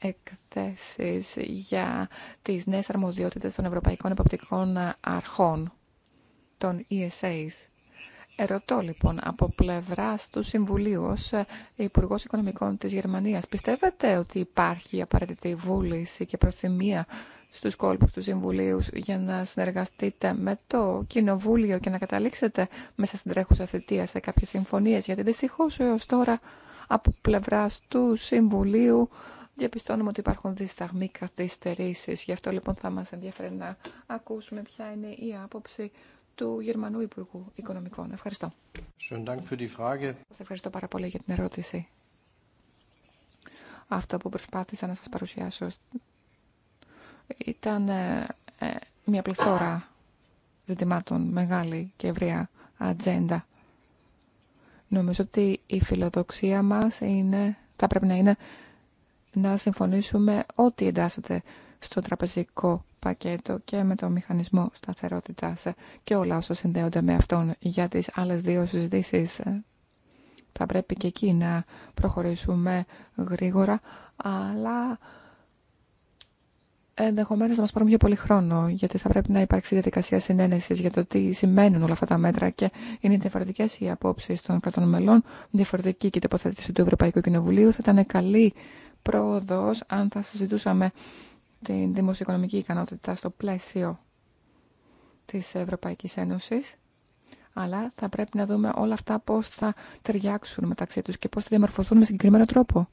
εκθέσεις για τις νέες αρμοδιότητες των Ευρωπαϊκών Εποπτικών Αρχών, των ESAs. Ερωτώ λοιπόν από πλευρά του Συμβουλίου ως Υπουργό Οικονομικών της Γερμανίας, πιστεύετε ότι υπάρχει απαραίτητη βούληση και προθυμία στους κόλπους του Συμβουλίου για να συνεργαστείτε με το Κοινοβούλιο και να καταλήξετε μέσα στην τρέχουσα θητεία σε κάποιες συμφωνίες, γιατί δυστυχώς έως τώρα από πλευρά του Συμβουλίου διαπιστώνουμε ότι υπάρχουν δισταγμοί καθυστερήσει. Γι' αυτό λοιπόν θα μα ενδιαφέρει να ακούσουμε ποια είναι η άποψη του Γερμανού Υπουργού Οικονομικών. Ευχαριστώ. Σα ευχαριστώ πάρα πολύ για την ερώτηση. Αυτό που προσπάθησα να σας παρουσιάσω ήταν ε, ε, μια πληθώρα ζητημάτων, μεγάλη και ευρεία ατζέντα. Νομίζω ότι η φιλοδοξία μας θα πρέπει να είναι να συμφωνήσουμε ό,τι εντάσσεται στο τραπεζικό πακέτο και με το μηχανισμό σταθερότητας και όλα όσα συνδέονται με αυτόν για τις άλλες δύο συζητήσεις. Θα πρέπει και εκεί να προχωρήσουμε γρήγορα, αλλά ενδεχομένως να μας πάρουν πιο πολύ χρόνο, γιατί θα πρέπει να υπάρξει διαδικασία συνένεση για το τι σημαίνουν όλα αυτά τα μέτρα και είναι διαφορετικέ οι απόψει των κρατών μελών, διαφορετική και η τοποθέτηση του Ευρωπαϊκού Κοινοβουλίου. Θα ήταν καλή πρόοδος αν θα συζητούσαμε την δημοσιοοικονομική ικανότητα στο πλαίσιο της Ευρωπαϊκής Ένωσης. Αλλά θα πρέπει να δούμε όλα αυτά πώς θα ταιριάξουν μεταξύ τους και πώς θα διαμορφωθούν με συγκεκριμένο τρόπο.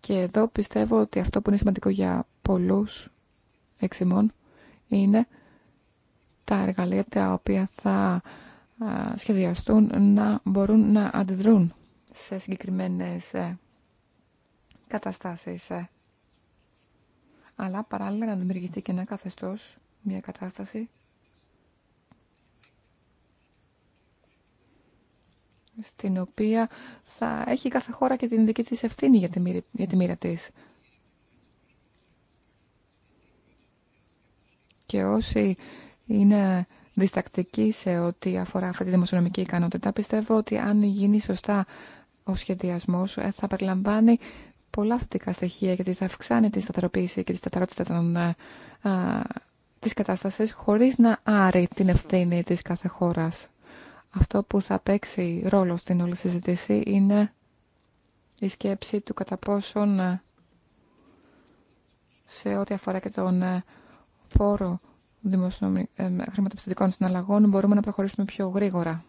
Και εδώ πιστεύω ότι αυτό που είναι σημαντικό για πολλούς εξημών είναι τα εργαλεία τα οποία θα σχεδιαστούν να μπορούν να αντιδρούν σε συγκεκριμένες ε, καταστάσεις. Ε. Αλλά παράλληλα να δημιουργηθεί και ένα καθεστώς, μια κατάσταση στην οποία θα έχει κάθε χώρα και την δική της ευθύνη για τη μοίρα, τη της. Και όσοι είναι διστακτικοί σε ό,τι αφορά αυτή τη δημοσιονομική ικανότητα, πιστεύω ότι αν γίνει σωστά ο σχεδιασμός ε, θα περιλαμβάνει πολλά θετικά στοιχεία γιατί θα αυξάνει τη σταθεροποίηση και τη σταθερότητα των, ε, α, της κατάστασης χωρίς να άρει την ευθύνη της κάθε χώρας. Αυτό που θα παίξει ρόλο στην όλη συζήτηση είναι η σκέψη του κατά πόσον ε, σε ό,τι αφορά και τον ε, φόρο χρηματοπιστωτικών συναλλαγών μπορούμε να προχωρήσουμε πιο γρήγορα.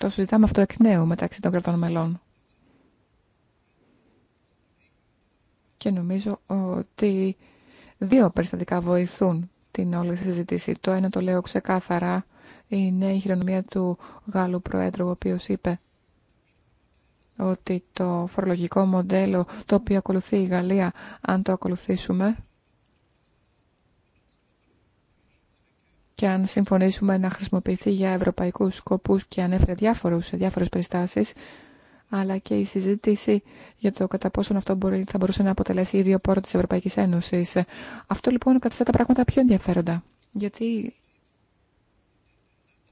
Το συζητάμε αυτό εκ νέου μεταξύ των κρατών μελών. Και νομίζω ότι δύο περιστατικά βοηθούν την όλη συζήτηση. Το ένα το λέω ξεκάθαρα, είναι η χειρονομία του Γάλλου Προέδρου, ο οποίος είπε ότι το φορολογικό μοντέλο το οποίο ακολουθεί η Γαλλία, αν το ακολουθήσουμε, και αν συμφωνήσουμε να χρησιμοποιηθεί για ευρωπαϊκούς σκοπούς και ανέφερε διάφορους, σε διάφορες περιστάσεις, αλλά και η συζήτηση για το κατά πόσον αυτό μπορεί, θα μπορούσε να αποτελέσει ίδιο πόρο της Ευρωπαϊκής Ένωσης. Αυτό λοιπόν καθιστά τα πράγματα πιο ενδιαφέροντα, γιατί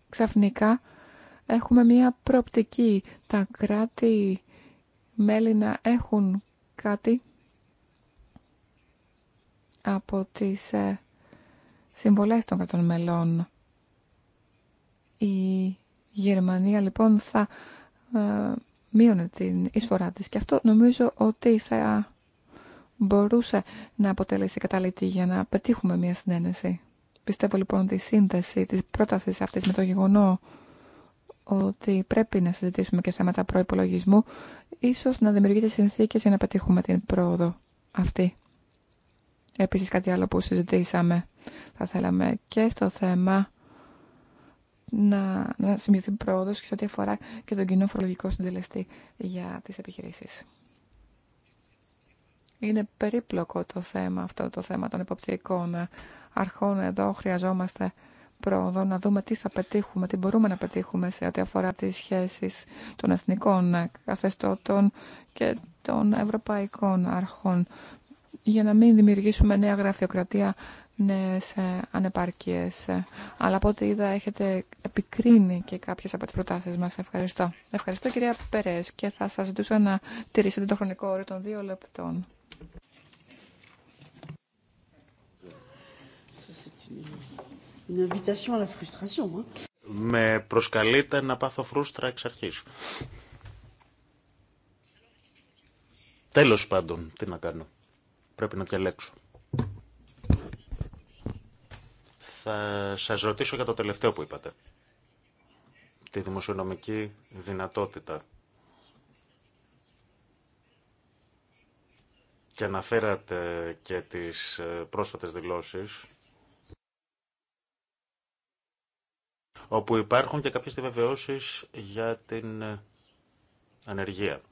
ξαφνικά έχουμε μία προοπτική. Τα κράτη μέλη να έχουν κάτι από τις ε, συμβολές των κρατών μελών. Η Γερμανία λοιπόν θα ε, μείωνε την εισφορά της και αυτό νομίζω ότι θα μπορούσε να αποτελέσει καταλήτη για να πετύχουμε μια συνένεση. Πιστεύω λοιπόν ότι η σύνδεση της πρότασης αυτής με το γεγονό ότι πρέπει να συζητήσουμε και θέματα προϋπολογισμού ίσως να δημιουργείται συνθήκες για να πετύχουμε την πρόοδο αυτή. Επίσης κάτι άλλο που συζητήσαμε θα θέλαμε και στο θέμα να, να σημειωθεί πρόοδο και σε ό,τι αφορά και τον κοινό φορολογικό συντελεστή για τις επιχειρήσεις. Είναι περίπλοκο το θέμα αυτό, το θέμα των υποπτικών αρχών. Εδώ χρειαζόμαστε πρόοδο, να δούμε τι θα πετύχουμε, τι μπορούμε να πετύχουμε σε ό,τι αφορά τις σχέσεις των εθνικών καθεστώτων και των ευρωπαϊκών αρχών για να μην δημιουργήσουμε νέα γραφειοκρατία νέες ε, ανεπάρκειες. Ε, αλλά από ό,τι είδα έχετε επικρίνει και κάποιες από τις προτάσεις μας. Ευχαριστώ. Ευχαριστώ κυρία Περές και θα σας ζητούσα να τηρήσετε το χρονικό όριο των δύο λεπτών. Με προσκαλείτε να πάθω φρούστρα εξ αρχής. Τέλος πάντων, τι να κάνω. Πρέπει να διαλέξω. Θα σας ρωτήσω για το τελευταίο που είπατε. Τη δημοσιονομική δυνατότητα. Και αναφέρατε και τις ε, πρόσφατες δηλώσεις όπου υπάρχουν και κάποιες διαβεβαιώσεις για την ε, ανεργία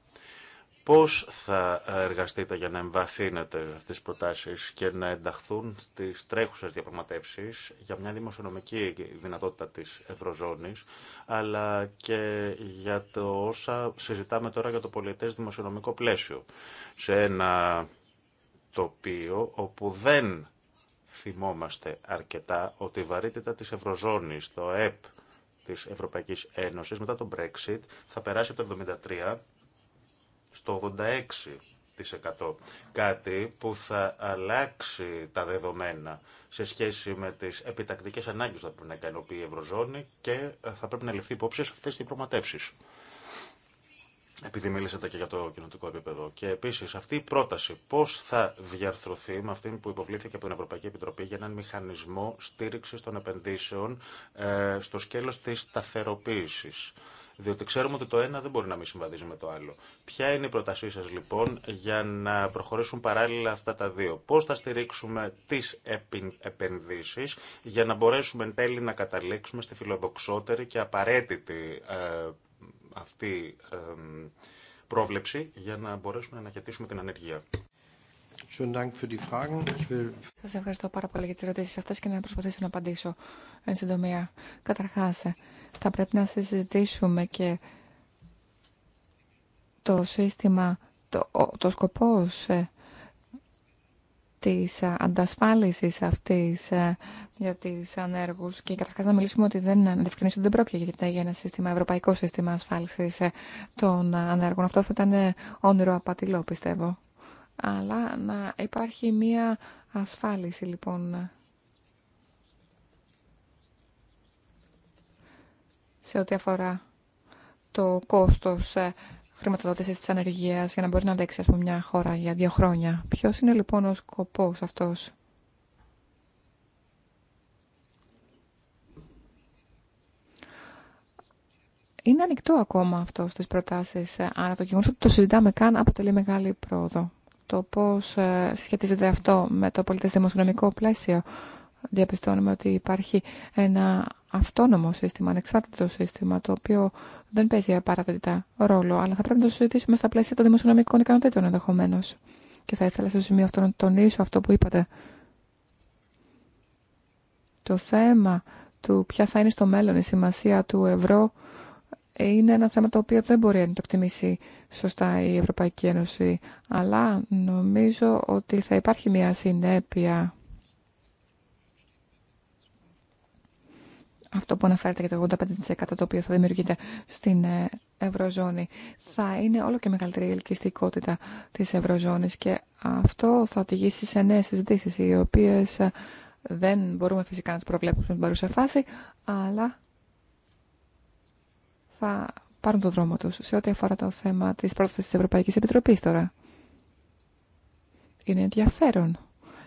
Πώς θα εργαστείτε για να εμβαθύνετε αυτές τις προτάσεις και να ενταχθούν στις τρέχουσες διαπραγματεύσεις για μια δημοσιονομική δυνατότητα της Ευρωζώνης, αλλά και για το όσα συζητάμε τώρα για το πολιτές δημοσιονομικό πλαίσιο. Σε ένα τοπίο όπου δεν θυμόμαστε αρκετά ότι η βαρύτητα της Ευρωζώνης, το ΕΠ της Ευρωπαϊκής Ένωσης μετά τον Brexit θα περάσει από το 73 στο 86%. Κάτι που θα αλλάξει τα δεδομένα σε σχέση με τι επιτακτικέ ανάγκες που θα πρέπει να ικανοποιεί η Ευρωζώνη και θα πρέπει να ληφθεί υπόψη σε αυτέ τι διπλωματεύσεις επειδή μιλήσατε και για το κοινωτικό επίπεδο. Και επίση, αυτή η πρόταση πώ θα διαρθρωθεί με αυτή που υποβλήθηκε από την Ευρωπαϊκή Επιτροπή για έναν μηχανισμό στήριξη των επενδύσεων ε, στο σκέλο τη σταθεροποίηση. Διότι ξέρουμε ότι το ένα δεν μπορεί να μην συμβαδίζει με το άλλο. Ποια είναι η πρότασή σα λοιπόν για να προχωρήσουν παράλληλα αυτά τα δύο. Πώ θα στηρίξουμε τι επενδύσει για να μπορέσουμε εν τέλει να καταλήξουμε στη φιλοδοξότερη και απαραίτητη ε, αυτή ε, πρόβλεψη για να μπορέσουμε να αναχαιτήσουμε την ανεργία. Σα ευχαριστώ πάρα πολύ για τι ερωτήσει αυτέ και να προσπαθήσω να απαντήσω εν συντομία. καταρχά θα πρέπει να συζητήσουμε και το σύστημα, το, το σκοπός ε, της ε, αντασφάλισης αυτής ε, για τις ανέργους και καταρχάς να μιλήσουμε ότι δεν διευκρινίσουν δεν πρόκειται για ένα σύστημα, ευρωπαϊκό σύστημα ασφάλισης των ανέργων. Αυτό θα ήταν όνειρο απατηλό πιστεύω. Αλλά να υπάρχει μία ασφάλιση λοιπόν σε ό,τι αφορά το κόστος ε, χρηματοδότησης της ανεργίας για να μπορεί να αντέξει ας πούμε, μια χώρα για δύο χρόνια. Ποιος είναι λοιπόν ο σκοπός αυτός. είναι ανοιχτό ακόμα αυτό στις προτάσεις, ε, αλλά το γεγονός ότι το συζητάμε καν αποτελεί μεγάλη πρόοδο. Το πώς ε, σχετίζεται αυτό με το πολιτιστικό δημοσιονομικό πλαίσιο, διαπιστώνουμε ότι υπάρχει ένα αυτόνομο σύστημα, ανεξάρτητο σύστημα, το οποίο δεν παίζει απαραίτητα ρόλο, αλλά θα πρέπει να το συζητήσουμε στα πλαίσια των δημοσιονομικών ικανοτήτων ενδεχομένω. Και θα ήθελα στο σημείο αυτό να τονίσω αυτό που είπατε. Το θέμα του ποια θα είναι στο μέλλον η σημασία του ευρώ είναι ένα θέμα το οποίο δεν μπορεί να το εκτιμήσει σωστά η Ευρωπαϊκή Ένωση. Αλλά νομίζω ότι θα υπάρχει μια συνέπεια αυτό που αναφέρεται για το 85% το οποίο θα δημιουργείται στην ε, Ευρωζώνη. Θα είναι όλο και μεγαλύτερη η ελκυστικότητα της Ευρωζώνης και αυτό θα οδηγήσει σε νέες συζητήσει οι οποίες ε, δεν μπορούμε φυσικά να τις προβλέψουμε στην παρούσα φάση, αλλά θα πάρουν το δρόμο τους σε ό,τι αφορά το θέμα της πρόθεσης της Ευρωπαϊκής Επιτροπής τώρα. Είναι ενδιαφέρον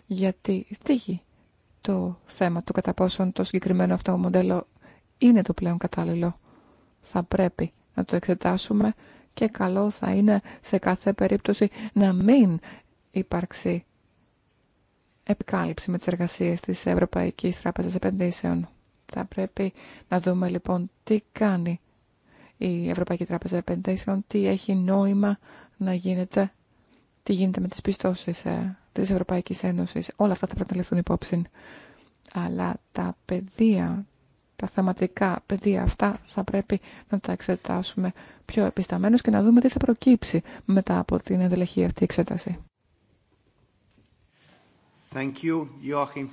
γιατί θίγει το θέμα του κατά πόσον το συγκεκριμένο αυτό μοντέλο είναι το πλέον κατάλληλο. Θα πρέπει να το εξετάσουμε και καλό θα είναι σε κάθε περίπτωση να μην υπάρξει επικάλυψη με τις εργασίες της Ευρωπαϊκής Τράπεζας Επενδύσεων. Θα πρέπει να δούμε λοιπόν τι κάνει η Ευρωπαϊκή Τράπεζα Επενδύσεων, τι έχει νόημα να γίνεται, τι γίνεται με τις πιστώσεις ε, Τη Ευρωπαϊκή Ένωση. Όλα αυτά θα πρέπει να ληφθούν υπόψη. Αλλά τα παιδεία, τα θεματικά παιδεία αυτά θα πρέπει να τα εξετάσουμε πιο επισταμένως και να δούμε τι θα προκύψει μετά από την ενδελεχή αυτή εξέταση. Thank you, Joachim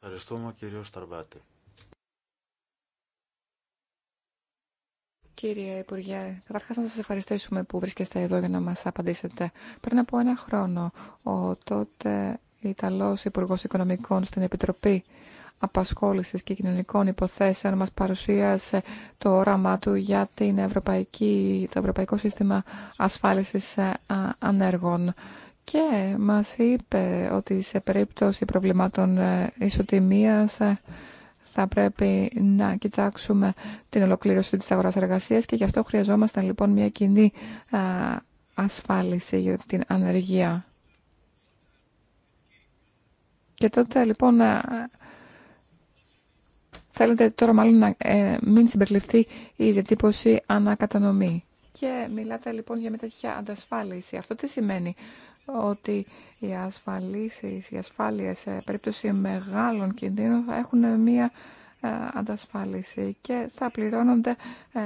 Ευχαριστούμε κύριο Σταρμπάτη. Κύριε Υπουργέ, καταρχά να σα ευχαριστήσουμε που βρίσκεστε εδώ για να μα απαντήσετε. Πριν από ένα χρόνο, ο τότε Ιταλό Υπουργό Οικονομικών στην Επιτροπή Απασχόληση και Κοινωνικών Υποθέσεων μα παρουσίασε το όραμά του για την Ευρωπαϊκή, το Ευρωπαϊκό Σύστημα Ασφάλισης ε, Ανέργων και μας είπε ότι σε περίπτωση προβλημάτων ε, ισοτιμίας ε, θα πρέπει να κοιτάξουμε την ολοκλήρωση της αγοράς εργασίας και γι' αυτό χρειαζόμαστε λοιπόν μια κοινή ασφάλιση για την ανεργία. Και τότε λοιπόν θέλετε τώρα μάλλον να ε, μην συμπεριληφθεί η διατύπωση ανακατανομή. Και μιλάτε λοιπόν για μια τέτοια αντασφάλιση. Αυτό τι σημαίνει ότι οι ασφαλίσεις, οι ασφάλειες σε περίπτωση μεγάλων κινδύνων θα έχουν μία ε, αντασφάλιση και θα πληρώνονται ε,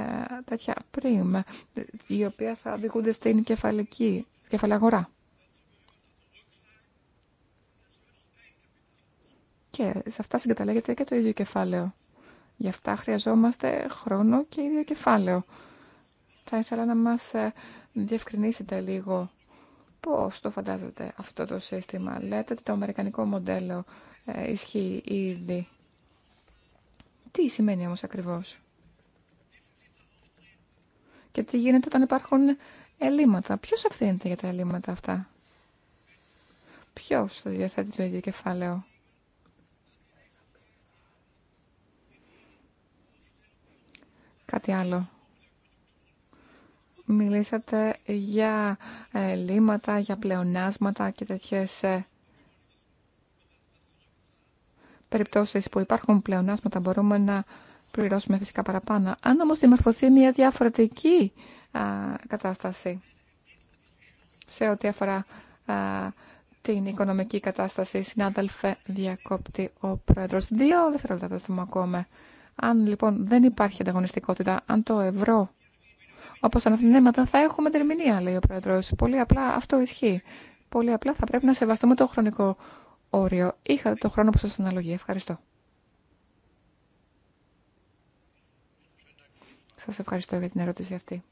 τέτοια πριμ, η οποία θα οδηγούνται στην κεφαλική, κεφαλαγορά. Και σε αυτά συγκαταλέγεται και το ίδιο κεφάλαιο. Γι' αυτά χρειαζόμαστε χρόνο και ίδιο κεφάλαιο. Θα ήθελα να μας ε, διευκρινίσετε λίγο Πώς το φαντάζεται αυτό το σύστημα. Λέτε ότι το αμερικανικό μοντέλο ε, ισχύει ήδη. Τι σημαίνει όμως ακριβώς. Και τι γίνεται όταν υπάρχουν ελλείμματα. Ποιος αυθύνεται για τα ελλείμματα αυτά. Ποιος θα διαθέτει το ίδιο κεφάλαιο. Κάτι άλλο μιλήσατε για ε, λύματα, για πλεονάσματα και τέτοιες ε, περιπτώσεις που υπάρχουν πλεονάσματα μπορούμε να πληρώσουμε φυσικά παραπάνω. Αν όμως δημορφωθεί μια διαφορετική κατάσταση σε ό,τι αφορά την οικονομική κατάσταση, συνάδελφε διακόπτη ο Πρόεδρος. Δύο δευτερόλεπτα θα δούμε ακόμα. Αν λοιπόν δεν υπάρχει ανταγωνιστικότητα, αν το ευρώ Όπω αναθυνέματα θα έχουμε τερμηνία, λέει ο Πρόεδρο. Πολύ απλά αυτό ισχύει. Πολύ απλά θα πρέπει να σεβαστούμε το χρονικό όριο. Είχατε το χρόνο που σα αναλογεί. Ευχαριστώ. Σας ευχαριστώ για την ερώτηση αυτή.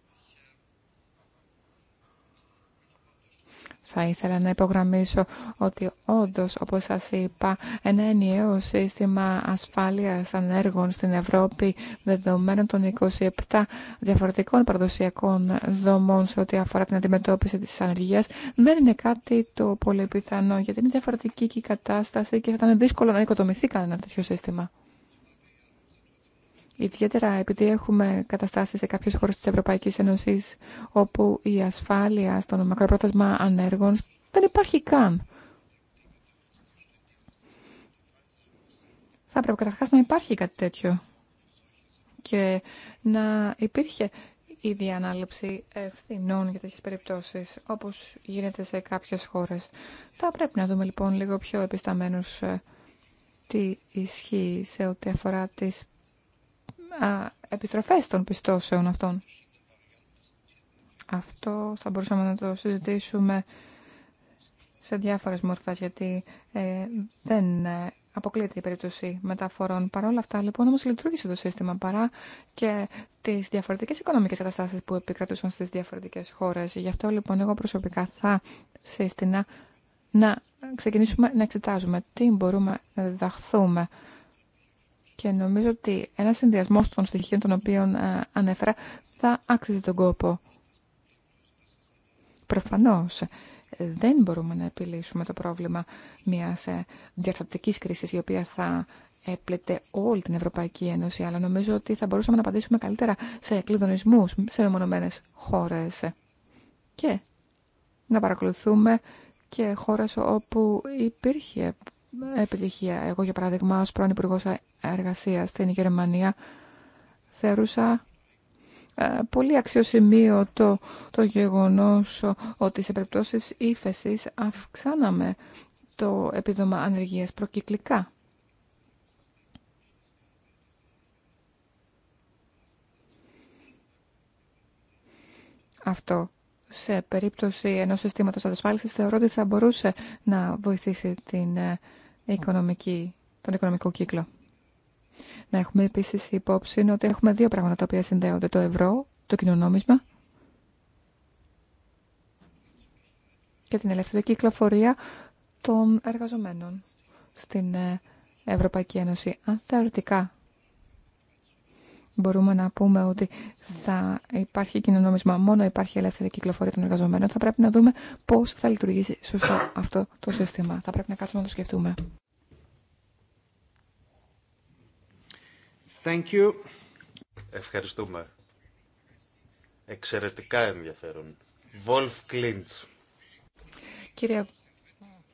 Θα ήθελα να υπογραμμίσω ότι όντως, όπως σας είπα, ένα ενιαίο σύστημα ασφάλειας ανέργων στην Ευρώπη δεδομένων των 27 διαφορετικών παραδοσιακών δομών σε ό,τι αφορά την αντιμετώπιση της ανεργίας δεν είναι κάτι το πολύ πιθανό γιατί είναι διαφορετική και η κατάσταση και θα ήταν δύσκολο να οικοδομηθεί κανένα τέτοιο σύστημα. Ιδιαίτερα επειδή έχουμε καταστάσει σε κάποιες χώρες της Ευρωπαϊκής Ένωσης όπου η ασφάλεια στον μακροπρόθεσμα ανέργων δεν υπάρχει καν. Θα πρέπει καταρχάς να υπάρχει κάτι τέτοιο και να υπήρχε η διανάληψη ευθυνών για τέτοιες περιπτώσεις, όπως γίνεται σε κάποιες χώρες. Θα πρέπει να δούμε λοιπόν λίγο πιο επισταμένους ε, τι ισχύει σε ό,τι αφορά τις επιστροφές των πιστώσεων αυτών. Αυτό θα μπορούσαμε να το συζητήσουμε σε διάφορες μορφές, γιατί ε, δεν ε, αποκλείεται η περίπτωση μεταφορών. Παρ' όλα αυτά, λοιπόν, όμως λειτουργήσε το σύστημα παρά και τις διαφορετικές οικονομικές καταστάσεις που επικρατούσαν στις διαφορετικές χώρες. Γι' αυτό, λοιπόν, εγώ προσωπικά θα σύστηνα να ξεκινήσουμε να εξετάζουμε τι μπορούμε να διδαχθούμε και νομίζω ότι ένα συνδυασμό των στοιχείων των οποίων ε, ανέφερα θα άξιζε τον κόπο. Προφανώς δεν μπορούμε να επιλύσουμε το πρόβλημα μιας ε, διαρθρωτικής κρίσης η οποία θα έπλετε όλη την Ευρωπαϊκή Ένωση, αλλά νομίζω ότι θα μπορούσαμε να απαντήσουμε καλύτερα σε κλειδονισμούς σε μεμονωμένες χώρες και να παρακολουθούμε και χώρες όπου υπήρχε επιτυχία. Εγώ, για παράδειγμα, ως πρώην Υπουργός Εργασίας στην Γερμανία, θεωρούσα ε, πολύ αξιοσημείωτο το γεγονός ότι σε περιπτώσεις ύφεση αυξάναμε το επίδομα ανεργίας προκυκλικά. Αυτό σε περίπτωση ενός συστήματος ασφάλισης θεωρώ ότι θα μπορούσε να βοηθήσει την ε, οικονομική, τον οικονομικό κύκλο. Να έχουμε επίσης υπόψη ότι έχουμε δύο πράγματα τα οποία συνδέονται. Το ευρώ, το κοινωνόμισμα και την ελεύθερη κυκλοφορία των εργαζομένων στην ε, Ευρωπαϊκή Ένωση. Αν θεωρητικά μπορούμε να πούμε ότι θα υπάρχει κοινωνόμισμα, μόνο υπάρχει ελεύθερη κυκλοφορία των εργαζομένων, θα πρέπει να δούμε πώς θα λειτουργήσει σωστά αυτό το σύστημα. Θα πρέπει να κάτσουμε να το σκεφτούμε. Thank you. Ευχαριστούμε. Εξαιρετικά ενδιαφέρον. Βολφ Κλίντς. Κύριε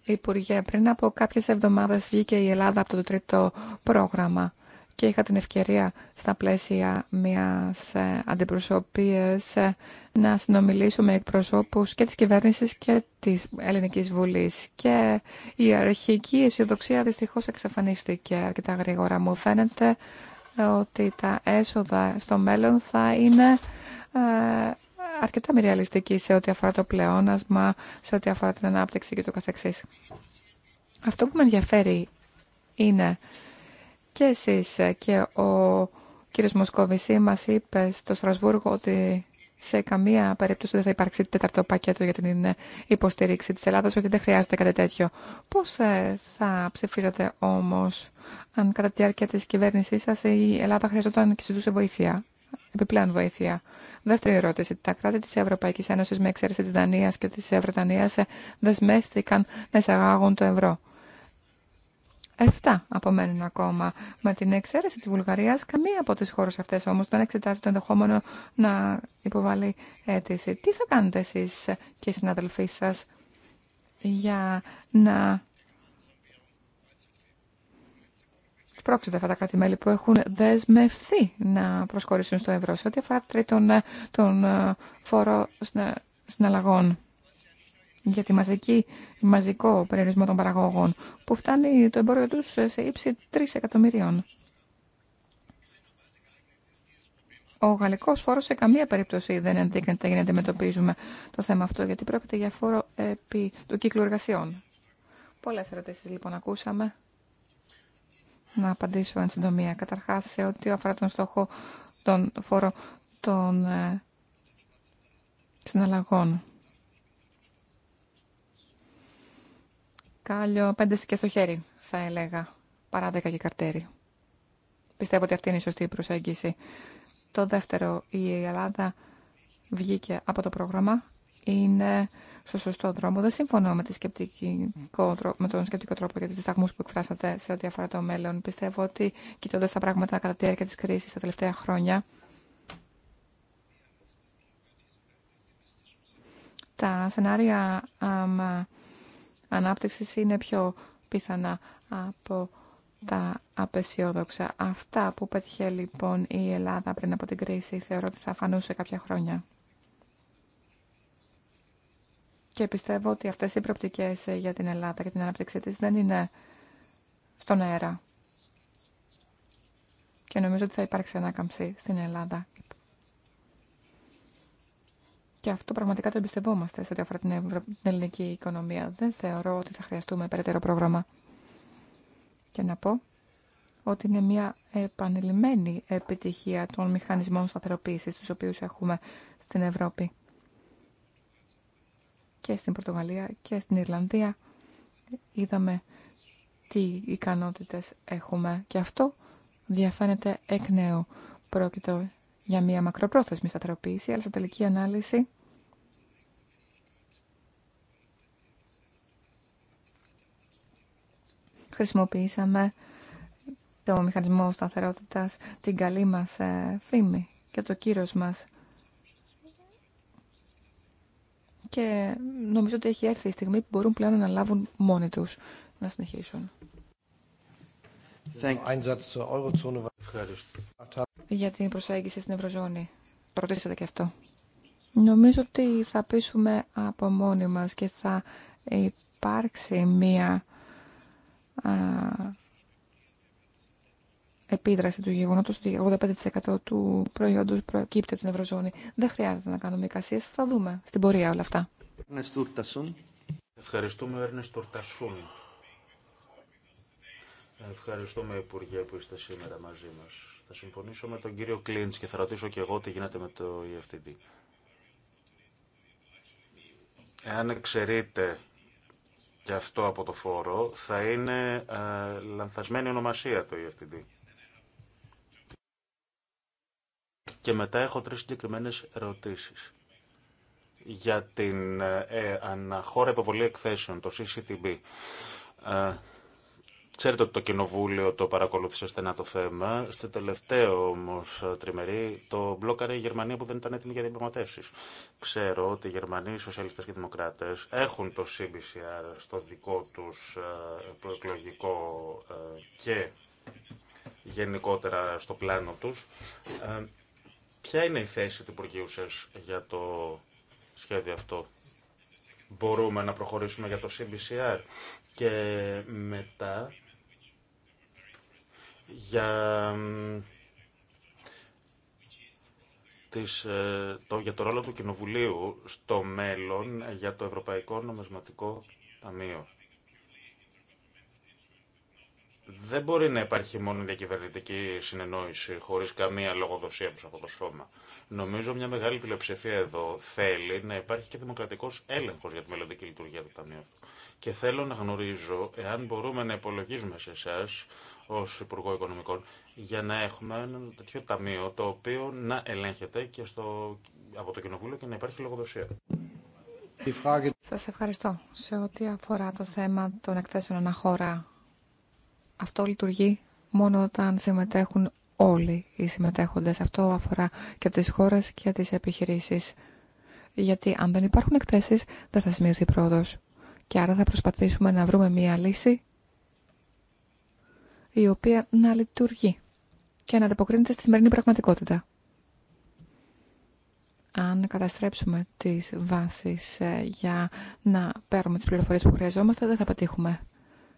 Υπουργέ, πριν από κάποιες εβδομάδες βγήκε η Ελλάδα από το τρίτο πρόγραμμα και είχα την ευκαιρία στα πλαίσια μιας ε, αντιπροσωπείας ε, να συνομιλήσω με εκπροσώπους και της κυβέρνησης και της Ελληνικής Βουλής. Και η αρχική αισιοδοξία δυστυχώς εξαφανίστηκε αρκετά γρήγορα. Μου φαίνεται ότι τα έσοδα στο μέλλον θα είναι ε, αρκετά ρεαλιστικοί... σε ό,τι αφορά το πλεόνασμα, σε ό,τι αφορά την ανάπτυξη και το καθεξής. Αυτό που με ενδιαφέρει είναι και εσείς ε, και ο κύριος Μοσκόβηση μας είπε στο Στρασβούργο ότι σε καμία περίπτωση δεν θα υπάρξει τέταρτο πακέτο για την ε, υποστήριξη της Ελλάδας, ότι δεν χρειάζεται κάτι τέτοιο. Πώς ε, θα ψηφίζατε όμως αν κατά τη διάρκεια της κυβέρνησής σας η Ελλάδα χρειαζόταν και ζητούσε βοήθεια, επιπλέον βοήθεια. Δεύτερη ερώτηση. Τα κράτη της Ευρωπαϊκής Ένωσης με εξαίρεση της Δανίας και της Βρετανίας δεσμεύτηκαν να εισαγάγουν το ευρώ. 7 απομένουν ακόμα. Με την εξαίρεση της Βουλγαρίας, καμία από τις χώρες αυτές όμως δεν εξετάζει το ενδεχόμενο να υποβάλει αίτηση. Τι θα κάνετε εσείς και οι συναδελφοί σας για να σπρώξετε αυτά τα κράτη-μέλη που έχουν δεσμευθεί να προσχωρήσουν στο ευρώ σε ό,τι αφορά τρίτον ε, τον ε, φόρο συναλλαγών για τη μαζική, μαζικό περιορισμό των παραγωγών, που φτάνει το εμπόριο τους σε ύψη 3 εκατομμυρίων. Ο γαλλικός φόρος σε καμία περίπτωση δεν ενδείκνεται για να αντιμετωπίζουμε το θέμα αυτό, γιατί πρόκειται για φόρο επί του κύκλου εργασιών. Πολλές ερωτήσει λοιπόν ακούσαμε. Να απαντήσω εν συντομία. Καταρχάς, σε ό,τι αφορά τον στόχο, τον φόρο των ε, συναλλαγών κάλιο πέντε και στο χέρι, θα έλεγα, παρά δέκα και καρτέρι. Πιστεύω ότι αυτή είναι η σωστή προσέγγιση. Το δεύτερο, η Ελλάδα βγήκε από το πρόγραμμα, είναι στο σωστό δρόμο. Δεν συμφωνώ με, τη σκεπτικό, με τον σκεπτικό τρόπο για τις δισταγμού που εκφράσατε σε ό,τι αφορά το μέλλον. Πιστεύω ότι κοιτώντα τα πράγματα κατά τη διάρκεια τη κρίση τα τελευταία χρόνια, τα σενάρια ανάπτυξης είναι πιο πιθανά από τα απεσιόδοξα. Αυτά που πέτυχε λοιπόν η Ελλάδα πριν από την κρίση θεωρώ ότι θα φανούσε κάποια χρόνια. Και πιστεύω ότι αυτές οι προπτικές για την Ελλάδα και την ανάπτυξή της δεν είναι στον αέρα. Και νομίζω ότι θα υπάρξει ανάκαμψη στην Ελλάδα. Και αυτό πραγματικά το εμπιστευόμαστε σε ό,τι αφορά την ελληνική οικονομία. Δεν θεωρώ ότι θα χρειαστούμε περαιτέρω πρόγραμμα. Και να πω ότι είναι μια επανειλημμένη επιτυχία των μηχανισμών σταθεροποίησης τους οποίους έχουμε στην Ευρώπη και στην Πορτογαλία και στην Ιρλανδία. Είδαμε τι ικανότητες έχουμε και αυτό διαφαίνεται εκ νέου. Πρόκειται για μια μακροπρόθεσμη σταθεροποίηση, αλλά στα τελική ανάλυση χρησιμοποιήσαμε το μηχανισμό σταθερότητας, την καλή μας ε, φήμη και το κύρος μας. Και νομίζω ότι έχει έρθει η στιγμή που μπορούν πλέον να λάβουν μόνοι τους να συνεχίσουν. Για την προσέγγιση στην Ευρωζώνη. ρωτήσατε και αυτό. Νομίζω ότι θα πείσουμε από μόνοι μας και θα υπάρξει μία επίδραση του γεγονότος ότι 85% του προϊόντος προκύπτει από την Ευρωζώνη. Δεν χρειάζεται να κάνουμε εικασίες, θα δούμε στην πορεία όλα αυτά. Ευχαριστούμε, Έρνες Τουρτασούν. Ευχαριστούμε, Υπουργέ, που είστε σήμερα μαζί μα. Θα συμφωνήσω με τον κύριο Κλίντ και θα ρωτήσω και εγώ τι γίνεται με το EFTD. Εάν εξαιρείτε και αυτό από το φόρο, θα είναι ε, λανθασμένη ονομασία το EFTD. Και μετά έχω τρεις συγκεκριμένε ερωτήσεις. Για την ε, ε, αναχώρα υποβολή εκθέσεων, το CCTB. Ε, Ξέρετε ότι το Κοινοβούλιο το παρακολούθησε στενά το θέμα. Στο τελευταίο όμω τριμερή το μπλόκαρε η Γερμανία που δεν ήταν έτοιμη για διαπραγματεύσει. Ξέρω ότι οι Γερμανοί, οι σοσιαλιστέ και οι δημοκράτε έχουν το CBCR στο δικό του ε, προεκλογικό ε, και γενικότερα στο πλάνο τους. Ε, ποια είναι η θέση του Υπουργείου σα για το σχέδιο αυτό. Μπορούμε να προχωρήσουμε για το CBCR και μετά για ε, το, για το ρόλο του Κοινοβουλίου στο μέλλον για το Ευρωπαϊκό Νομισματικό Ταμείο. Δεν μπορεί να υπάρχει μόνο διακυβερνητική συνεννόηση χωρίς καμία λογοδοσία από αυτό το σώμα. Νομίζω μια μεγάλη πλειοψηφία εδώ θέλει να υπάρχει και δημοκρατικός έλεγχος για τη μελλοντική λειτουργία του Ταμείου Και θέλω να γνωρίζω εάν μπορούμε να υπολογίζουμε σε εσά ω Υπουργό Οικονομικών, για να έχουμε ένα τέτοιο ταμείο το οποίο να ελέγχεται και από το Κοινοβούλιο και να υπάρχει λογοδοσία. Σα ευχαριστώ. Σε ό,τι αφορά το θέμα των εκθέσεων αναχώρα, αυτό λειτουργεί μόνο όταν συμμετέχουν όλοι οι συμμετέχοντες. Αυτό αφορά και τις χώρες και τις επιχειρήσεις. Γιατί αν δεν υπάρχουν εκθέσεις, δεν θα σημειωθεί πρόοδος. Και άρα θα προσπαθήσουμε να βρούμε μία λύση η οποία να λειτουργεί και να ανταποκρίνεται στη σημερινή πραγματικότητα. Αν καταστρέψουμε τις βάσεις ε, για να παίρνουμε τις πληροφορίες που χρειαζόμαστε, δεν θα πετύχουμε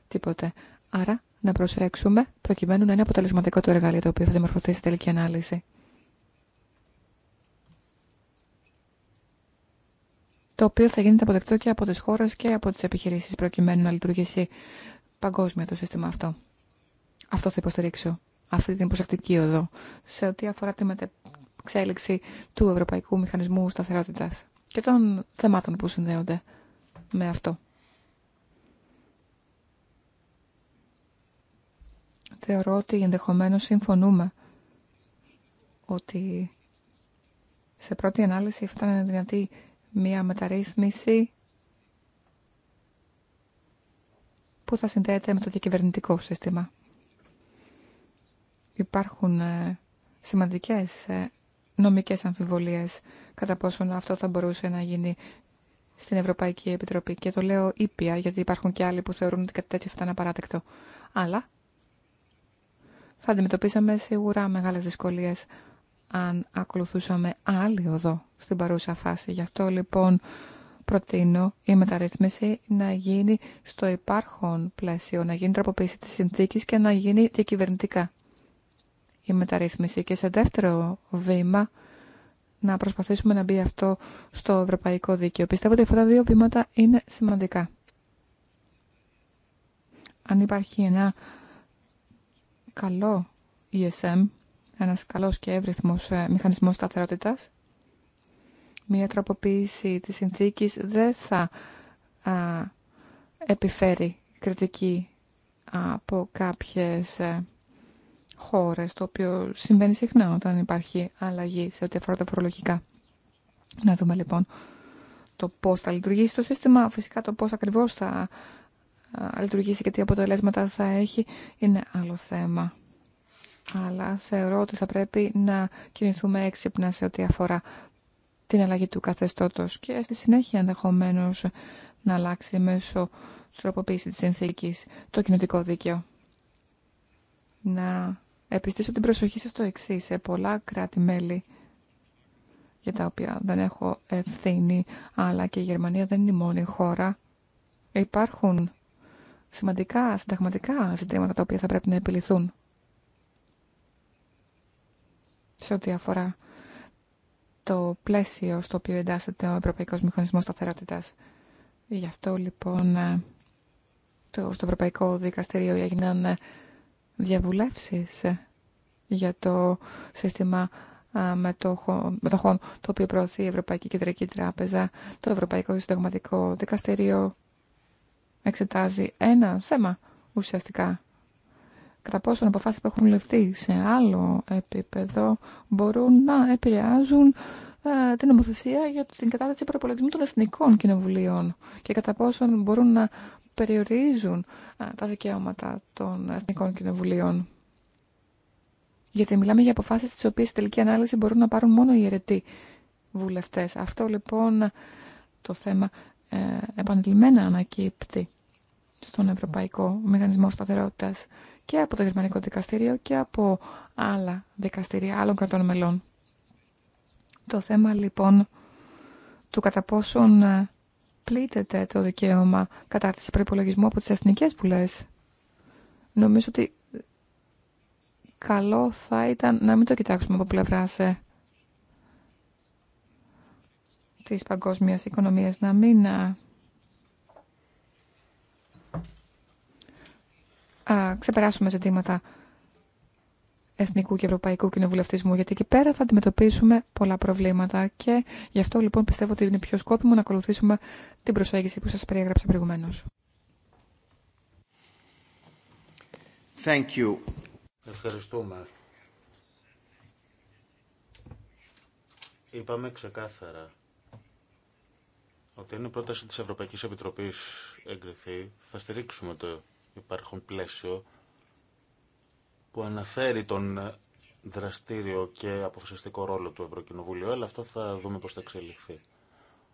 τίποτε. Άρα, να προσέξουμε προκειμένου να είναι αποτελεσματικό το εργαλείο το οποίο θα δημορφωθεί στη τελική ανάλυση. το οποίο θα γίνεται αποδεκτό και από τις χώρες και από τις επιχειρήσεις προκειμένου να λειτουργήσει παγκόσμια το σύστημα αυτό. Αυτό θα υποστηρίξω, αυτή την προσεκτική οδό, σε ό,τι αφορά τη μετεξέλιξη του Ευρωπαϊκού Μηχανισμού σταθερότητα και των θεμάτων που συνδέονται με αυτό. Θεωρώ ότι ενδεχομένως συμφωνούμε ότι σε πρώτη ανάλυση θα ήταν δυνατή μία μεταρρύθμιση που θα συνδέεται με το διακυβερνητικό σύστημα υπάρχουν ε, σημαντικές ε, νομικές αμφιβολίες κατά πόσον αυτό θα μπορούσε να γίνει στην Ευρωπαϊκή Επιτροπή. Και το λέω ήπια, γιατί υπάρχουν και άλλοι που θεωρούν ότι κάτι τέτοιο θα ήταν απαράδεκτο. Αλλά θα αντιμετωπίσαμε σίγουρα μεγάλες δυσκολίες αν ακολουθούσαμε άλλη οδό στην παρούσα φάση. Γι' αυτό λοιπόν προτείνω η μεταρρύθμιση να γίνει στο υπάρχον πλαίσιο, να γίνει τροποποίηση της συνθήκης και να γίνει διακυβερνητικά η μεταρρύθμιση και σε δεύτερο βήμα να προσπαθήσουμε να μπει αυτό στο ευρωπαϊκό δίκαιο. Πιστεύω ότι αυτά τα δύο βήματα είναι σημαντικά. Αν υπάρχει ένα καλό ESM, ένας καλός και εύρυθμος ε, μηχανισμός σταθερότητας, μια τροποποίηση της συνθήκης δεν θα α, επιφέρει κριτική από κάποιες ε, χώρες, το οποίο συμβαίνει συχνά όταν υπάρχει αλλαγή σε ό,τι αφορά τα φορολογικά. Να δούμε λοιπόν το πώς θα λειτουργήσει το σύστημα, φυσικά το πώς ακριβώς θα λειτουργήσει και τι αποτελέσματα θα έχει είναι άλλο θέμα. Αλλά θεωρώ ότι θα πρέπει να κινηθούμε έξυπνα σε ό,τι αφορά την αλλαγή του καθεστώτος και στη συνέχεια ενδεχομένω να αλλάξει μέσω τροποποίηση της συνθήκης το κοινωτικό δίκαιο. Να επιστήσω την προσοχή σας στο εξή. Σε πολλά κράτη-μέλη για τα οποία δεν έχω ευθύνη, αλλά και η Γερμανία δεν είναι η μόνη χώρα. Υπάρχουν σημαντικά συνταγματικά ζητήματα τα οποία θα πρέπει να επιληθούν σε ό,τι αφορά το πλαίσιο στο οποίο εντάσσεται ο Ευρωπαϊκός Μηχανισμός Σταθερότητας. Γι' αυτό λοιπόν στο Ευρωπαϊκό Δικαστήριο έγιναν διαβουλεύσεις ε, για το σύστημα μετοχών, το οποίο προωθεί η Ευρωπαϊκή Κεντρική Τράπεζα, το Ευρωπαϊκό Συνταγματικό Δικαστήριο εξετάζει ένα θέμα ουσιαστικά. Κατά πόσον αποφάσεις που έχουν ληφθεί σε άλλο επίπεδο μπορούν να επηρεάζουν ε, την νομοθεσία για την κατάρτιση προπολογισμού των εθνικών κοινοβουλίων και κατά πόσον μπορούν να περιορίζουν τα δικαιώματα των Εθνικών Κοινοβουλίων. Γιατί μιλάμε για αποφάσεις τις οποίες στη τελική ανάλυση μπορούν να πάρουν μόνο οι αιρετοί βουλευτές. Αυτό λοιπόν το θέμα ε, επανειλημμένα ανακύπτει στον Ευρωπαϊκό Μηχανισμό Σταθερότητας και από το Γερμανικό Δικαστήριο και από άλλα δικαστήρια άλλων κρατών μελών. Το θέμα λοιπόν του κατά πόσον ε, πλήττεται το δικαίωμα κατάρτιση προπολογισμού από τις εθνικές πουλές. Νομίζω ότι καλό θα ήταν να μην το κοιτάξουμε από πλευρά σε της παγκόσμιας οικονομίας, να μην να... Α, ξεπεράσουμε ζητήματα Εθνικού και Ευρωπαϊκού Κοινοβουλευτισμού, γιατί εκεί πέρα θα αντιμετωπίσουμε πολλά προβλήματα και γι' αυτό λοιπόν πιστεύω ότι είναι πιο σκόπιμο να ακολουθήσουμε την προσέγγιση που σας περιέγραψα προηγουμένως. Thank you. Ευχαριστούμε. Είπαμε ξεκάθαρα ότι είναι η πρόταση της Ευρωπαϊκής Επιτροπής εγκριθεί, θα στηρίξουμε το υπάρχον πλαίσιο που αναφέρει τον ε, δραστήριο και αποφασιστικό ρόλο του Ευρωκοινοβουλίου, αλλά αυτό θα δούμε πώς θα εξελιχθεί.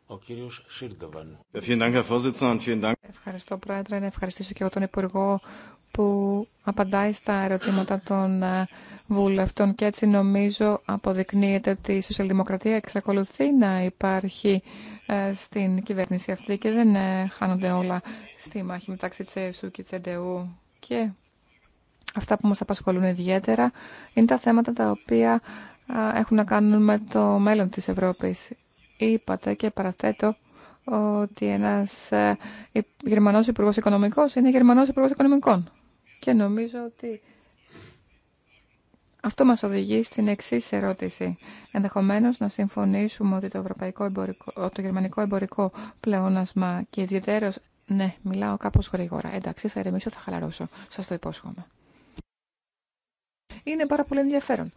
Ο κύριος Σίρντεβαν. Ε, Ευχαριστώ, Πρόεδρε. Να ευχαριστήσω και εγώ τον Υπουργό που απαντάει στα ερωτήματα των ε, βουλευτών και έτσι νομίζω αποδεικνύεται ότι η σοσιαλδημοκρατία εξακολουθεί να υπάρχει στην κυβέρνηση αυτή και δεν χάνονται όλα στη μάχη μεταξύ Τσέσου και Τσεντεού και Αυτά που μας απασχολούν ιδιαίτερα είναι τα θέματα τα οποία έχουν να κάνουν με το μέλλον της Ευρώπης. Είπατε και παραθέτω ότι ένας ε, Γερμανός Υπουργός Οικονομικός είναι Γερμανός Υπουργός Οικονομικών. Και νομίζω ότι αυτό μας οδηγεί στην εξή ερώτηση. Ενδεχομένως να συμφωνήσουμε ότι το, ευρωπαϊκό εμπορικό, το γερμανικό εμπορικό πλεόνασμα και ιδιαίτερος... Ναι, μιλάω κάπως γρήγορα. Εντάξει, θα ερεμήσω, θα χαλαρώσω. Σας το υπόσχομαι είναι πάρα πολύ ενδιαφέρον.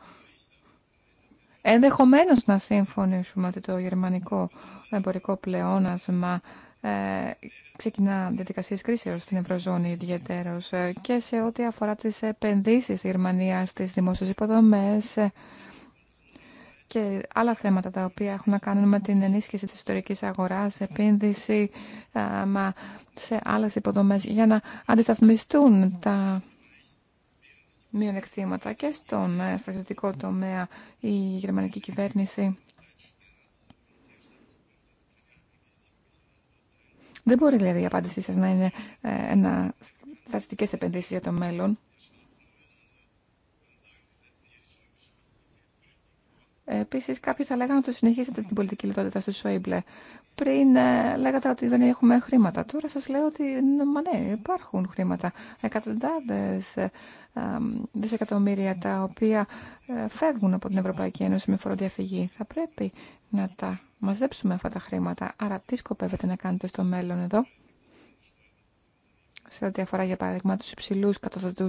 Ενδεχομένως να συμφωνήσουμε ότι το γερμανικό εμπορικό πλεόνασμα ε, ξεκινά διαδικασίες κρίσεως στην Ευρωζώνη ιδιαίτερως ε, και σε ό,τι αφορά τις επενδύσεις της Γερμανία στις δημόσιες υποδομές ε, και άλλα θέματα τα οποία έχουν να κάνουν με την ενίσχυση της ιστορικής αγοράς, επένδυση ε, σε άλλες υποδομές για να αντισταθμιστούν τα μειονεκτήματα και στον ε, στρατιωτικό τομέα η γερμανική κυβέρνηση Δεν μπορεί δηλαδή η απάντησή σας να είναι ε, ένα στατιστικές επενδύσεις για το μέλλον. Επίση, κάποιοι θα λέγανε ότι συνεχίσετε την πολιτική λιτότητα στο Σόιμπλε. Πριν ε, λέγατε ότι δεν έχουμε χρήματα. Τώρα σα λέω ότι ε, μα ναι, υπάρχουν χρήματα. Εκατοντάδε ε, δισεκατομμύρια τα οποία ε, φεύγουν από την Ευρωπαϊκή Ένωση με φοροδιαφυγή. Θα πρέπει να τα μαζέψουμε αυτά τα χρήματα. Άρα, τι σκοπεύετε να κάνετε στο μέλλον εδώ, σε ό,τι αφορά για παράδειγμα του υψηλού κατατατού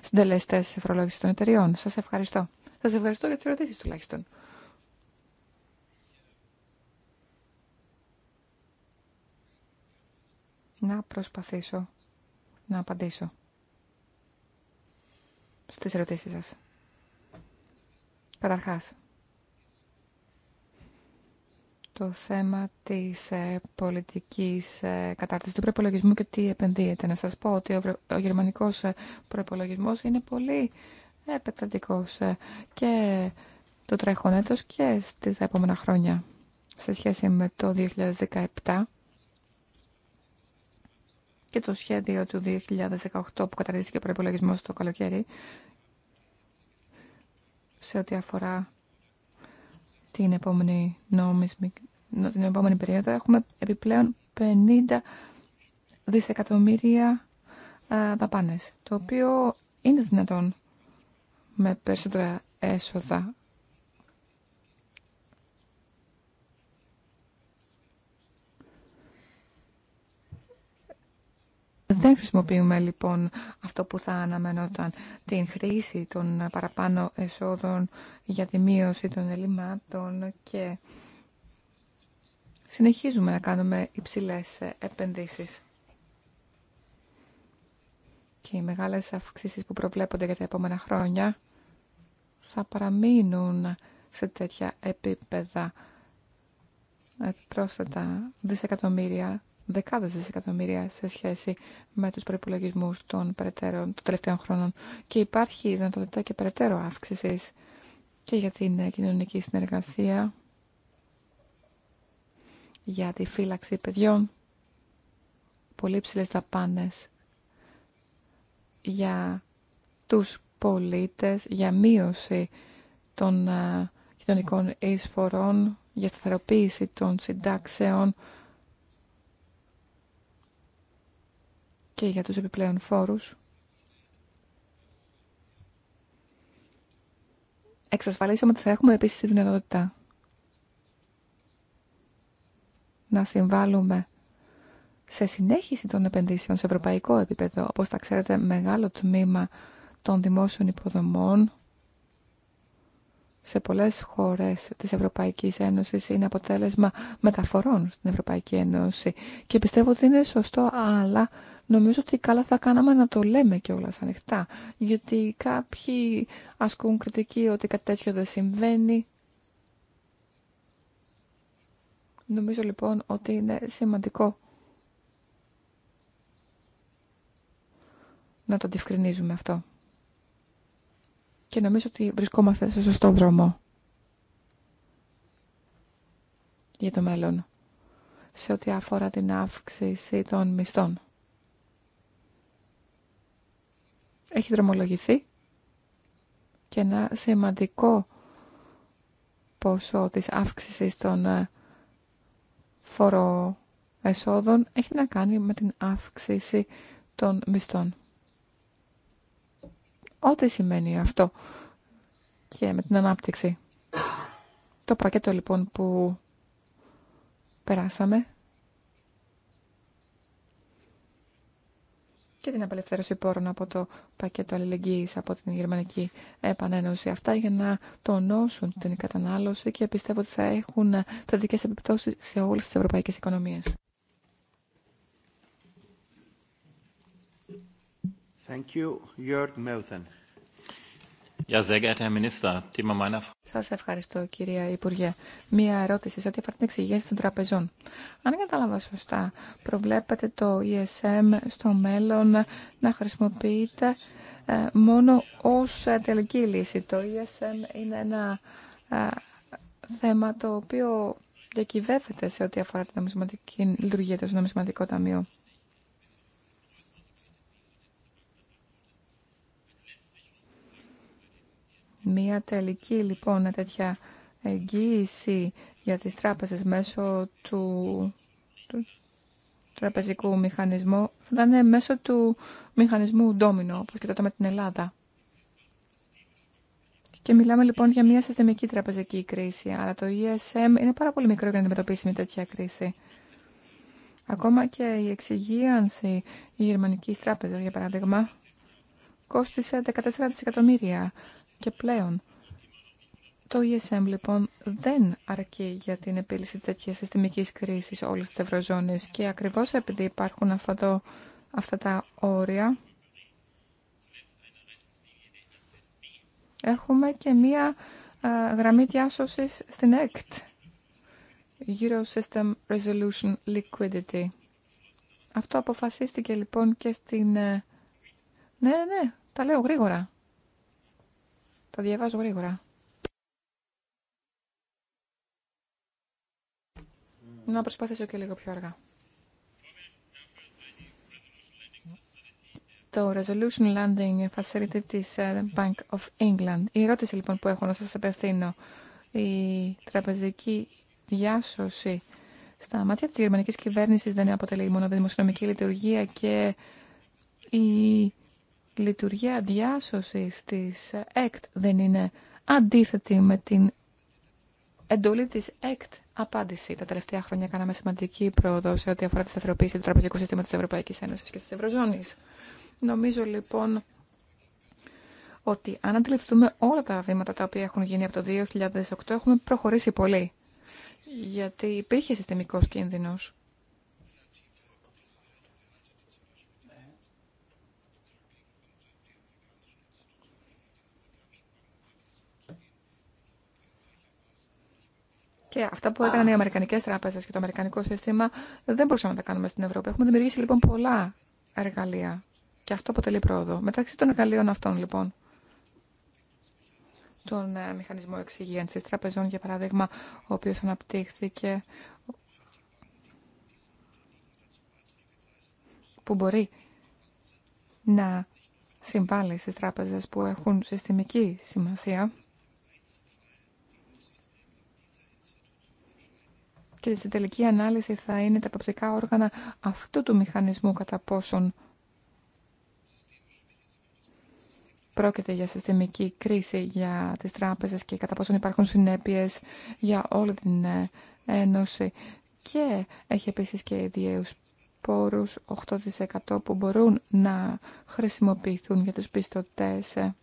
συντελεστέ φορολόγηση των εταιριών. Σα ευχαριστώ. Σα ευχαριστώ για τι ερωτήσει τουλάχιστον. Να προσπαθήσω να απαντήσω στις ερωτήσεις σας. Καταρχάς, το θέμα της ε, πολιτικής ε, κατάρτισης του προπολογισμού και τι επενδύεται. Να σας πω ότι ο γερμανικός ε, προπολογισμό είναι πολύ επεκτατικός ε, και το τρέχον έτος και στις επόμενα χρόνια σε σχέση με το 2017 και το σχέδιο του 2018 που καταρρίστηκε ο προπολογισμό το καλοκαίρι σε ό,τι αφορά την επόμενη νόμισμη, την επόμενη περίοδο έχουμε επιπλέον 50 δισεκατομμύρια ε, δαπάνες, το οποίο είναι δυνατόν με περισσότερα έσοδα. Δεν χρησιμοποιούμε λοιπόν αυτό που θα αναμενόταν την χρήση των παραπάνω εσόδων για τη μείωση των ελλημάτων και συνεχίζουμε να κάνουμε υψηλές επενδύσεις. Και οι μεγάλες αυξήσεις που προβλέπονται για τα επόμενα χρόνια θα παραμείνουν σε τέτοια επίπεδα ε, πρόσθετα δισεκατομμύρια, δεκάδες δισεκατομμύρια σε σχέση με τους προπολογισμού των, των τελευταίων χρόνων και υπάρχει η δυνατότητα και περαιτέρω αύξησης και για την ε, κοινωνική συνεργασία, για τη φύλαξη παιδιών, πολύ ψηλές δαπάνες για τους πολίτες για μείωση των ε, κοινωνικών εισφορών, για σταθεροποίηση των συντάξεων και για τους επιπλέον φόρους. Εξασφαλίσαμε ότι θα έχουμε επίσης τη δυνατότητα να συμβάλλουμε σε συνέχιση των επενδύσεων σε ευρωπαϊκό επίπεδο. Όπως τα ξέρετε, μεγάλο τμήμα των δημόσιων υποδομών σε πολλές χώρες της Ευρωπαϊκής Ένωσης είναι αποτέλεσμα μεταφορών στην Ευρωπαϊκή Ένωση και πιστεύω ότι είναι σωστό, αλλά νομίζω ότι καλά θα κάναμε να το λέμε και όλα ανοιχτά, γιατί κάποιοι ασκούν κριτική ότι κάτι τέτοιο δεν συμβαίνει. Νομίζω λοιπόν ότι είναι σημαντικό να το διευκρινίζουμε αυτό και νομίζω ότι βρισκόμαστε στο σωστό δρόμο για το μέλλον σε ό,τι αφορά την αύξηση των μισθών. Έχει δρομολογηθεί και ένα σημαντικό ποσό της αύξησης των ε, φοροεσόδων έχει να κάνει με την αύξηση των μισθών. Ό,τι σημαίνει αυτό και με την ανάπτυξη. Το πακέτο λοιπόν που περάσαμε και την απελευθέρωση πόρων από το πακέτο αλληλεγγύης από την Γερμανική Επανένωση. Αυτά για να τονώσουν την κατανάλωση και πιστεύω ότι θα έχουν θετικές επιπτώσεις σε όλες τις ευρωπαϊκές οικονομίες. Σα ευχαριστώ κυρία Υπουργέ. Μία ερώτηση σε ό,τι αφορά την εξηγήση των τραπεζών. Αν κατάλαβα σωστά, προβλέπετε το ESM στο μέλλον να χρησιμοποιείται ε, μόνο ω ε, τελική λύση. Το ESM είναι ένα ε, θέμα το οποίο διακυβεύεται σε ό,τι αφορά την λειτουργία του νομισματικού ταμείου. Μία τελική λοιπόν τέτοια εγγύηση για τις τράπεζες μέσω του, τραπεζικού μηχανισμού θα ήταν μέσω του μηχανισμού ντόμινο, όπως και με την Ελλάδα. Και μιλάμε λοιπόν για μια συστημική τραπεζική κρίση, αλλά το ESM είναι πάρα πολύ μικρό για να αντιμετωπίσει μια τέτοια κρίση. Ακόμα και η εξυγίανση η Γερμανική Τράπεζα, για παράδειγμα, κόστισε 14 δισεκατομμύρια και πλέον. Το ESM λοιπόν δεν αρκεί για την επίλυση τέτοια συστημική κρίση όλη τη Ευρωζώνη και ακριβώ επειδή υπάρχουν αυτά τα όρια, έχουμε και μία γραμμή διάσωση στην ΕΚΤ. Euro System Resolution Liquidity. Αυτό αποφασίστηκε λοιπόν και στην. Ε, ναι, ναι, ναι, τα λέω γρήγορα. Θα διαβάζω γρήγορα. Να προσπαθήσω και λίγο πιο αργά. Το Resolution Landing Facility της ε, Bank of England. Η ερώτηση λοιπόν που έχω να σας απευθύνω. Η τραπεζική διάσωση στα μάτια της γερμανικής κυβέρνησης δεν αποτελεί μόνο δημοσιονομική λειτουργία και η λειτουργία διάσωσης της ΕΚΤ δεν είναι αντίθετη με την εντολή της ΕΚΤ απάντηση. Τα τελευταία χρόνια κάναμε σημαντική πρόοδο σε ό,τι αφορά τη σταθεροποίηση του τραπεζικού συστήματος της Ευρωπαϊκής Ένωσης και της Ευρωζώνης. Νομίζω λοιπόν ότι αν αντιληφθούμε όλα τα βήματα τα οποία έχουν γίνει από το 2008 έχουμε προχωρήσει πολύ. Γιατί υπήρχε συστημικός κίνδυνος Και αυτά που έκαναν οι Αμερικανικέ τράπεζε και το Αμερικανικό σύστημα δεν μπορούσαμε να τα κάνουμε στην Ευρώπη. Έχουμε δημιουργήσει λοιπόν πολλά εργαλεία. Και αυτό αποτελεί πρόοδο. Μεταξύ των εργαλείων αυτών λοιπόν τον ε, μηχανισμό εξυγίανση τραπεζών, για παράδειγμα, ο οποίος αναπτύχθηκε, που μπορεί να συμβάλλει στις τράπεζες που έχουν συστημική σημασία και στην τελική ανάλυση θα είναι τα παπτικά όργανα αυτού του μηχανισμού κατά πόσον πρόκειται για συστημική κρίση για τις τράπεζες και κατά πόσον υπάρχουν συνέπειες για όλη την ε, Ένωση και έχει επίσης και ιδιαίους πόρους 8% που μπορούν να χρησιμοποιηθούν για τους πιστωτές ε,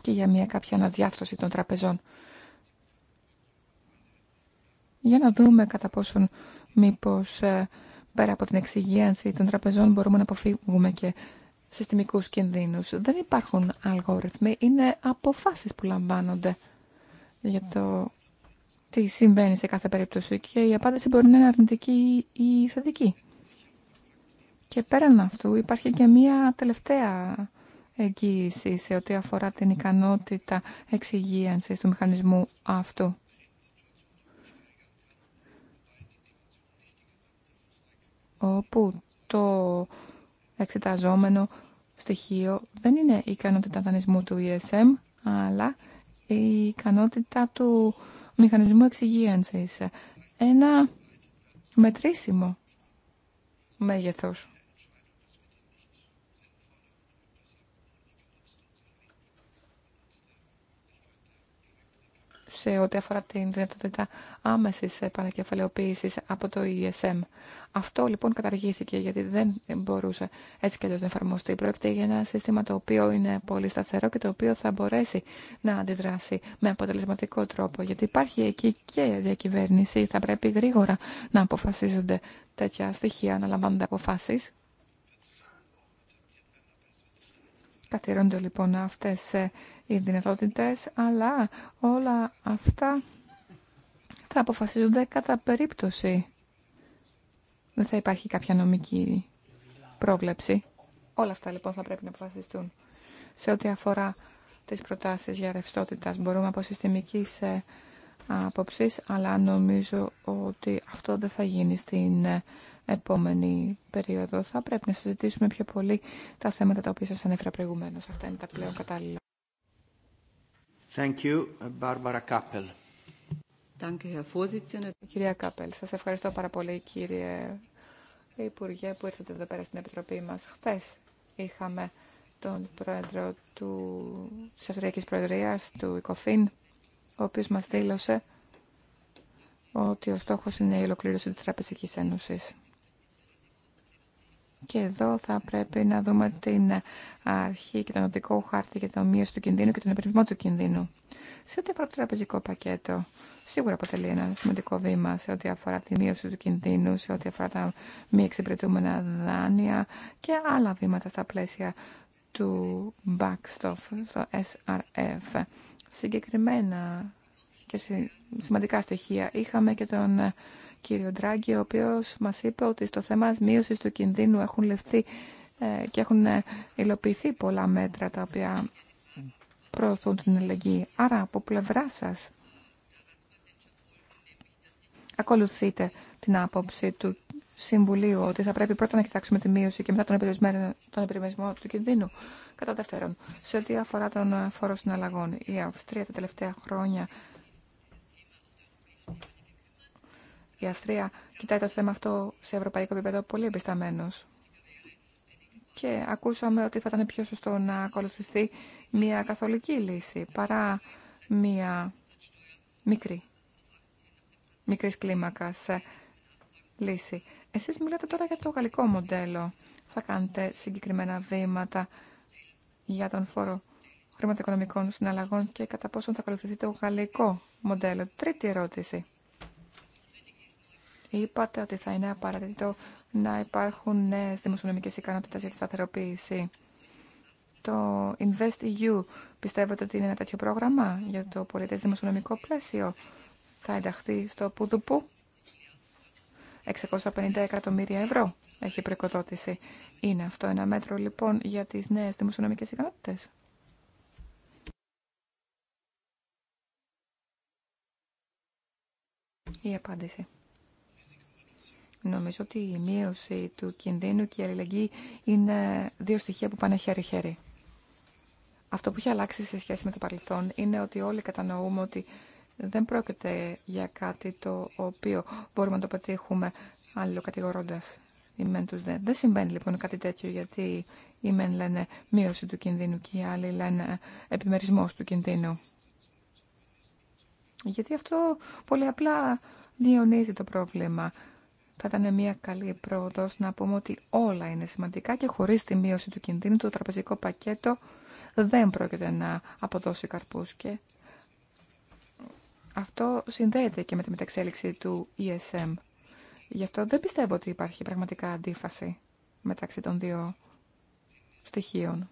και για μια κάποια αναδιάρθρωση των τραπεζών. Για να δούμε κατά πόσον μήπως ε, πέρα από την εξυγίανση των τραπεζών μπορούμε να αποφύγουμε και συστημικούς κινδύνους. Δεν υπάρχουν αλγόριθμοι, είναι αποφάσεις που λαμβάνονται για το τι συμβαίνει σε κάθε περίπτωση και η απάντηση μπορεί να είναι αρνητική ή θετική. Και πέραν αυτού υπάρχει και μία τελευταία εγγύηση σε ό,τι αφορά την ικανότητα εξυγίανσης του μηχανισμού αυτού. όπου το εξεταζόμενο στοιχείο δεν είναι η ικανότητα δανεισμού του ESM, αλλά η ικανότητα του μηχανισμού εξυγίανσης. Ένα μετρήσιμο μέγεθος. σε ό,τι αφορά την δυνατότητα άμεση επανακεφαλαιοποίηση από το ESM. Αυτό λοιπόν καταργήθηκε γιατί δεν μπορούσε έτσι και αλλιώ να εφαρμοστεί. Πρόκειται για ένα σύστημα το οποίο είναι πολύ σταθερό και το οποίο θα μπορέσει να αντιδράσει με αποτελεσματικό τρόπο. Γιατί υπάρχει εκεί και διακυβέρνηση. Θα πρέπει γρήγορα να αποφασίζονται τέτοια στοιχεία, να λαμβάνονται αποφάσει. Καθιερώνται λοιπόν αυτές ε, οι δυνατότητες, αλλά όλα αυτά θα αποφασίζονται κατά περίπτωση. Δεν θα υπάρχει κάποια νομική πρόβλεψη. Όλα αυτά λοιπόν θα πρέπει να αποφασιστούν. Σε ό,τι αφορά τις προτάσεις για ρευστότητα, μπορούμε από συστημική ε, άποψη, αλλά νομίζω ότι αυτό δεν θα γίνει στην ε, επόμενη περίοδο. Θα πρέπει να συζητήσουμε πιο πολύ τα θέματα τα οποία σας ανέφερα προηγουμένως. Αυτά είναι τα πλέον κατάλληλα. Thank Κυρία Κάπελ, σας ευχαριστώ πάρα πολύ κύριε Υπουργέ που ήρθατε εδώ πέρα στην Επιτροπή μας. Χθες είχαμε τον πρόεδρο του, της Αυστριακής Προεδρίας, του ΙΚΟΦΗΝ, ο οποίος μας δήλωσε ότι ο στόχος είναι η ολοκλήρωση της Τραπεζικής Ένωσης. Και εδώ θα πρέπει να δούμε την αρχή και τον οδικό χάρτη για το μείωση του κινδύνου και τον επιρρυθμό του κινδύνου. Σε ό,τι αφορά το τραπεζικό πακέτο, σίγουρα αποτελεί ένα σημαντικό βήμα σε ό,τι αφορά τη μείωση του κινδύνου, σε ό,τι αφορά τα μη εξυπηρετούμενα δάνεια και άλλα βήματα στα πλαίσια του backstop στο SRF. Συγκεκριμένα και σημαντικά στοιχεία είχαμε και τον κύριο Ντράγκη, ο οποίος μας είπε ότι στο θέμα μείωση του κινδύνου έχουν λεφθεί ε, και έχουν ε, υλοποιηθεί πολλά μέτρα τα οποία προωθούν την ελεγγύη. Άρα από πλευρά σας ακολουθείτε την άποψη του Συμβουλίου ότι θα πρέπει πρώτα να κοιτάξουμε τη μείωση και μετά τον περιορισμό, τον του κινδύνου. Κατά δεύτερον, σε ό,τι αφορά τον ε, φόρο συναλλαγών, η Αυστρία τα τελευταία χρόνια Η Αυστρία κοιτάει το θέμα αυτό σε ευρωπαϊκό επίπεδο πολύ εμπισταμένο. Και ακούσαμε ότι θα ήταν πιο σωστό να ακολουθηθεί μια καθολική λύση παρά μια μικρή, μικρής κλίμακας λύση. Εσείς μιλάτε τώρα για το γαλλικό μοντέλο. Θα κάνετε συγκεκριμένα βήματα για τον φόρο χρηματοοικονομικών συναλλαγών και κατά πόσον θα ακολουθηθεί το γαλλικό μοντέλο. Τρίτη ερώτηση είπατε ότι θα είναι απαραίτητο να υπάρχουν νέε δημοσιονομικές ικανότητες για τη σταθεροποίηση. Το InvestEU πιστεύετε ότι είναι ένα τέτοιο πρόγραμμα για το πολιτές δημοσιονομικό πλαίσιο. Θα ενταχθεί στο Πουδουπού. 650 εκατομμύρια ευρώ έχει προοικοδότηση. Είναι αυτό ένα μέτρο λοιπόν για τις νέες δημοσιονομικές ικανότητες. Η απάντηση. Νομίζω ότι η μείωση του κινδύνου και η αλληλεγγύη είναι δύο στοιχεία που πάνε χέρι-χέρι. Αυτό που έχει αλλάξει σε σχέση με το παρελθόν είναι ότι όλοι κατανοούμε ότι δεν πρόκειται για κάτι το οποίο μπορούμε να το πετύχουμε αλληλοκατηγορώντα Δεν συμβαίνει λοιπόν κάτι τέτοιο γιατί οι μεν λένε μείωση του κινδύνου και οι άλλοι λένε επιμερισμός του κινδύνου. Γιατί αυτό πολύ απλά διαιωνίζει το πρόβλημα. Θα ήταν μια καλή πρόοδο να πούμε ότι όλα είναι σημαντικά και χωρί τη μείωση του κινδύνου το τραπεζικό πακέτο δεν πρόκειται να αποδώσει καρπούς και αυτό συνδέεται και με τη μεταξέλιξη του ESM. Γι' αυτό δεν πιστεύω ότι υπάρχει πραγματικά αντίφαση μεταξύ των δύο στοιχείων.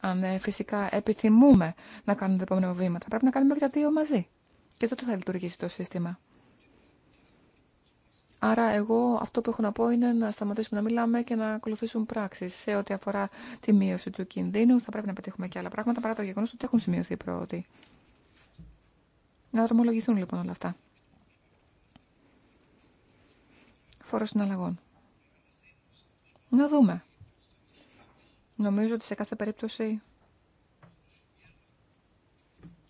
Αν ε, φυσικά επιθυμούμε να κάνουμε τα επόμενα βήματα, πρέπει να κάνουμε και τα δύο μαζί. Και τότε θα λειτουργήσει το σύστημα. Άρα εγώ αυτό που έχω να πω είναι να σταματήσουμε να μιλάμε και να ακολουθήσουν πράξεις σε ό,τι αφορά τη μείωση του κινδύνου. Θα πρέπει να πετύχουμε και άλλα πράγματα παρά το γεγονός ότι έχουν σημειωθεί πρώτοι Να δρομολογηθούν λοιπόν όλα αυτά. Φόρος συναλλαγών. Να δούμε. Νομίζω ότι σε κάθε περίπτωση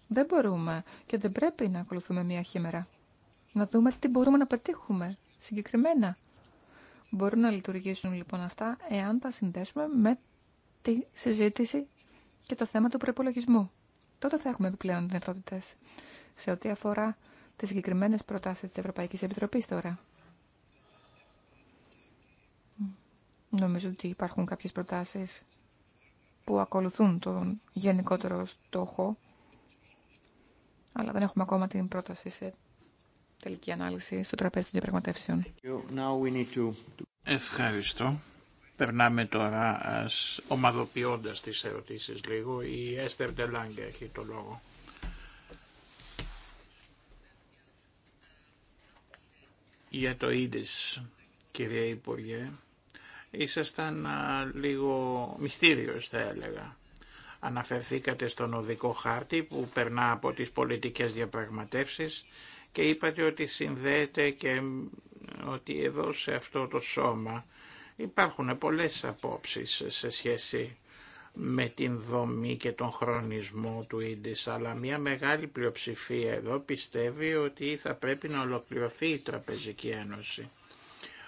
δεν μπορούμε και δεν πρέπει να ακολουθούμε μία χήμερα. Να δούμε τι μπορούμε να πετύχουμε συγκεκριμένα. Μπορούν να λειτουργήσουν λοιπόν αυτά εάν τα συνδέσουμε με τη συζήτηση και το θέμα του προπολογισμού. Τότε θα έχουμε επιπλέον δυνατότητε σε ό,τι αφορά τι συγκεκριμένε προτάσει τη Ευρωπαϊκή Επιτροπή τώρα. Νομίζω ότι υπάρχουν κάποιες προτάσεις που ακολουθούν τον γενικότερο στόχο, αλλά δεν έχουμε ακόμα την πρόταση σε τελική ανάλυση στο τραπέζι των διαπραγματεύσεων. Ευχαριστώ. Περνάμε τώρα ομαδοποιώντα ομαδοποιώντας τις ερωτήσεις λίγο. Η Έστερ Ντελάγκε έχει το λόγο. Για το ίδιο, κυρία Υπουργέ, ήσασταν α, λίγο μυστήριος θα έλεγα. Αναφερθήκατε στον οδικό χάρτη που περνά από τις πολιτικές διαπραγματεύσεις και είπατε ότι συνδέεται και ότι εδώ σε αυτό το σώμα υπάρχουν πολλές απόψεις σε σχέση με την δομή και τον χρονισμό του Ίντις, αλλά μια μεγάλη πλειοψηφία εδώ πιστεύει ότι θα πρέπει να ολοκληρωθεί η Τραπεζική Ένωση.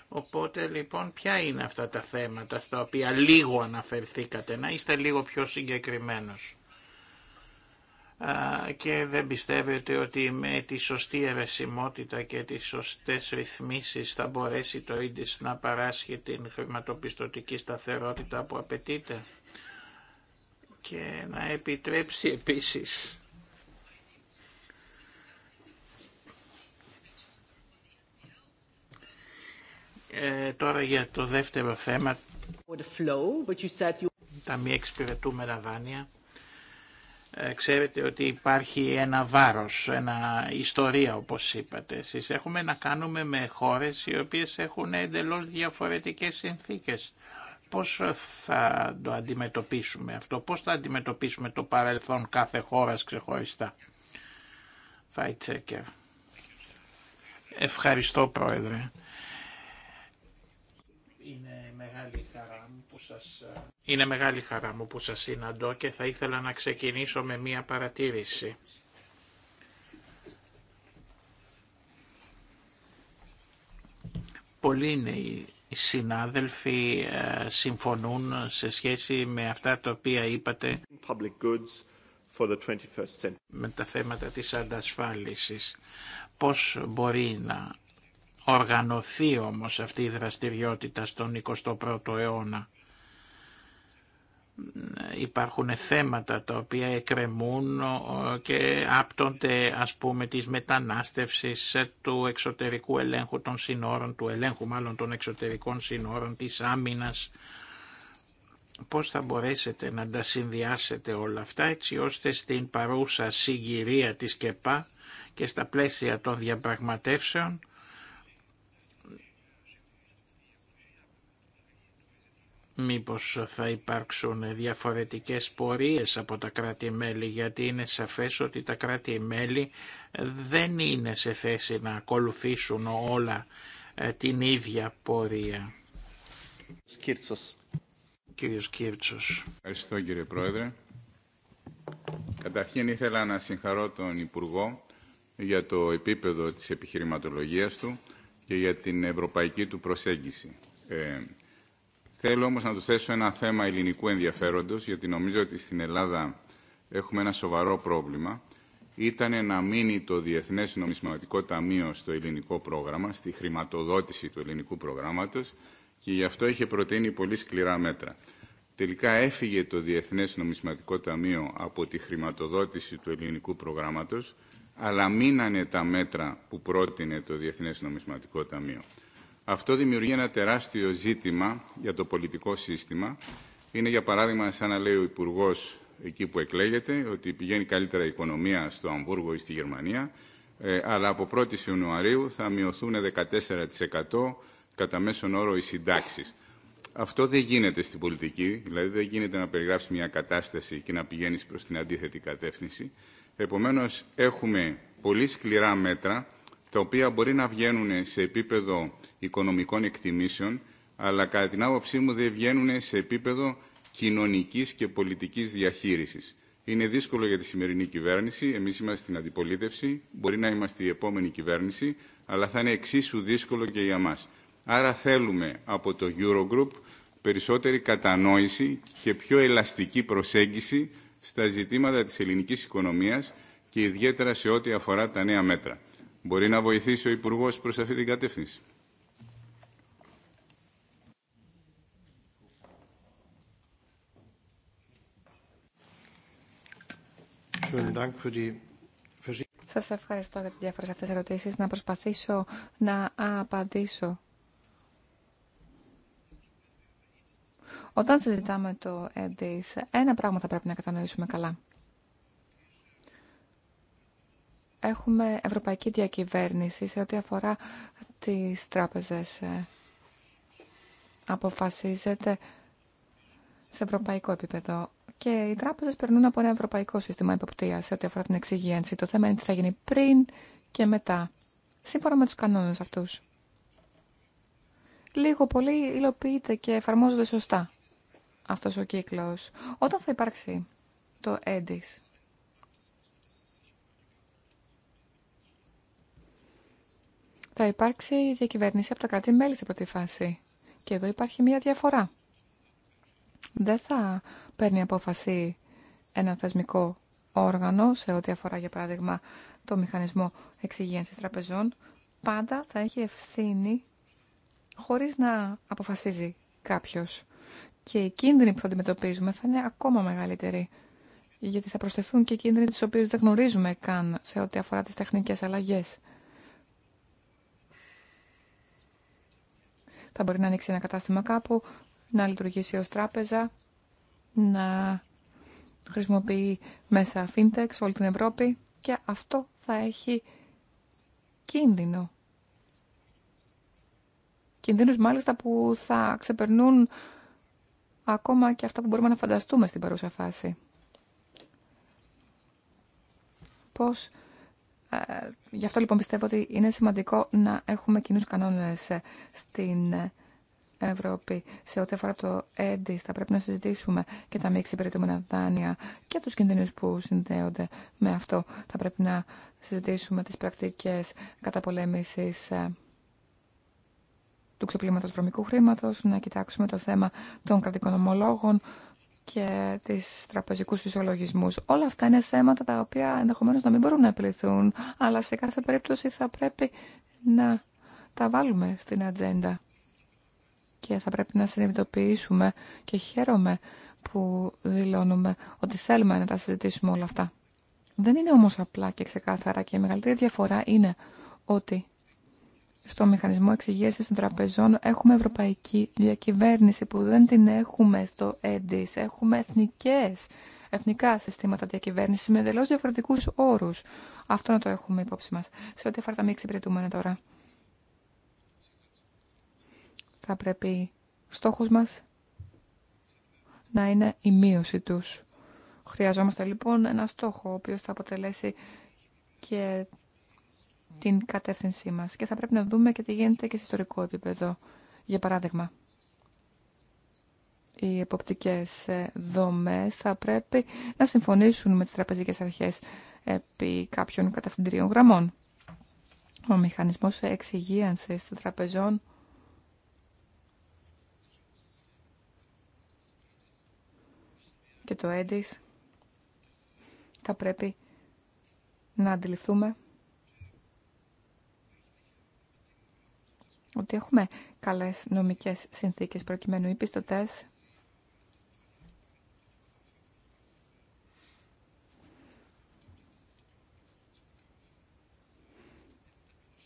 Οπότε λοιπόν ποια είναι αυτά τα θέματα στα οποία λίγο αναφερθήκατε, να είστε λίγο πιο συγκεκριμένος και δεν πιστεύετε ότι με τη σωστή αιρεσιμότητα και τις σωστές ρυθμίσεις θα μπορέσει το ίντις να παράσχει την χρηματοπιστωτική σταθερότητα που απαιτείται και να επιτρέψει επίσης Ε, τώρα για το δεύτερο θέμα, τα μη εξυπηρετούμενα δάνεια. Ε, ξέρετε ότι υπάρχει ένα βάρος, ένα ιστορία όπως είπατε εσείς. Έχουμε να κάνουμε με χώρες οι οποίες έχουν εντελώς διαφορετικές συνθήκες. Πώς θα το αντιμετωπίσουμε αυτό, πώς θα αντιμετωπίσουμε το παρελθόν κάθε χώρας ξεχωριστά. Φάιτσέκερ. Ευχαριστώ Πρόεδρε. Ε, είναι μεγάλη χαρά μου που σας συναντώ και θα ήθελα να ξεκινήσω με μία παρατήρηση. Πολλοί είναι συνάδελφοι ε, συμφωνούν σε σχέση με αυτά τα οποία είπατε με τα θέματα της αντασφάλισης. Πώς μπορεί να οργανωθεί όμως αυτή η δραστηριότητα στον 21ο αιώνα υπάρχουν θέματα τα οποία εκκρεμούν και άπτονται ας πούμε της μετανάστευσης ε, του εξωτερικού ελέγχου των συνόρων, του ελέγχου μάλλον των εξωτερικών συνόρων, της άμυνας. Πώς θα μπορέσετε να τα συνδυάσετε όλα αυτά έτσι ώστε στην παρούσα συγκυρία της ΚΕΠΑ και στα πλαίσια των διαπραγματεύσεων Μήπως θα υπάρξουν διαφορετικές πορείες από τα κράτη-μέλη, γιατί είναι σαφές ότι τα κράτη-μέλη δεν είναι σε θέση να ακολουθήσουν όλα ε, την ίδια πορεία. Σκύρτσος. Κύριος Ευχαριστώ κύριε Πρόεδρε. Καταρχήν ήθελα να συγχαρώ τον Υπουργό για το επίπεδο της επιχειρηματολογίας του και για την ευρωπαϊκή του προσέγγιση. Ε, Θέλω όμως να του θέσω ένα θέμα ελληνικού ενδιαφέροντος, γιατί νομίζω ότι στην Ελλάδα έχουμε ένα σοβαρό πρόβλημα. Ήταν να μείνει το Διεθνές Νομισματικό Ταμείο στο ελληνικό πρόγραμμα, στη χρηματοδότηση του ελληνικού προγράμματος και γι' αυτό είχε προτείνει πολύ σκληρά μέτρα. Τελικά έφυγε το Διεθνές Νομισματικό Ταμείο από τη χρηματοδότηση του ελληνικού προγράμματος, αλλά μείνανε τα μέτρα που πρότεινε το Διεθνές Νομισματικό Ταμείο. Αυτό δημιουργεί ένα τεράστιο ζήτημα για το πολιτικό σύστημα. Είναι για παράδειγμα σαν να λέει ο υπουργό εκεί που εκλέγεται ότι πηγαίνει καλύτερα η οικονομία στο Αμβούργο ή στη Γερμανία, ε, αλλά από 1η Ιανουαρίου θα μειωθούν 14% κατά μέσον όρο οι συντάξει. Αυτό δεν γίνεται στην πολιτική, δηλαδή δεν γίνεται να περιγράψει μια κατάσταση και να πηγαίνει προ την αντίθετη κατεύθυνση. Επομένω, έχουμε πολύ σκληρά μέτρα τα οποία μπορεί να βγαίνουν σε επίπεδο οικονομικών εκτιμήσεων, αλλά κατά την άποψή μου δεν βγαίνουν σε επίπεδο κοινωνικής και πολιτικής διαχείρισης. Είναι δύσκολο για τη σημερινή κυβέρνηση, εμείς είμαστε στην αντιπολίτευση, μπορεί να είμαστε η επόμενη κυβέρνηση, αλλά θα είναι εξίσου δύσκολο και για μας. Άρα θέλουμε από το Eurogroup περισσότερη κατανόηση και πιο ελαστική προσέγγιση στα ζητήματα της ελληνικής οικονομίας και ιδιαίτερα σε ό,τι αφορά τα νέα μέτρα. Μπορεί να βοηθήσει ο υπουργό προς αυτή την κατεύθυνση. Σας ευχαριστώ για τι διάφορε αυτέ ερωτήσει. Να προσπαθήσω να απαντήσω. Όταν συζητάμε το ΕΔΙΣ, ένα πράγμα θα πρέπει να κατανοήσουμε καλά. έχουμε ευρωπαϊκή διακυβέρνηση σε ό,τι αφορά τις τράπεζες. Ε, αποφασίζεται σε ευρωπαϊκό επίπεδο και οι τράπεζες περνούν από ένα ευρωπαϊκό σύστημα υποπτίας σε ό,τι αφορά την εξυγίανση. Το θέμα είναι τι θα γίνει πριν και μετά, σύμφωνα με τους κανόνες αυτούς. Λίγο πολύ υλοποιείται και εφαρμόζονται σωστά αυτός ο κύκλος. Όταν θα υπάρξει το έντις, θα υπάρξει διακυβέρνηση από τα κράτη-μέλη σε πρώτη φάση. Και εδώ υπάρχει μία διαφορά. Δεν θα παίρνει απόφαση ένα θεσμικό όργανο σε ό,τι αφορά, για παράδειγμα, το μηχανισμό εξυγίανσης τραπεζών. Πάντα θα έχει ευθύνη χωρίς να αποφασίζει κάποιος. Και οι κίνδυνοι που θα αντιμετωπίζουμε θα είναι ακόμα μεγαλύτεροι. Γιατί θα προσθεθούν και οι κίνδυνοι τις οποίες δεν γνωρίζουμε καν σε ό,τι αφορά τις τεχνικές αλλαγές. Θα μπορεί να ανοίξει ένα κατάστημα κάπου, να λειτουργήσει ως τράπεζα, να χρησιμοποιεί μέσα fintech σε όλη την Ευρώπη και αυτό θα έχει κίνδυνο. Κινδύνους μάλιστα που θα ξεπερνούν ακόμα και αυτά που μπορούμε να φανταστούμε στην παρούσα φάση. Πώς ε, γι' αυτό λοιπόν πιστεύω ότι είναι σημαντικό να έχουμε κοινούς κανόνες στην Ευρώπη σε ό,τι αφορά το έντι, Θα πρέπει να συζητήσουμε και τα μη εξυπηρετούμενα δάνεια και τους κινδύνους που συνδέονται με αυτό. Θα πρέπει να συζητήσουμε τις πρακτικές καταπολέμησης ε, του ξεπλήματος βρωμικού χρήματος, να κοιτάξουμε το θέμα των κρατικών ομολόγων, και τις τραπεζικούς ισολογισμούς. Όλα αυτά είναι θέματα τα οποία ενδεχομένως να μην μπορούν να επιληθούν, αλλά σε κάθε περίπτωση θα πρέπει να τα βάλουμε στην ατζέντα. Και θα πρέπει να συνειδητοποιήσουμε και χαίρομαι που δηλώνουμε ότι θέλουμε να τα συζητήσουμε όλα αυτά. Δεν είναι όμως απλά και ξεκάθαρα και η μεγαλύτερη διαφορά είναι ότι στο μηχανισμό εξυγίασης των τραπεζών έχουμε ευρωπαϊκή διακυβέρνηση που δεν την έχουμε στο ΕΝΤΙΣ. Έχουμε εθνικές, εθνικά συστήματα διακυβέρνησης με εντελώ διαφορετικούς όρους. Αυτό να το έχουμε υπόψη μας. Σε ό,τι αφορά τα μη εξυπηρετούμενα τώρα. Θα πρέπει στόχος μας να είναι η μείωση τους. Χρειαζόμαστε λοιπόν ένα στόχο ο οποίος θα αποτελέσει και την κατεύθυνσή μας και θα πρέπει να δούμε και τι γίνεται και σε ιστορικό επίπεδο. Για παράδειγμα, οι εποπτικές ε, δομές θα πρέπει να συμφωνήσουν με τις τραπεζικές αρχές επί κάποιων κατευθυντηρίων γραμμών. Ο μηχανισμός εξυγίανσης των τραπεζών και το έντις θα πρέπει να αντιληφθούμε ότι έχουμε καλές νομικές συνθήκες προκειμένου οι πιστωτές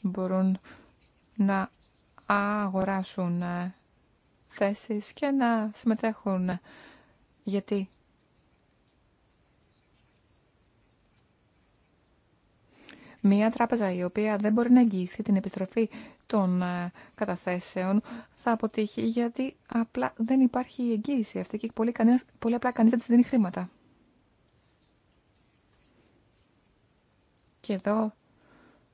μπορούν να αγοράσουν ε, θέσεις και να συμμετέχουν ε, γιατί Μία τράπεζα η οποία δεν μπορεί να εγγυηθεί την επιστροφή των ε, καταθέσεων θα αποτύχει γιατί απλά δεν υπάρχει η εγγύηση αυτή και πολύ, κανένας, πολύ απλά κανείς δεν της δίνει χρήματα. Και εδώ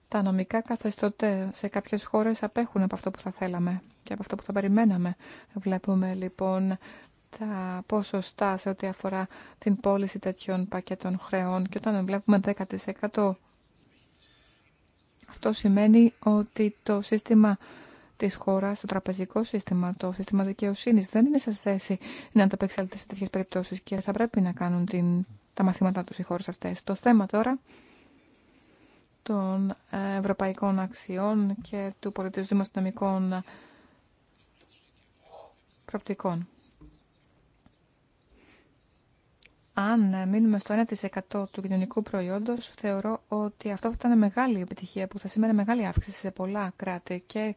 τα νομικά καθεστώτα σε κάποιες χώρες απέχουν από αυτό που θα θέλαμε και από αυτό που θα περιμέναμε. Βλέπουμε λοιπόν τα ποσοστά σε ό,τι αφορά την πώληση τέτοιων πακέτων χρεών και όταν βλέπουμε 10% αυτό σημαίνει ότι το σύστημα τη χώρα, το τραπεζικό σύστημα, το σύστημα δικαιοσύνη δεν είναι σε θέση να ανταπεξέλθει σε τέτοιε περιπτώσει και θα πρέπει να κάνουν την, τα μαθήματά του οι χώρε αυτέ. Το θέμα τώρα των ε, ευρωπαϊκών αξιών και του πολιτισμού δημοσιονομικών ε, προπτικών. αν μείνουμε στο 1% του κοινωνικού προϊόντος, θεωρώ ότι αυτό θα ήταν μεγάλη επιτυχία που θα σημαίνει μεγάλη αύξηση σε πολλά κράτη και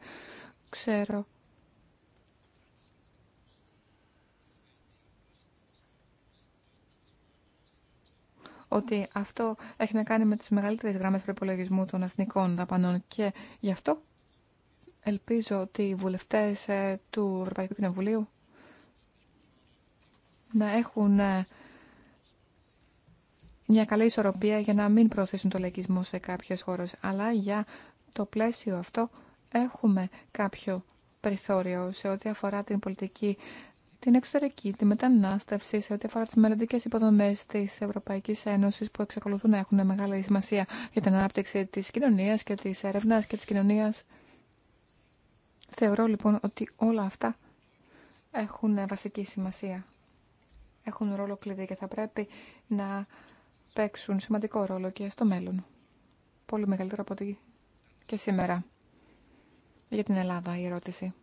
ξέρω ότι αυτό έχει να κάνει με τις μεγαλύτερες γραμμές προπολογισμού των εθνικών δαπανών και γι' αυτό ελπίζω ότι οι βουλευτές ε, του Ευρωπαϊκού Κοινοβουλίου να έχουν ε, μια καλή ισορροπία για να μην προωθήσουν το λαϊκισμό σε κάποιες χώρες. Αλλά για το πλαίσιο αυτό έχουμε κάποιο περιθώριο σε ό,τι αφορά την πολιτική, την εξωτερική, τη μετανάστευση, σε ό,τι αφορά τις μελλοντικέ υποδομές της Ευρωπαϊκής Ένωσης που εξακολουθούν να έχουν μεγάλη σημασία για την ανάπτυξη της κοινωνίας και της έρευνας και της κοινωνίας. Θεωρώ λοιπόν ότι όλα αυτά έχουν βασική σημασία. Έχουν ρόλο κλειδί και θα πρέπει να παίξουν σημαντικό ρόλο και στο μέλλον. Πολύ μεγαλύτερο από ότι και σήμερα. Για την Ελλάδα η ερώτηση.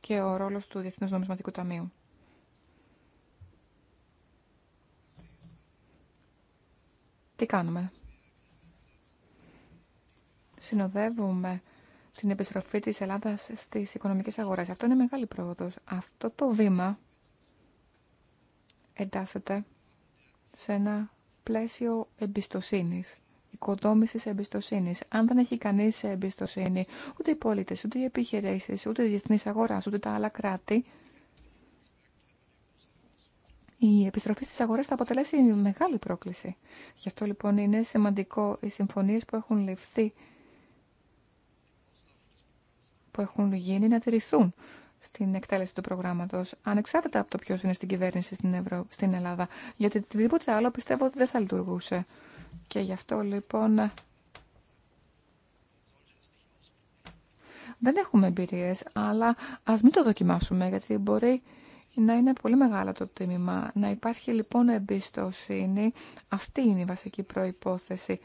Και ο ρόλος του Διεθνούς Νομισματικού Ταμείου. Τι κάνουμε. Συνοδεύουμε την επιστροφή της Ελλάδας στις οικονομικές αγορές. Αυτό είναι μεγάλη πρόοδος. Αυτό το βήμα εντάσσεται σε ένα πλαίσιο εμπιστοσύνη, οικοδόμηση εμπιστοσύνη. Αν δεν έχει κανείς εμπιστοσύνη, ούτε οι πολίτε ούτε οι επιχειρήσει, ούτε η διεθνή αγορά, ούτε τα άλλα κράτη, η επιστροφή στι αγορέ θα αποτελέσει μεγάλη πρόκληση. Γι' αυτό λοιπόν είναι σημαντικό οι συμφωνίε που έχουν ληφθεί, που έχουν γίνει να τηρηθούν στην εκτέλεση του προγράμματο, ανεξάρτητα από το ποιο είναι στην κυβέρνηση στην, στην Ελλάδα. Γιατί οτιδήποτε άλλο πιστεύω ότι δεν θα λειτουργούσε. Και γι' αυτό λοιπόν. Δεν έχουμε εμπειρίε, αλλά α μην το δοκιμάσουμε, γιατί μπορεί να είναι πολύ μεγάλο το τίμημα. Να υπάρχει λοιπόν εμπιστοσύνη. Αυτή είναι η βασική προϋπόθεση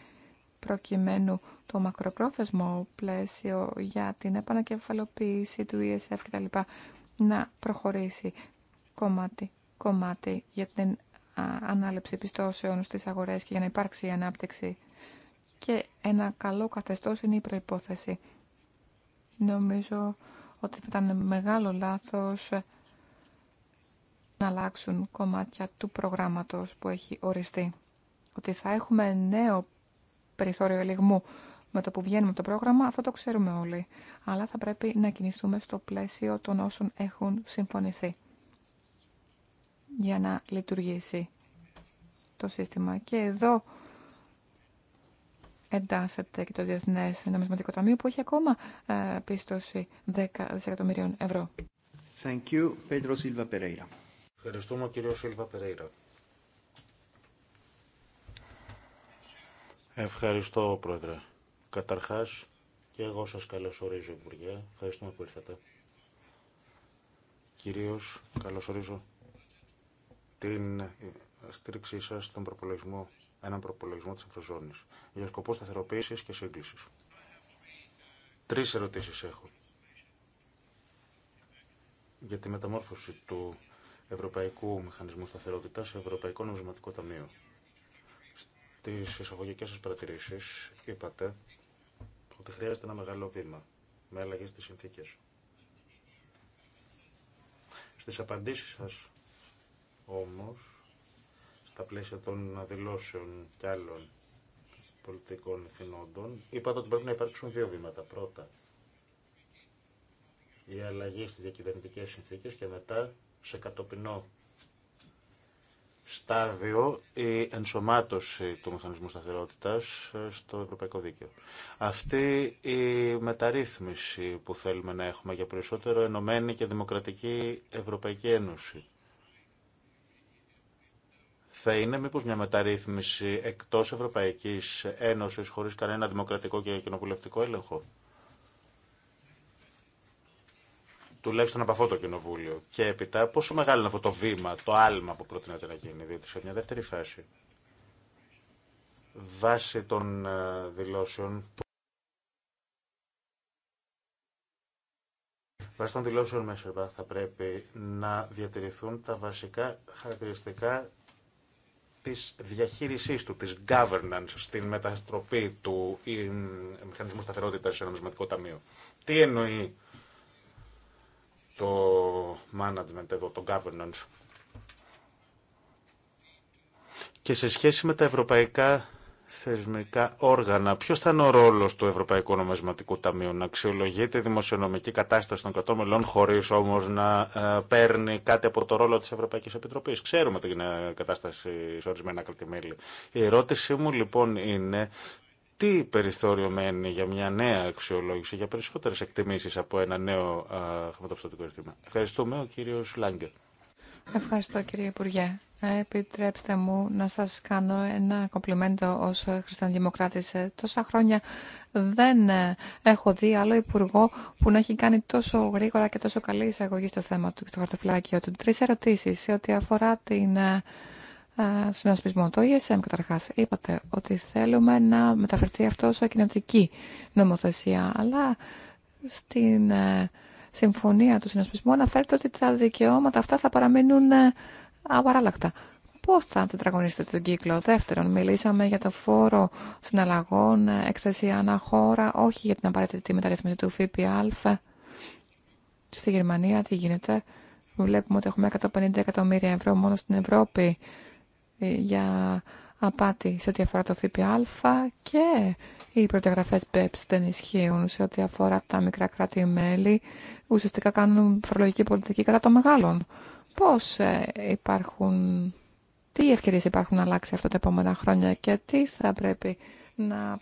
προκειμένου το μακροπρόθεσμο πλαίσιο για την επανακεφαλοποίηση του ESF κτλ. να προχωρήσει κομμάτι, κομμάτι για την ανάλεψη πιστώσεων στις αγορές και για να υπάρξει η ανάπτυξη. Και ένα καλό καθεστώς είναι η προϋπόθεση. Νομίζω ότι θα ήταν μεγάλο λάθος να αλλάξουν κομμάτια του προγράμματος που έχει οριστεί. Ότι θα έχουμε νέο περιθώριο ελιγμού με το που βγαίνουμε από το πρόγραμμα, αυτό το ξέρουμε όλοι. Αλλά θα πρέπει να κινηθούμε στο πλαίσιο των όσων έχουν συμφωνηθεί για να λειτουργήσει το σύστημα. Και εδώ εντάσσεται και το Διεθνές Νομισματικό Ταμείο που έχει ακόμα ε, πίστοση 10 δισεκατομμυρίων ευρώ. Thank you, Pedro Silva Ευχαριστούμε κύριο Σίλβα Περέιρα. Ευχαριστώ, Πρόεδρε. Καταρχάς, και εγώ σας καλωσορίζω, Υπουργέ. Ευχαριστούμε που ήρθατε. Κυρίως, καλωσορίζω την στήριξή σας στον προπολογισμό, έναν προπολογισμό της Ευρωζώνης για σκοπό σταθεροποίησης και σύγκλησης. Τρεις ερωτήσεις έχω για τη μεταμόρφωση του Ευρωπαϊκού Μηχανισμού Σταθερότητας σε Ευρωπαϊκό Νομισματικό Ταμείο τις εισαγωγικές σας παρατηρήσεις είπατε ότι χρειάζεται ένα μεγάλο βήμα με αλλαγές στις συνθήκες. Στις απαντήσεις σας όμως, στα πλαίσια των δηλώσεων και άλλων πολιτικών εθνώντων, είπατε ότι πρέπει να υπάρξουν δύο βήματα. Πρώτα, η αλλαγή στις διακυβερνητικές συνθήκες και μετά σε κατοπινό στάδιο η ενσωμάτωση του μηχανισμού σταθερότητας ε, στο Ευρωπαϊκό Δίκαιο. Αυτή η μεταρρύθμιση που θέλουμε να έχουμε για περισσότερο ενωμένη και δημοκρατική Ευρωπαϊκή Ένωση θα είναι μήπως μια μεταρρύθμιση εκτός Ευρωπαϊκής Ένωσης χωρίς κανένα δημοκρατικό και κοινοβουλευτικό έλεγχο. τουλάχιστον από αυτό το κοινοβούλιο. Και έπειτα, πόσο μεγάλο είναι αυτό το βήμα, το άλμα που προτείνεται να γίνει, διότι σε μια δεύτερη φάση, βάσει των ε, δηλώσεων Βάσει των δηλώσεων μέσα θα πρέπει να διατηρηθούν τα βασικά χαρακτηριστικά της διαχείρισής του, της governance, στην μεταστροπή του μηχανισμού σταθερότητας σε νομισματικό ταμείο. Τι εννοεί το management εδώ, το governance. Και σε σχέση με τα ευρωπαϊκά θεσμικά όργανα, ποιος θα είναι ο ρόλος του Ευρωπαϊκού Νομισματικού Ταμείου να αξιολογείται η δημοσιονομική κατάσταση των κρατών μελών χωρίς όμως να ε, παίρνει κάτι από το ρόλο της Ευρωπαϊκής Επιτροπής. Ξέρουμε την κατάσταση σε ορισμένα κρατημέλη. Η ερώτησή μου λοιπόν είναι τι περιθώριο μένει για μια νέα αξιολόγηση, για περισσότερες εκτιμήσεις από ένα νέο χρηματοπιστωτικό ρυθμό. Ευχαριστούμε, ο κύριος Λάγκερ. Ευχαριστώ κύριε Υπουργέ. Ε, επιτρέψτε μου να σας κάνω ένα κομπλιμέντο ως χριστιανδημοκράτης. Ε, τόσα χρόνια δεν ε, έχω δει άλλο υπουργό που να έχει κάνει τόσο γρήγορα και τόσο καλή εισαγωγή στο θέμα του και στο χαρτοφυλάκιο του. Τρεις ερωτήσεις σε ό,τι αφορά την συνασπισμό. Το ESM καταρχά. είπατε ότι θέλουμε να μεταφερθεί αυτό σε κοινωτική νομοθεσία, αλλά στην ε, συμφωνία του συνασπισμού αναφέρεται ότι τα δικαιώματα αυτά θα παραμείνουν ε, απαράλλακτα. Πώ θα τετραγωνίσετε τον κύκλο. Δεύτερον, μιλήσαμε για το φόρο συναλλαγών, ε, έκθεση αναχώρα, όχι για την απαραίτητη μεταρρύθμιση του ΦΠΑ. Στη Γερμανία τι γίνεται. Βλέπουμε ότι έχουμε 150 εκατομμύρια ευρώ μόνο στην Ευρώπη ε, για απάτη σε ό,τι αφορά το ΦΠΑ και οι προτεγραφές BEPS δεν ισχύουν σε ό,τι αφορά τα μικρά κράτη-μέλη. Ουσιαστικά κάνουν φορολογική πολιτική κατά των μεγάλων. Πώς ε, υπάρχουν, τι ευκαιρίες υπάρχουν να αλλάξει αυτά τα επόμενα χρόνια και τι θα πρέπει να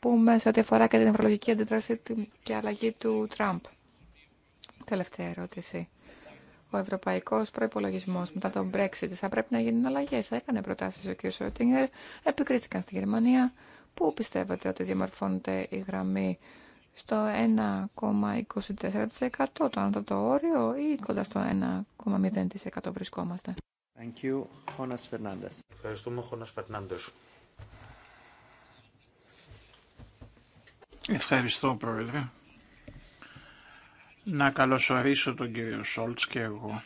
πούμε σε ό,τι αφορά και την φορολογική αντίδραση και αλλαγή του Τραμπ. Τελευταία ερώτηση ο ευρωπαϊκό προπολογισμό μετά τον Brexit θα πρέπει να γίνουν αλλαγέ. Έκανε προτάσει ο κ. Σότιγκερ, επικρίθηκαν στη Γερμανία. Πού πιστεύετε ότι διαμορφώνεται η γραμμή στο 1,24% το ανώτατο όριο ή κοντά στο 1,0% βρισκόμαστε. Ευχαριστούμε, Φερνάντες. Ευχαριστώ, Πρόεδρε. Να καλωσορίσω τον κύριο Σόλτς και εγώ.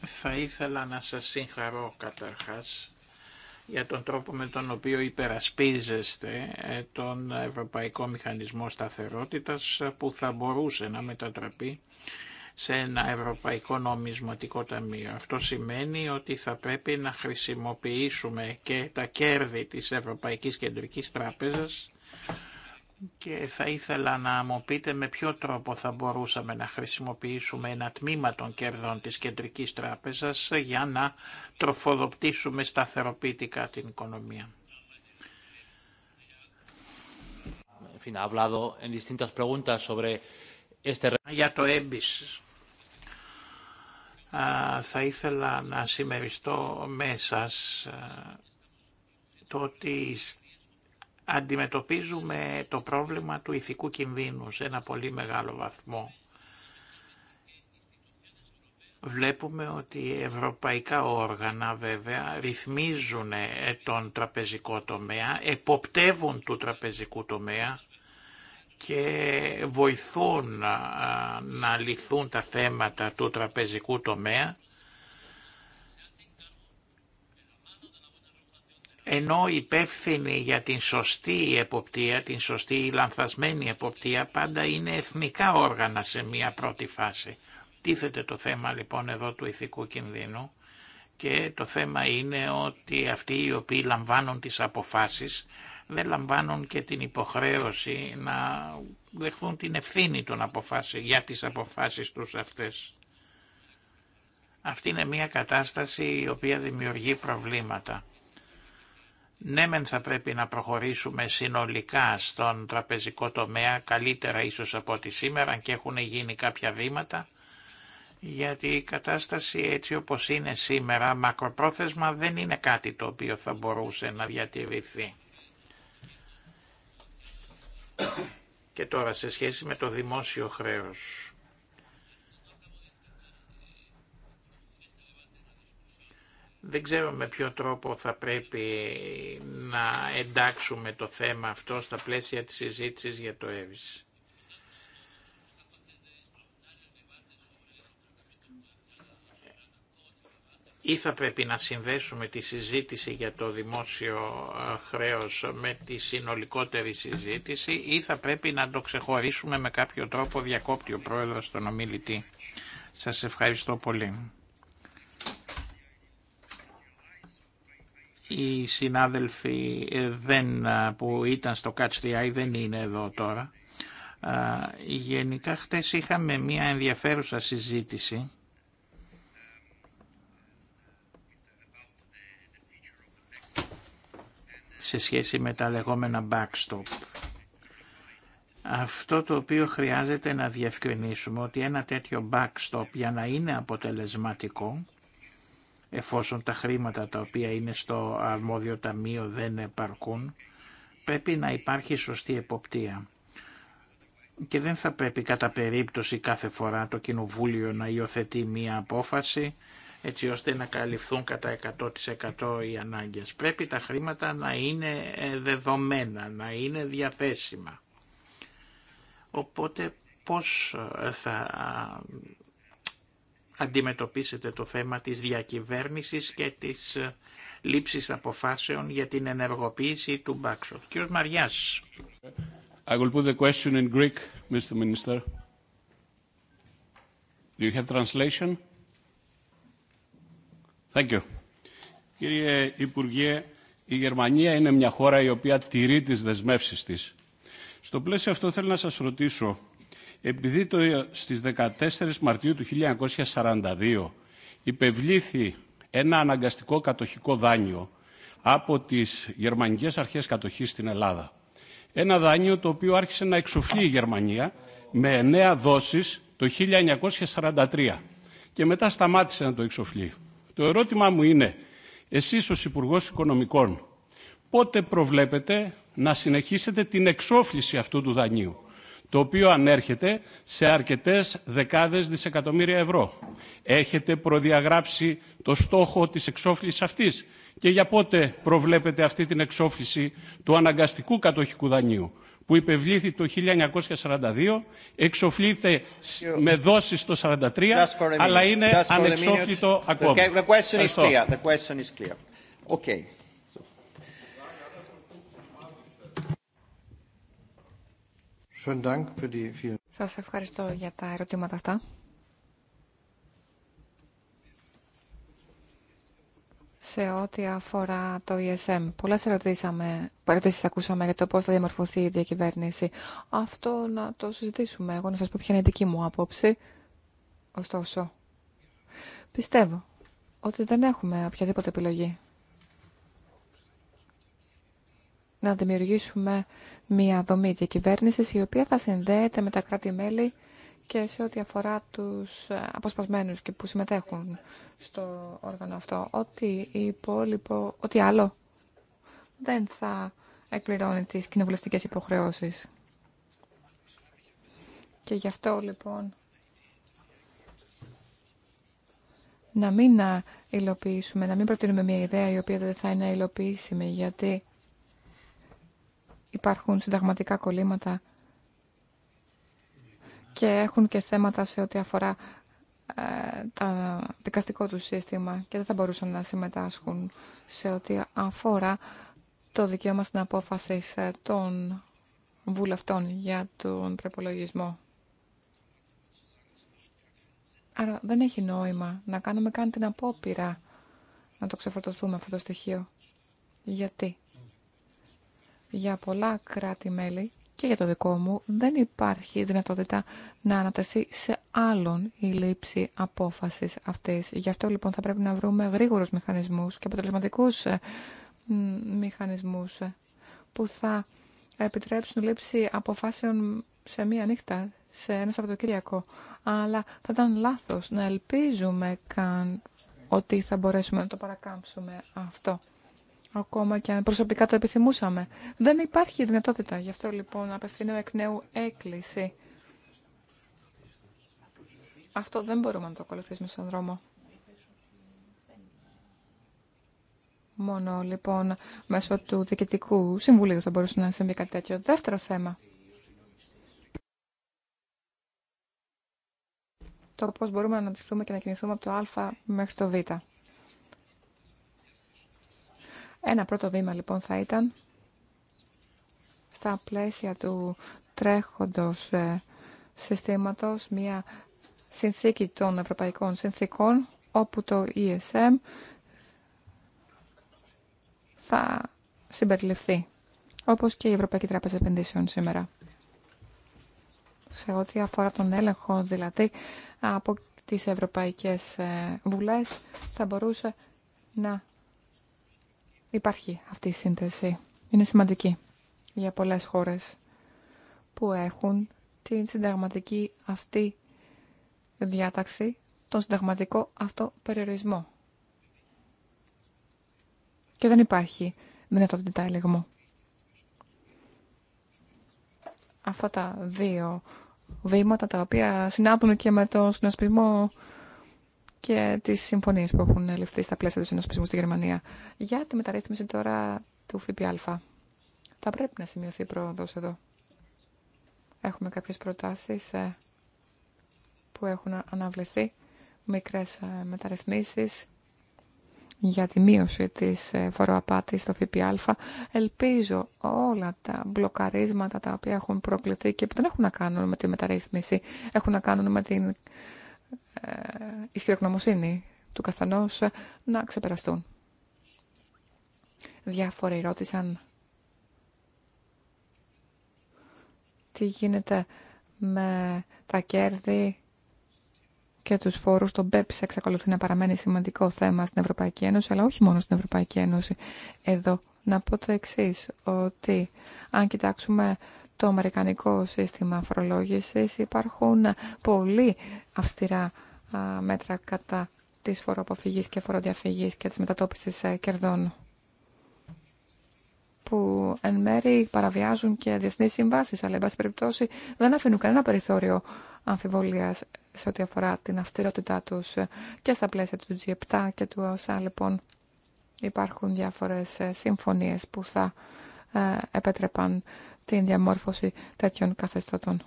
Θα ήθελα να σας συγχαρώ καταρχάς για τον τρόπο με τον οποίο υπερασπίζεστε ε, τον Ευρωπαϊκό Μηχανισμό Σταθερότητας που θα μπορούσε να μετατραπεί σε ένα Ευρωπαϊκό Νομισματικό Ταμείο. Αυτό σημαίνει ότι θα πρέπει να χρησιμοποιήσουμε και τα κέρδη της Ευρωπαϊκής Κεντρικής Τράπεζας και θα ήθελα να μου πείτε με ποιο τρόπο θα μπορούσαμε να χρησιμοποιήσουμε ένα τμήμα των κερδών της Κεντρικής Τράπεζας για να τροφοδοπτήσουμε σταθεροποιητικά την οικονομία. Για το έμπις. Θα ήθελα να συμμεριστώ μέσα ε, το ότι αντιμετωπίζουμε το πρόβλημα του ηθικού κινδύνου σε ένα πολύ μεγάλο βαθμό. Βλέπουμε ότι ευρωπαϊκά όργανα βέβαια ρυθμίζουν ε, τον τραπεζικό τομέα, εποπτεύουν του τραπεζικού τομέα και βοηθούν να λυθούν τα θέματα του τραπεζικού τομέα ενώ υπεύθυνοι για την σωστή εποπτεία, την σωστή ή λανθασμένη εποπτεία, πάντα είναι εθνικά όργανα σε μία πρώτη φάση. Τίθεται το θέμα λοιπόν εδώ του ηθικού κινδύνου και το θέμα είναι ότι αυτοί οι οποίοι λαμβάνουν τις αποφάσεις δεν λαμβάνουν και την υποχρέωση να δεχθούν την ευθύνη των για τις αποφάσεις τους αυτές. Αυτή είναι μια κατάσταση η οποία δημιουργεί προβλήματα. Ναι μεν θα πρέπει να προχωρήσουμε συνολικά στον τραπεζικό τομέα, καλύτερα ίσως από ό,τι σήμερα, και έχουν γίνει κάποια βήματα, γιατί η κατάσταση έτσι όπως είναι σήμερα, μακροπρόθεσμα δεν είναι κάτι το οποίο θα μπορούσε να διατηρηθεί. Και τώρα σε σχέση με το δημόσιο χρέος. Δεν ξέρω με ποιο τρόπο θα πρέπει να εντάξουμε το θέμα αυτό στα πλαίσια της συζήτησης για το ΕΒΙΣ. Ή θα πρέπει να συνδέσουμε τη συζήτηση για το δημόσιο χρέος με τη συνολικότερη συζήτηση ή θα πρέπει να το ξεχωρίσουμε με κάποιο τρόπο διακόπτει ο πρόεδρος τον ομιλητή. Σας ευχαριστώ πολύ. οι συνάδελφοι ε, δεν, ε, που ήταν στο Catch the δεν είναι εδώ τώρα. Γενικά χτες είχαμε μια ενδιαφέρουσα συζήτηση σε σχέση με τα λεγόμενα backstop. Αυτό το οποίο χρειάζεται να διευκρινίσουμε ότι ένα τέτοιο backstop για να είναι αποτελεσματικό εφόσον τα χρήματα τα οποία είναι στο αρμόδιο ταμείο δεν επαρκούν, πρέπει να υπάρχει σωστή εποπτεία. Και δεν θα πρέπει κατά περίπτωση κάθε φορά το Κοινοβούλιο να υιοθετεί μία απόφαση έτσι ώστε να καλυφθούν κατά 100% οι ανάγκες. Πρέπει τα χρήματα να είναι ε, δεδομένα, να είναι διαθέσιμα. Οπότε πώς θα αντιμετωπίσετε το θέμα της διακυβέρνησης και της ε, λήψης αποφάσεων για την ενεργοποίηση του Μπάξοφ. Κύριος Μαριάς. I question in Greek, Mr. Minister. Do translation? Thank you. Κύριε Υπουργέ, η Γερμανία είναι μια χώρα η οποία τηρεί τις δεσμεύσεις της. Στο πλαίσιο αυτό θέλω να σας ρωτήσω επειδή το, ε, στις 14 Μαρτίου του 1942 υπευλήθη ένα αναγκαστικό κατοχικό δάνειο από τις γερμανικές αρχές κατοχής στην Ελλάδα. Ένα δάνειο το οποίο άρχισε να εξοφλεί η Γερμανία με εννέα δόσεις το 1943 και μετά σταμάτησε να το εξοφλεί. Το ερώτημά μου είναι, εσείς ως Υπουργός Οικονομικών, πότε προβλέπετε να συνεχίσετε την εξόφληση αυτού του δανείου το οποίο ανέρχεται σε αρκετές δεκάδες δισεκατομμύρια ευρώ. Έχετε προδιαγράψει το στόχο της εξόφλησης αυτής και για πότε προβλέπετε αυτή την εξόφληση του αναγκαστικού κατοχικού δανείου που υπευλήθη το 1942, εξοφλείται με δόσεις το 1943, αλλά είναι ανεξόφλητο ακόμα. Okay. Σας ευχαριστώ για τα ερωτήματα αυτά. σε ό,τι αφορά το ESM. Πολλές ερωτήσαμε, ερωτήσεις ακούσαμε για το πώς θα διαμορφωθεί η διακυβέρνηση. Αυτό να το συζητήσουμε. Εγώ να σας πω ποια είναι η δική μου άποψη. Ωστόσο, πιστεύω ότι δεν έχουμε οποιαδήποτε επιλογή. να δημιουργήσουμε μια δομή διακυβέρνηση η οποία θα συνδέεται με τα κράτη-μέλη και σε ό,τι αφορά τους ε, αποσπασμένους και που συμμετέχουν στο όργανο αυτό. Ό,τι υπόλοιπο, ό,τι άλλο δεν θα εκπληρώνει τις κοινοβουλευτικές υποχρεώσεις. Και γι' αυτό λοιπόν να μην να υλοποιήσουμε, να μην προτείνουμε μια ιδέα η οποία δεν θα είναι υλοποιήσιμη, γιατί υπάρχουν συνταγματικά κολλήματα και έχουν και θέματα σε ό,τι αφορά ε, το δικαστικό του σύστημα και δεν θα μπορούσαν να συμμετάσχουν σε ό,τι αφορά το δικαίωμα στην απόφαση ε, των βουλευτών για τον προπολογισμό. Άρα δεν έχει νόημα να κάνουμε καν την απόπειρα να το ξεφορτωθούμε αυτό το στοιχείο. Γιατί για πολλά κράτη-μέλη και για το δικό μου δεν υπάρχει δυνατότητα να ανατεθεί σε άλλον η λήψη απόφασης αυτής. Γι' αυτό λοιπόν θα πρέπει να βρούμε γρήγορους μηχανισμούς και αποτελεσματικούς ε, μηχανισμούς ε, που θα επιτρέψουν λήψη αποφάσεων σε μία νύχτα, σε ένα Σαββατοκύριακο. Αλλά θα ήταν λάθος να ελπίζουμε καν ότι θα μπορέσουμε να το παρακάμψουμε αυτό ακόμα και αν προσωπικά το επιθυμούσαμε. Δεν υπάρχει δυνατότητα. Γι' αυτό λοιπόν απευθύνω εκ νέου έκκληση. Αυτό δεν μπορούμε να το ακολουθήσουμε στον δρόμο. Μόνο λοιπόν μέσω του Διοικητικού Συμβουλίου θα μπορούσε να συμβεί κάτι τέτοιο. Δεύτερο θέμα. Το πώς μπορούμε να αναπτυχθούμε και να κινηθούμε από το Α μέχρι το Β. Ένα πρώτο βήμα λοιπόν θα ήταν στα πλαίσια του τρέχοντος ε, συστήματος μια συνθήκη των ευρωπαϊκών συνθήκων όπου το ESM θα συμπεριληφθεί όπως και η Ευρωπαϊκή Τράπεζα Επενδύσεων σήμερα. Σε ό,τι αφορά τον έλεγχο δηλαδή από τις Ευρωπαϊκές ε, Βουλές θα μπορούσε να υπάρχει αυτή η σύνθεση. Είναι σημαντική για πολλές χώρες που έχουν την συνταγματική αυτή διάταξη, τον συνταγματικό αυτό περιορισμό. Και δεν υπάρχει δυνατότητα ελεγμού. Αυτά τα δύο βήματα τα οποία συνάπτουν και με τον συνασπισμό και τι συμφωνίε που έχουν ληφθεί στα πλαίσια του συνασπισμού στη Γερμανία. Για τη μεταρρύθμιση τώρα του ΦΠΑ. Θα πρέπει να σημειωθεί πρόοδο εδώ. Έχουμε κάποιες προτάσεις ε, που έχουν αναβληθεί, μικρές ε, μεταρρυθμίσει για τη μείωση της ε, φοροαπάτης στο ΦΠΑ. Ελπίζω όλα τα μπλοκαρίσματα τα οποία έχουν προκληθεί και που δεν έχουν να κάνουν με τη μεταρρύθμιση, έχουν να κάνουν με την ε, ισχυρογνωμοσύνη του καθενός να ξεπεραστούν. Διάφοροι ρώτησαν τι γίνεται με τα κέρδη και τους φόρους. Το BEPS εξακολουθεί να παραμένει σημαντικό θέμα στην Ευρωπαϊκή Ένωση, αλλά όχι μόνο στην Ευρωπαϊκή Ένωση. Εδώ να πω το εξής, ότι αν κοιτάξουμε το αμερικανικό σύστημα φορολόγησης υπάρχουν πολύ αυστηρά μέτρα κατά της φοροαποφυγής και φοροδιαφυγής και της μετατόπισης ε, κερδών που εν μέρη παραβιάζουν και διεθνείς συμβάσεις, αλλά εν πάση περιπτώσει δεν αφήνουν κανένα περιθώριο αμφιβολίας σε ό,τι αφορά την αυστηρότητά τους και στα πλαίσια του G7 και του ΩΣΑ. λοιπόν, υπάρχουν διάφορες ε, συμφωνίες που θα ε, επέτρεπαν την διαμόρφωση τέτοιων καθεστώτων.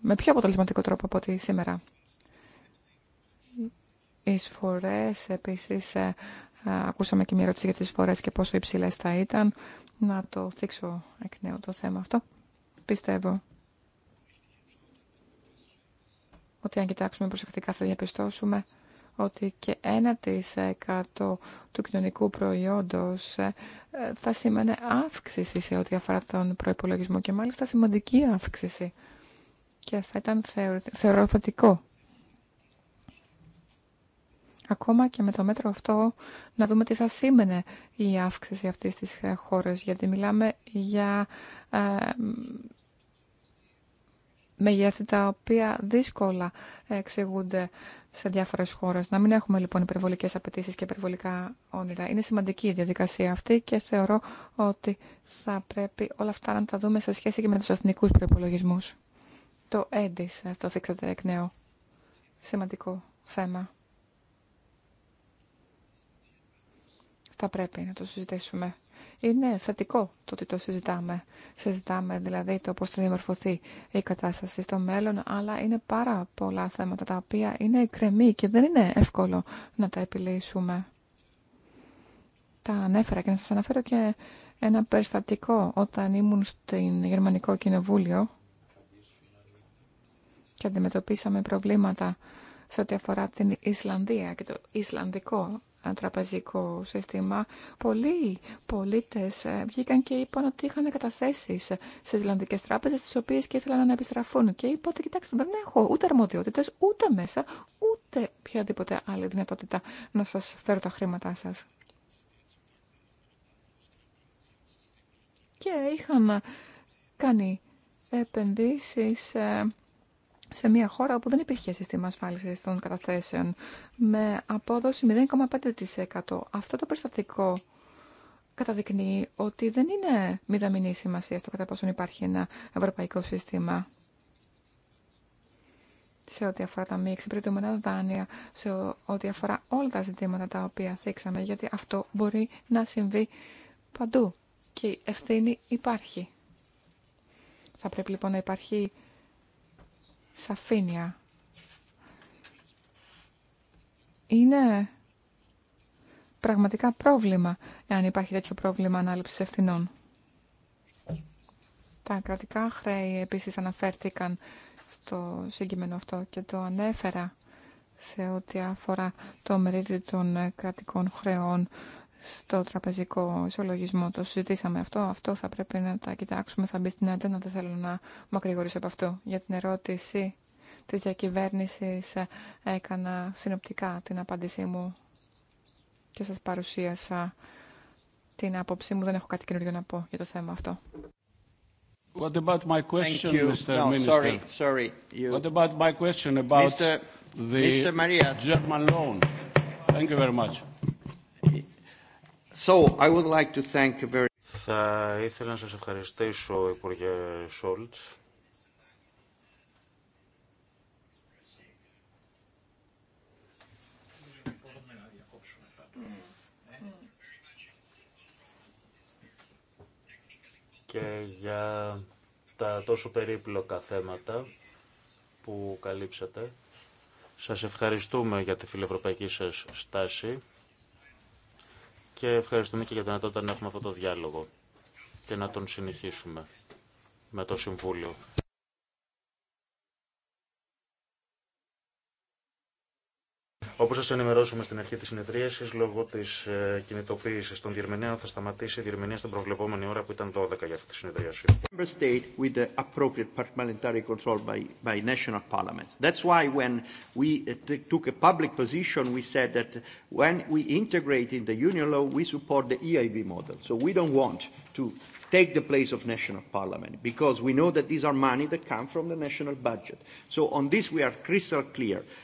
Με πιο αποτελεσματικό τρόπο από ότι σήμερα. Οι σφορές, επίσης, ε, ε, ακούσαμε και μια ερώτηση για τις σφορές και πόσο υψηλές θα ήταν. Να το θίξω εκ νέου το θέμα αυτό. Πιστεύω ότι αν κοιτάξουμε προσεκτικά θα διαπιστώσουμε ότι και 1% του κοινωνικού προϊόντος ε, θα σήμαινε αύξηση σε ό,τι αφορά τον προϋπολογισμό και μάλιστα σημαντική αύξηση. Και θα ήταν θεωρητικό. Ακόμα και με το μέτρο αυτό να δούμε τι θα σήμαινε η αύξηση αυτή της χώρες, γιατί μιλάμε για ε, μεγέθη τα οποία δύσκολα εξηγούνται σε διάφορες χώρες. Να μην έχουμε λοιπόν υπερβολικές απαιτήσει και υπερβολικά όνειρα. Είναι σημαντική η διαδικασία αυτή και θεωρώ ότι θα πρέπει όλα αυτά να τα δούμε σε σχέση και με τους εθνικούς προπολογισμού. Το έντις αυτό ε, θίξατε εκ νέου. Σημαντικό θέμα. Θα πρέπει να το συζητήσουμε είναι θετικό το ότι το συζητάμε. Συζητάμε δηλαδή το πώς θα διαμορφωθεί η κατάσταση στο μέλλον, αλλά είναι πάρα πολλά θέματα τα οποία είναι κρεμή και δεν είναι εύκολο να τα επιλύσουμε. Τα ανέφερα και να σας αναφέρω και ένα περιστατικό όταν ήμουν στην Γερμανικό Κοινοβούλιο και αντιμετωπίσαμε προβλήματα σε ό,τι αφορά την Ισλανδία και το Ισλανδικό τραπεζικό σύστημα, πολλοί πολίτες ε, βγήκαν και είπαν ότι είχαν καταθέσεις στι Ισλανδικέ τράπεζες, τι οποίες και ήθελαν να επιστραφούν. Και είπα ότι κοιτάξτε, δεν έχω ούτε αρμοδιότητε ούτε μέσα, ούτε οποιαδήποτε άλλη δυνατότητα να σας φέρω τα χρήματά σας. Και είχαν κάνει επενδύσεις ε, σε μια χώρα όπου δεν υπήρχε σύστημα ασφάλιση των καταθέσεων με απόδοση 0,5%. Αυτό το περιστατικό καταδεικνύει ότι δεν είναι μηδαμινή σημασία στο κατά πόσον υπάρχει ένα ευρωπαϊκό σύστημα σε ό,τι αφορά τα μη εξυπηρετούμενα δάνεια, σε ό,τι αφορά όλα τα ζητήματα τα οποία θίξαμε, γιατί αυτό μπορεί να συμβεί παντού και η ευθύνη υπάρχει. Θα πρέπει λοιπόν να υπάρχει σαφήνεια. Είναι πραγματικά πρόβλημα, εάν υπάρχει τέτοιο πρόβλημα ανάληψης ευθυνών. Τα κρατικά χρέη επίσης αναφέρθηκαν στο σύγκειμενο αυτό και το ανέφερα σε ό,τι αφορά το μερίδιο των κρατικών χρεών στο τραπεζικό ισολογισμό. Το συζητήσαμε αυτό. Αυτό θα πρέπει να τα κοιτάξουμε. Θα μπει στην ατζέντα. Δεν θέλω να μακρηγορήσω από αυτό. Για την ερώτηση της διακυβέρνησης ε, έκανα συνοπτικά την απάντησή μου και σας παρουσίασα την άποψή μου. Δεν έχω κάτι καινούργιο να πω για το θέμα αυτό. What about my question, Mr. No, Minister? Sorry, sorry. You... What about my question about Mr. the Mr. Marias. German loan? Thank you very much. So, would like to thank very... Θα ήθελα να σας ευχαριστήσω, Υπουργέ Σόλτς. και για τα τόσο περίπλοκα θέματα που καλύψατε. Σας ευχαριστούμε για τη φιλευρωπαϊκή σας στάση και ευχαριστούμε και για τη δυνατότητα να έχουμε αυτό το διάλογο και να τον συνεχίσουμε με το Συμβούλιο. Όπω σα ενημερώσαμε στην αρχή τη συνεδρίαση, λόγω τη ε, κινητοποίηση των διερμηνέων θα σταματήσει η διερμηνία στην προβλεπόμενη ώρα που ήταν 12 για αυτή τη συνεδρίαση. State with the appropriate parliamentary control by, by national parliaments. That's why when we took a public position, we said that when we integrate in the union law, we support the EIB model. So we don't want to take the place of national parliament because we know that these are money that come from the national budget. So on this we are crystal clear.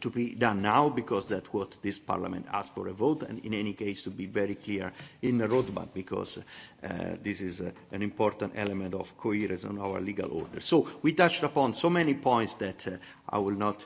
to be done now because that's what this parliament asked for a vote and in any case to be very clear in the roadmap because this is an important element of coherence on our legal order. So we touched upon so many points that I will not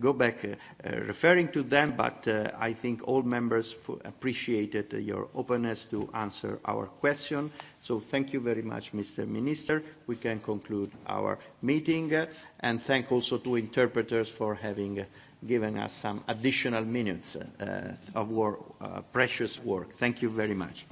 go back referring to them but I think all members appreciated your openness to answer our question So thank you very much, Mr. Minister. We can conclude our meeting and thank also to interpreters for having given us some additional minutes of work, precious work. Thank you very much.